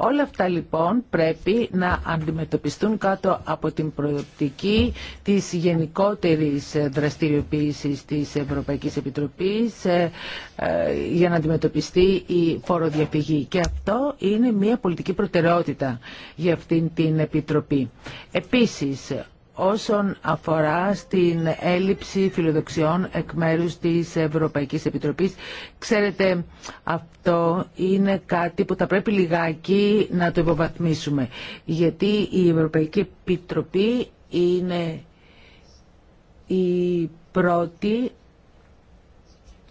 Όλα αυτά λοιπόν πρέπει να αντιμετωπιστούν κάτω από την προοπτική της γενικότερης ε, δραστηριοποίησης της Ευρωπαϊκής Επιτροπής ε, ε, για να αντιμετωπιστεί η φοροδιαφυγή. Και αυτό είναι μια πολιτική προτεραιότητα για αυτήν την Επιτροπή. Επίσης, όσον αφορά στην έλλειψη φιλοδοξιών εκ μέρους της Ευρωπαϊκής Επιτροπής. Ξέρετε, αυτό είναι κάτι που θα πρέπει λιγάκι να το υποβαθμίσουμε, γιατί η Ευρωπαϊκή Επιτροπή είναι η πρώτη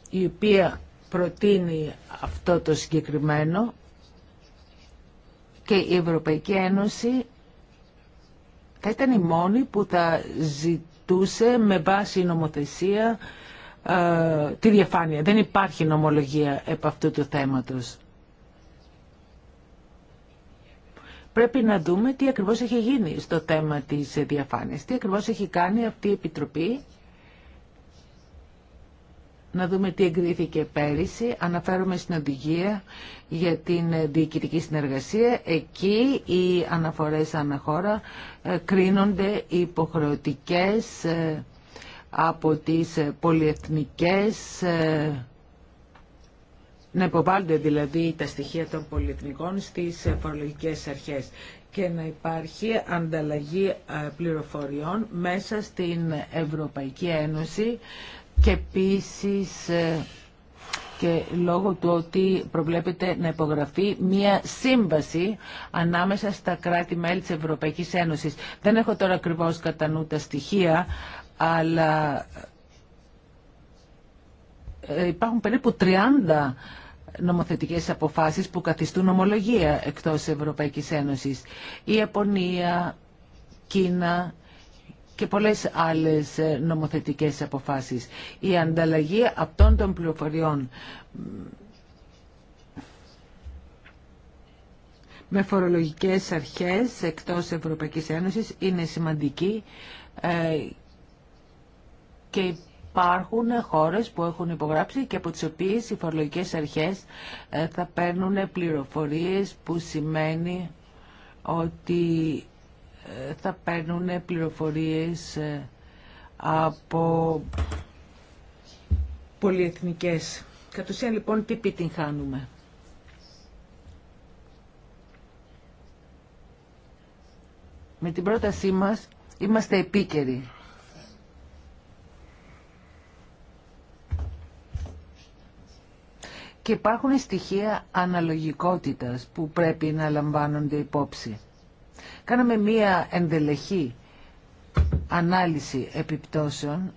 η οποία προτείνει αυτό το συγκεκριμένο και η Ευρωπαϊκή Ένωση θα ήταν η μόνη που θα ζητούσε με βάση νομοθεσία ε, τη διαφάνεια. Δεν υπάρχει νομολογία επ' αυτού του θέματος. Πρέπει να δούμε τι ακριβώς έχει γίνει στο θέμα της διαφάνειας. Τι ακριβώς έχει κάνει αυτή η Επιτροπή να δούμε τι εγκρίθηκε πέρυσι. Αναφέρομαι στην οδηγία για την διοικητική συνεργασία. Εκεί οι αναφορές αναχώρα ε, κρίνονται υποχρεωτικές ε, από τις πολυεθνικές ε, να υποβάλλονται δηλαδή τα στοιχεία των πολυεθνικών στις φορολογικές αρχές και να υπάρχει ανταλλαγή πληροφοριών μέσα στην Ευρωπαϊκή Ένωση και επίση, ε, και λόγω του ότι προβλέπεται να υπογραφεί μία σύμβαση ανάμεσα στα κράτη-μέλη της Ευρωπαϊκής Ένωσης. Δεν έχω τώρα ακριβώς κατά νου τα στοιχεία, αλλά ε, υπάρχουν περίπου 30 νομοθετικές αποφάσεις που καθιστούν ομολογία εκτός Ευρωπαϊκής Ένωσης. Η Ιαπωνία, Κίνα, και πολλές άλλες ε, νομοθετικές αποφάσεις. Η ανταλλαγή αυτών των πληροφοριών με φορολογικές αρχές εκτός Ευρωπαϊκής Ένωσης είναι σημαντική ε, και υπάρχουν χώρες που έχουν υπογράψει και από τις οποίες οι φορολογικές αρχές ε, θα παίρνουν πληροφορίες που σημαίνει ότι θα παίρνουν πληροφορίες ε, από πολυεθνικές. Κατ' ουσία λοιπόν τι χάνουμε. Με την πρότασή μας είμαστε επίκαιροι. Και υπάρχουν στοιχεία αναλογικότητας που πρέπει να λαμβάνονται υπόψη. Κάναμε μία ενδελεχή ανάλυση επιπτώσεων.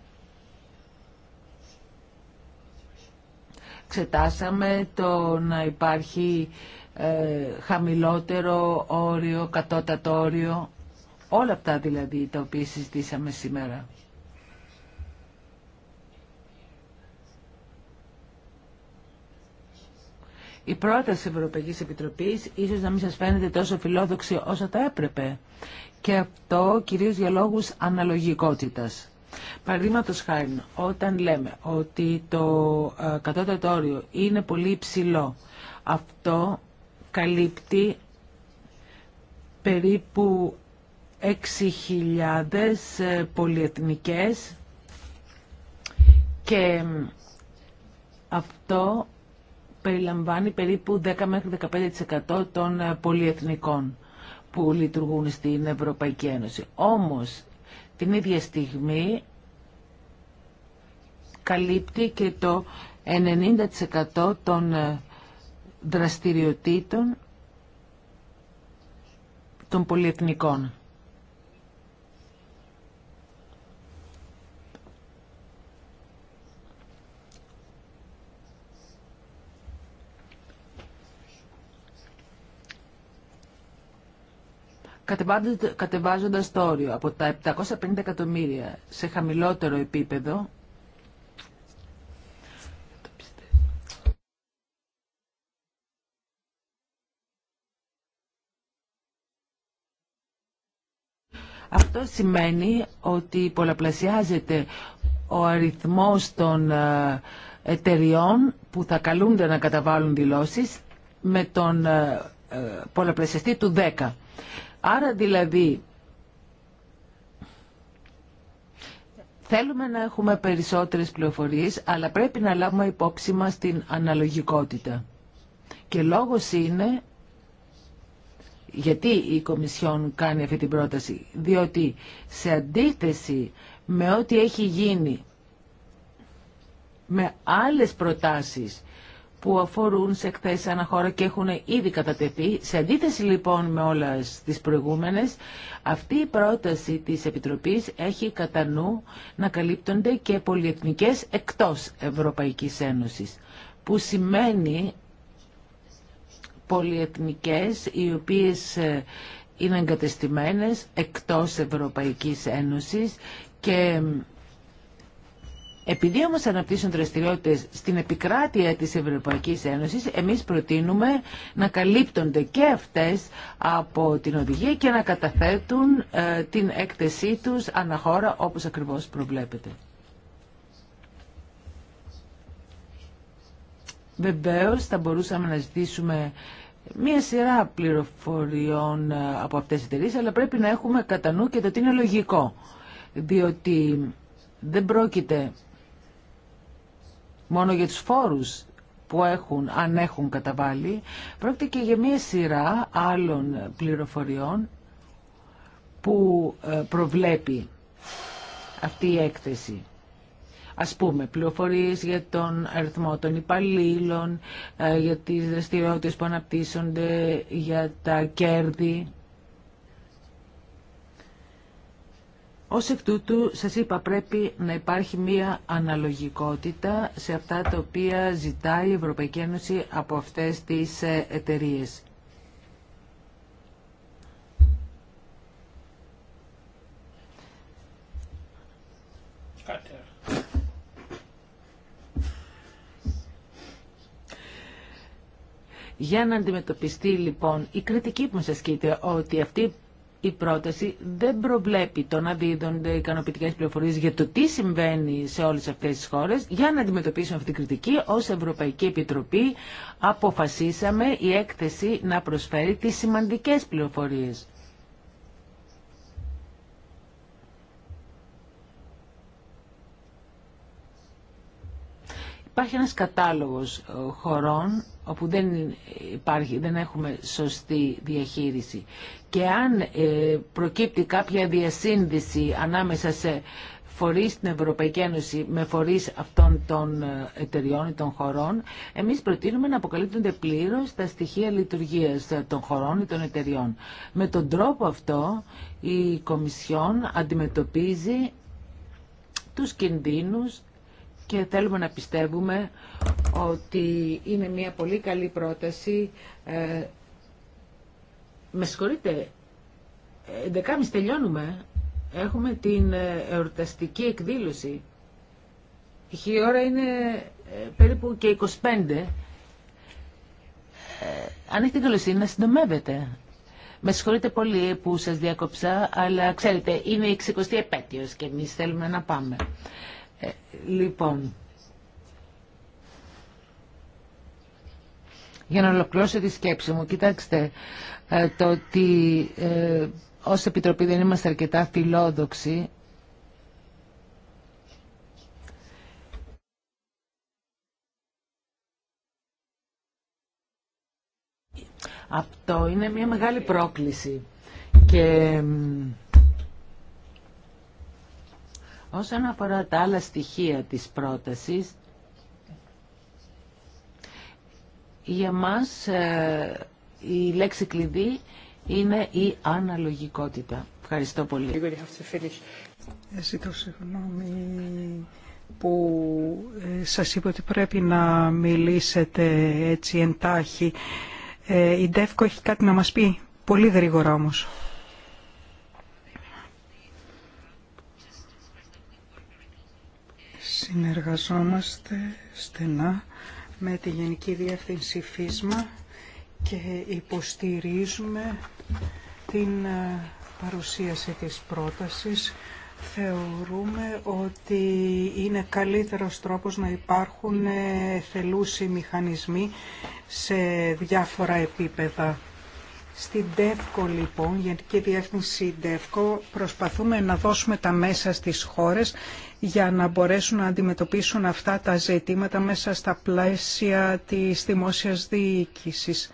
Ξετάσαμε το να υπάρχει ε, χαμηλότερο όριο, κατώτατο όριο, όλα αυτά δηλαδή τα οποία συζητήσαμε σήμερα. η πρόταση Ευρωπαϊκής Επιτροπής ίσως να μην σας φαίνεται τόσο φιλόδοξη όσο τα έπρεπε. Και αυτό κυρίως για λόγους αναλογικότητας. Παραδείγματο χάρη, όταν λέμε ότι το ε, κατώτατο όριο είναι πολύ υψηλό, αυτό καλύπτει περίπου 6.000 ε, πολυεθνικές και αυτό περιλαμβάνει περίπου 10 μέχρι 15% των ε, πολυεθνικών που λειτουργούν στην Ευρωπαϊκή Ένωση. Όμως, την ίδια στιγμή καλύπτει και το 90% των ε, δραστηριοτήτων των πολυεθνικών. κατεβάζοντας το όριο από τα 750 εκατομμύρια σε χαμηλότερο επίπεδο, Αυτό σημαίνει ότι πολλαπλασιάζεται ο αριθμός των ε, εταιριών που θα καλούνται να καταβάλουν δηλώσεις με τον ε, ε, πολλαπλασιαστή του 10. Άρα δηλαδή Θέλουμε να έχουμε περισσότερες πληροφορίες, αλλά πρέπει να λάβουμε υπόψη μας την αναλογικότητα. Και λόγος είναι γιατί η Κομισιόν κάνει αυτή την πρόταση. Διότι σε αντίθεση με ό,τι έχει γίνει με άλλες προτάσεις που αφορούν σε εκθέσεις αναχώρα και έχουν ήδη κατατεθεί. Σε αντίθεση λοιπόν με όλε τι προηγούμενε, αυτή η πρόταση της Επιτροπής έχει κατά νου να καλύπτονται και πολιεθνικέ εκτός Ευρωπαϊκή Ένωσης, που σημαίνει πολιεθνικέ οι οποίε ε, είναι εγκατεστημένες εκτός Ευρωπαϊκής Ένωσης και επειδή όμως αναπτύσσουν δραστηριότητε στην επικράτεια της Ευρωπαϊκής Ένωσης, εμείς προτείνουμε να καλύπτονται και αυτέ από την οδηγία και να καταθέτουν ε, την έκθεσή τους αναχώρα όπως ακριβώς προβλέπεται. Βεβαίω θα μπορούσαμε να ζητήσουμε μία σειρά πληροφοριών ε, από αυτές τις εταιρείε, αλλά πρέπει να έχουμε κατά νου και το τι είναι λογικό. Διότι δεν πρόκειται μόνο για τους φόρους που έχουν, αν έχουν καταβάλει, πρόκειται και για μία σειρά άλλων πληροφοριών που ε, προβλέπει αυτή η έκθεση. Ας πούμε, πληροφορίες για τον αριθμό των υπαλλήλων, ε, για τις δραστηριότητες που αναπτύσσονται, για τα κέρδη Ως εκ τούτου, σας είπα, πρέπει να υπάρχει μία αναλογικότητα σε αυτά τα οποία ζητάει η Ευρωπαϊκή Ένωση από αυτές τις ε, εταιρείε. Για να αντιμετωπιστεί λοιπόν η κριτική που σας ασκείται ότι αυτή η πρόταση δεν προβλέπει το να δίδονται ικανοποιητικέ πληροφορίε για το τι συμβαίνει σε όλε αυτέ τι χώρε. Για να αντιμετωπίσουμε αυτή την κριτική, ω Ευρωπαϊκή Επιτροπή αποφασίσαμε η έκθεση να προσφέρει τι σημαντικέ πληροφορίε. Υπάρχει ένας κατάλογος ε, χωρών όπου δεν, υπάρχει, δεν έχουμε σωστή διαχείριση. Και αν ε, προκύπτει κάποια διασύνδεση ανάμεσα σε φορείς στην Ευρωπαϊκή Ένωση με φορείς αυτών των ε, εταιριών ή των χωρών, εμείς προτείνουμε να αποκαλύπτονται πλήρως τα στοιχεία λειτουργίας των χωρών ή των εταιριών. Με τον τρόπο αυτό η Κομισιόν αντιμετωπίζει τους κινδύνους και θέλουμε να πιστεύουμε ότι είναι μια πολύ καλή πρόταση. Ε, με συγχωρείτε, 11.30 τελειώνουμε. Έχουμε την ε, εορταστική εκδήλωση. Η ώρα είναι ε, περίπου και 25. Ε, αν έχετε καλοσύνη να συντομεύετε. Με συγχωρείτε πολύ που σας διακόψα, αλλά ξέρετε, είναι η 60η επέτειος και εμείς θέλουμε να πάμε. Ε, λοιπόν, για να ολοκληρώσω τη σκέψη μου, κοιτάξτε, ε, το ότι ε, ως Επιτροπή δεν είμαστε αρκετά φιλόδοξοι Αυτό είναι μια μεγάλη πρόκληση και Όσον αφορά τα άλλα στοιχεία της πρότασης, για μας ε, η λέξη κλειδί είναι η αναλογικότητα. Ευχαριστώ πολύ. Ε, ζητώ συγγνώμη που ε, σας είπα ότι πρέπει να μιλήσετε έτσι εντάχει. Η Ντεύκο έχει κάτι να μας πει, πολύ γρήγορα όμως. Συνεργαζόμαστε στενά με τη Γενική Διεύθυνση Φίσμα και υποστηρίζουμε την ε, παρουσίαση της πρότασης. Θεωρούμε ότι είναι καλύτερος τρόπος να υπάρχουν ε, θελούσιοι μηχανισμοί σε διάφορα επίπεδα. Στην ΤΕΦΚΟ λοιπόν, Γενική Διεύθυνση ΤΕΦΚΟ, προσπαθούμε να δώσουμε τα μέσα στις χώρες για να μπορέσουν να αντιμετωπίσουν αυτά τα ζητήματα μέσα στα πλαίσια της δημόσιας διοίκησης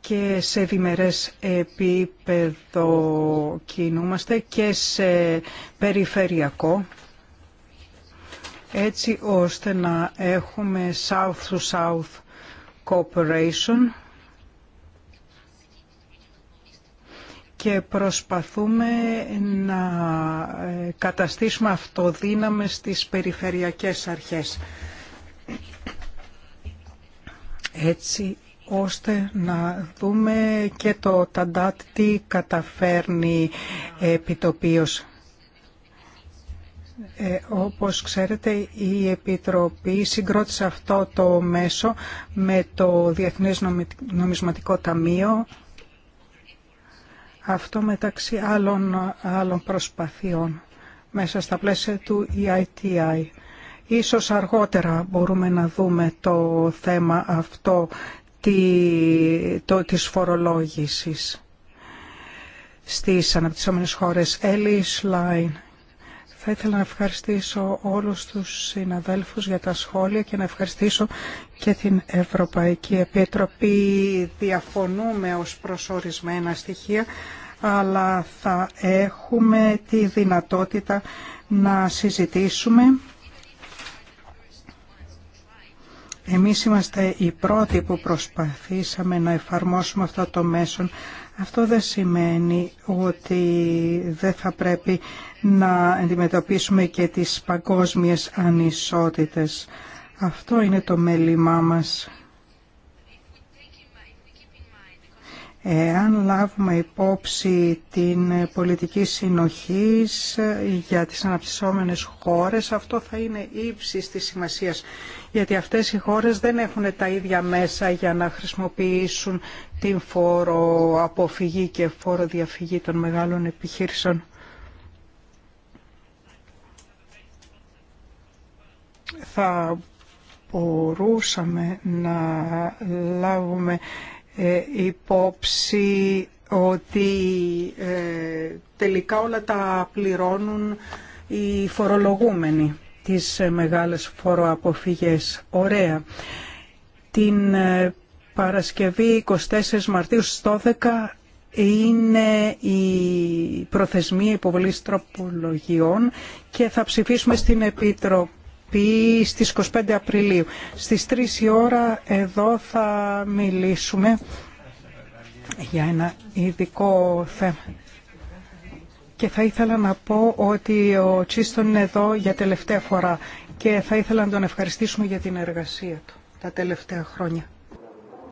και σε διμερές επίπεδο κινούμαστε και σε περιφερειακό έτσι ώστε να έχουμε South-to-South -south cooperation και προσπαθούμε να ε, καταστήσουμε αυτοδύναμες τις περιφερειακές αρχές. Έτσι ώστε να δούμε και το Ταντάτ τι καταφέρνει επιτοπίως. Ε, όπως ξέρετε η Επιτροπή συγκρότησε αυτό το μέσο με το Διεθνές Νομισματικό Ταμείο αυτό μεταξύ άλλων, άλλων προσπαθειών μέσα στα πλαίσια του EITI. Ίσως αργότερα μπορούμε να δούμε το θέμα αυτό το, της φορολόγησης στις αναπτυσσόμενες χώρες. Θα ήθελα να ευχαριστήσω όλους τους συναδέλφους για τα σχόλια και να ευχαριστήσω και την Ευρωπαϊκή Επίτροπη. Διαφωνούμε ως προσορισμένα στοιχεία, αλλά θα έχουμε τη δυνατότητα να συζητήσουμε. Εμείς είμαστε οι πρώτοι που προσπαθήσαμε να εφαρμόσουμε αυτό το μέσον. Αυτό δεν σημαίνει ότι δεν θα πρέπει να αντιμετωπίσουμε και τις παγκόσμιες ανισότητες. Αυτό είναι το μέλημά μας. Εάν λάβουμε υπόψη την πολιτική συνοχής για τις αναπτυσσόμενες χώρες, αυτό θα είναι ύψη της σημασίας, γιατί αυτές οι χώρες δεν έχουν τα ίδια μέσα για να χρησιμοποιήσουν την φόρο αποφυγή και φόρο διαφυγή των μεγάλων επιχείρησεων. θα μπορούσαμε να λάβουμε ε, υπόψη ότι ε, τελικά όλα τα πληρώνουν οι φορολογούμενοι τις ε, μεγάλες φοροαποφυγές. Ωραία. Την Παρασκευή 24 Μαρτίου στις 12 είναι η προθεσμία υποβολής τροπολογιών και θα ψηφίσουμε στην Επίτροπη πίστις στις 25 Απριλίου. Στις 3 η ώρα εδώ θα μιλήσουμε για ένα ειδικό θέμα. Και θα ήθελα να πω ότι ο Τσίστον είναι εδώ για τελευταία φορά και θα ήθελα να τον ευχαριστήσουμε για την εργασία του τα τελευταία χρόνια.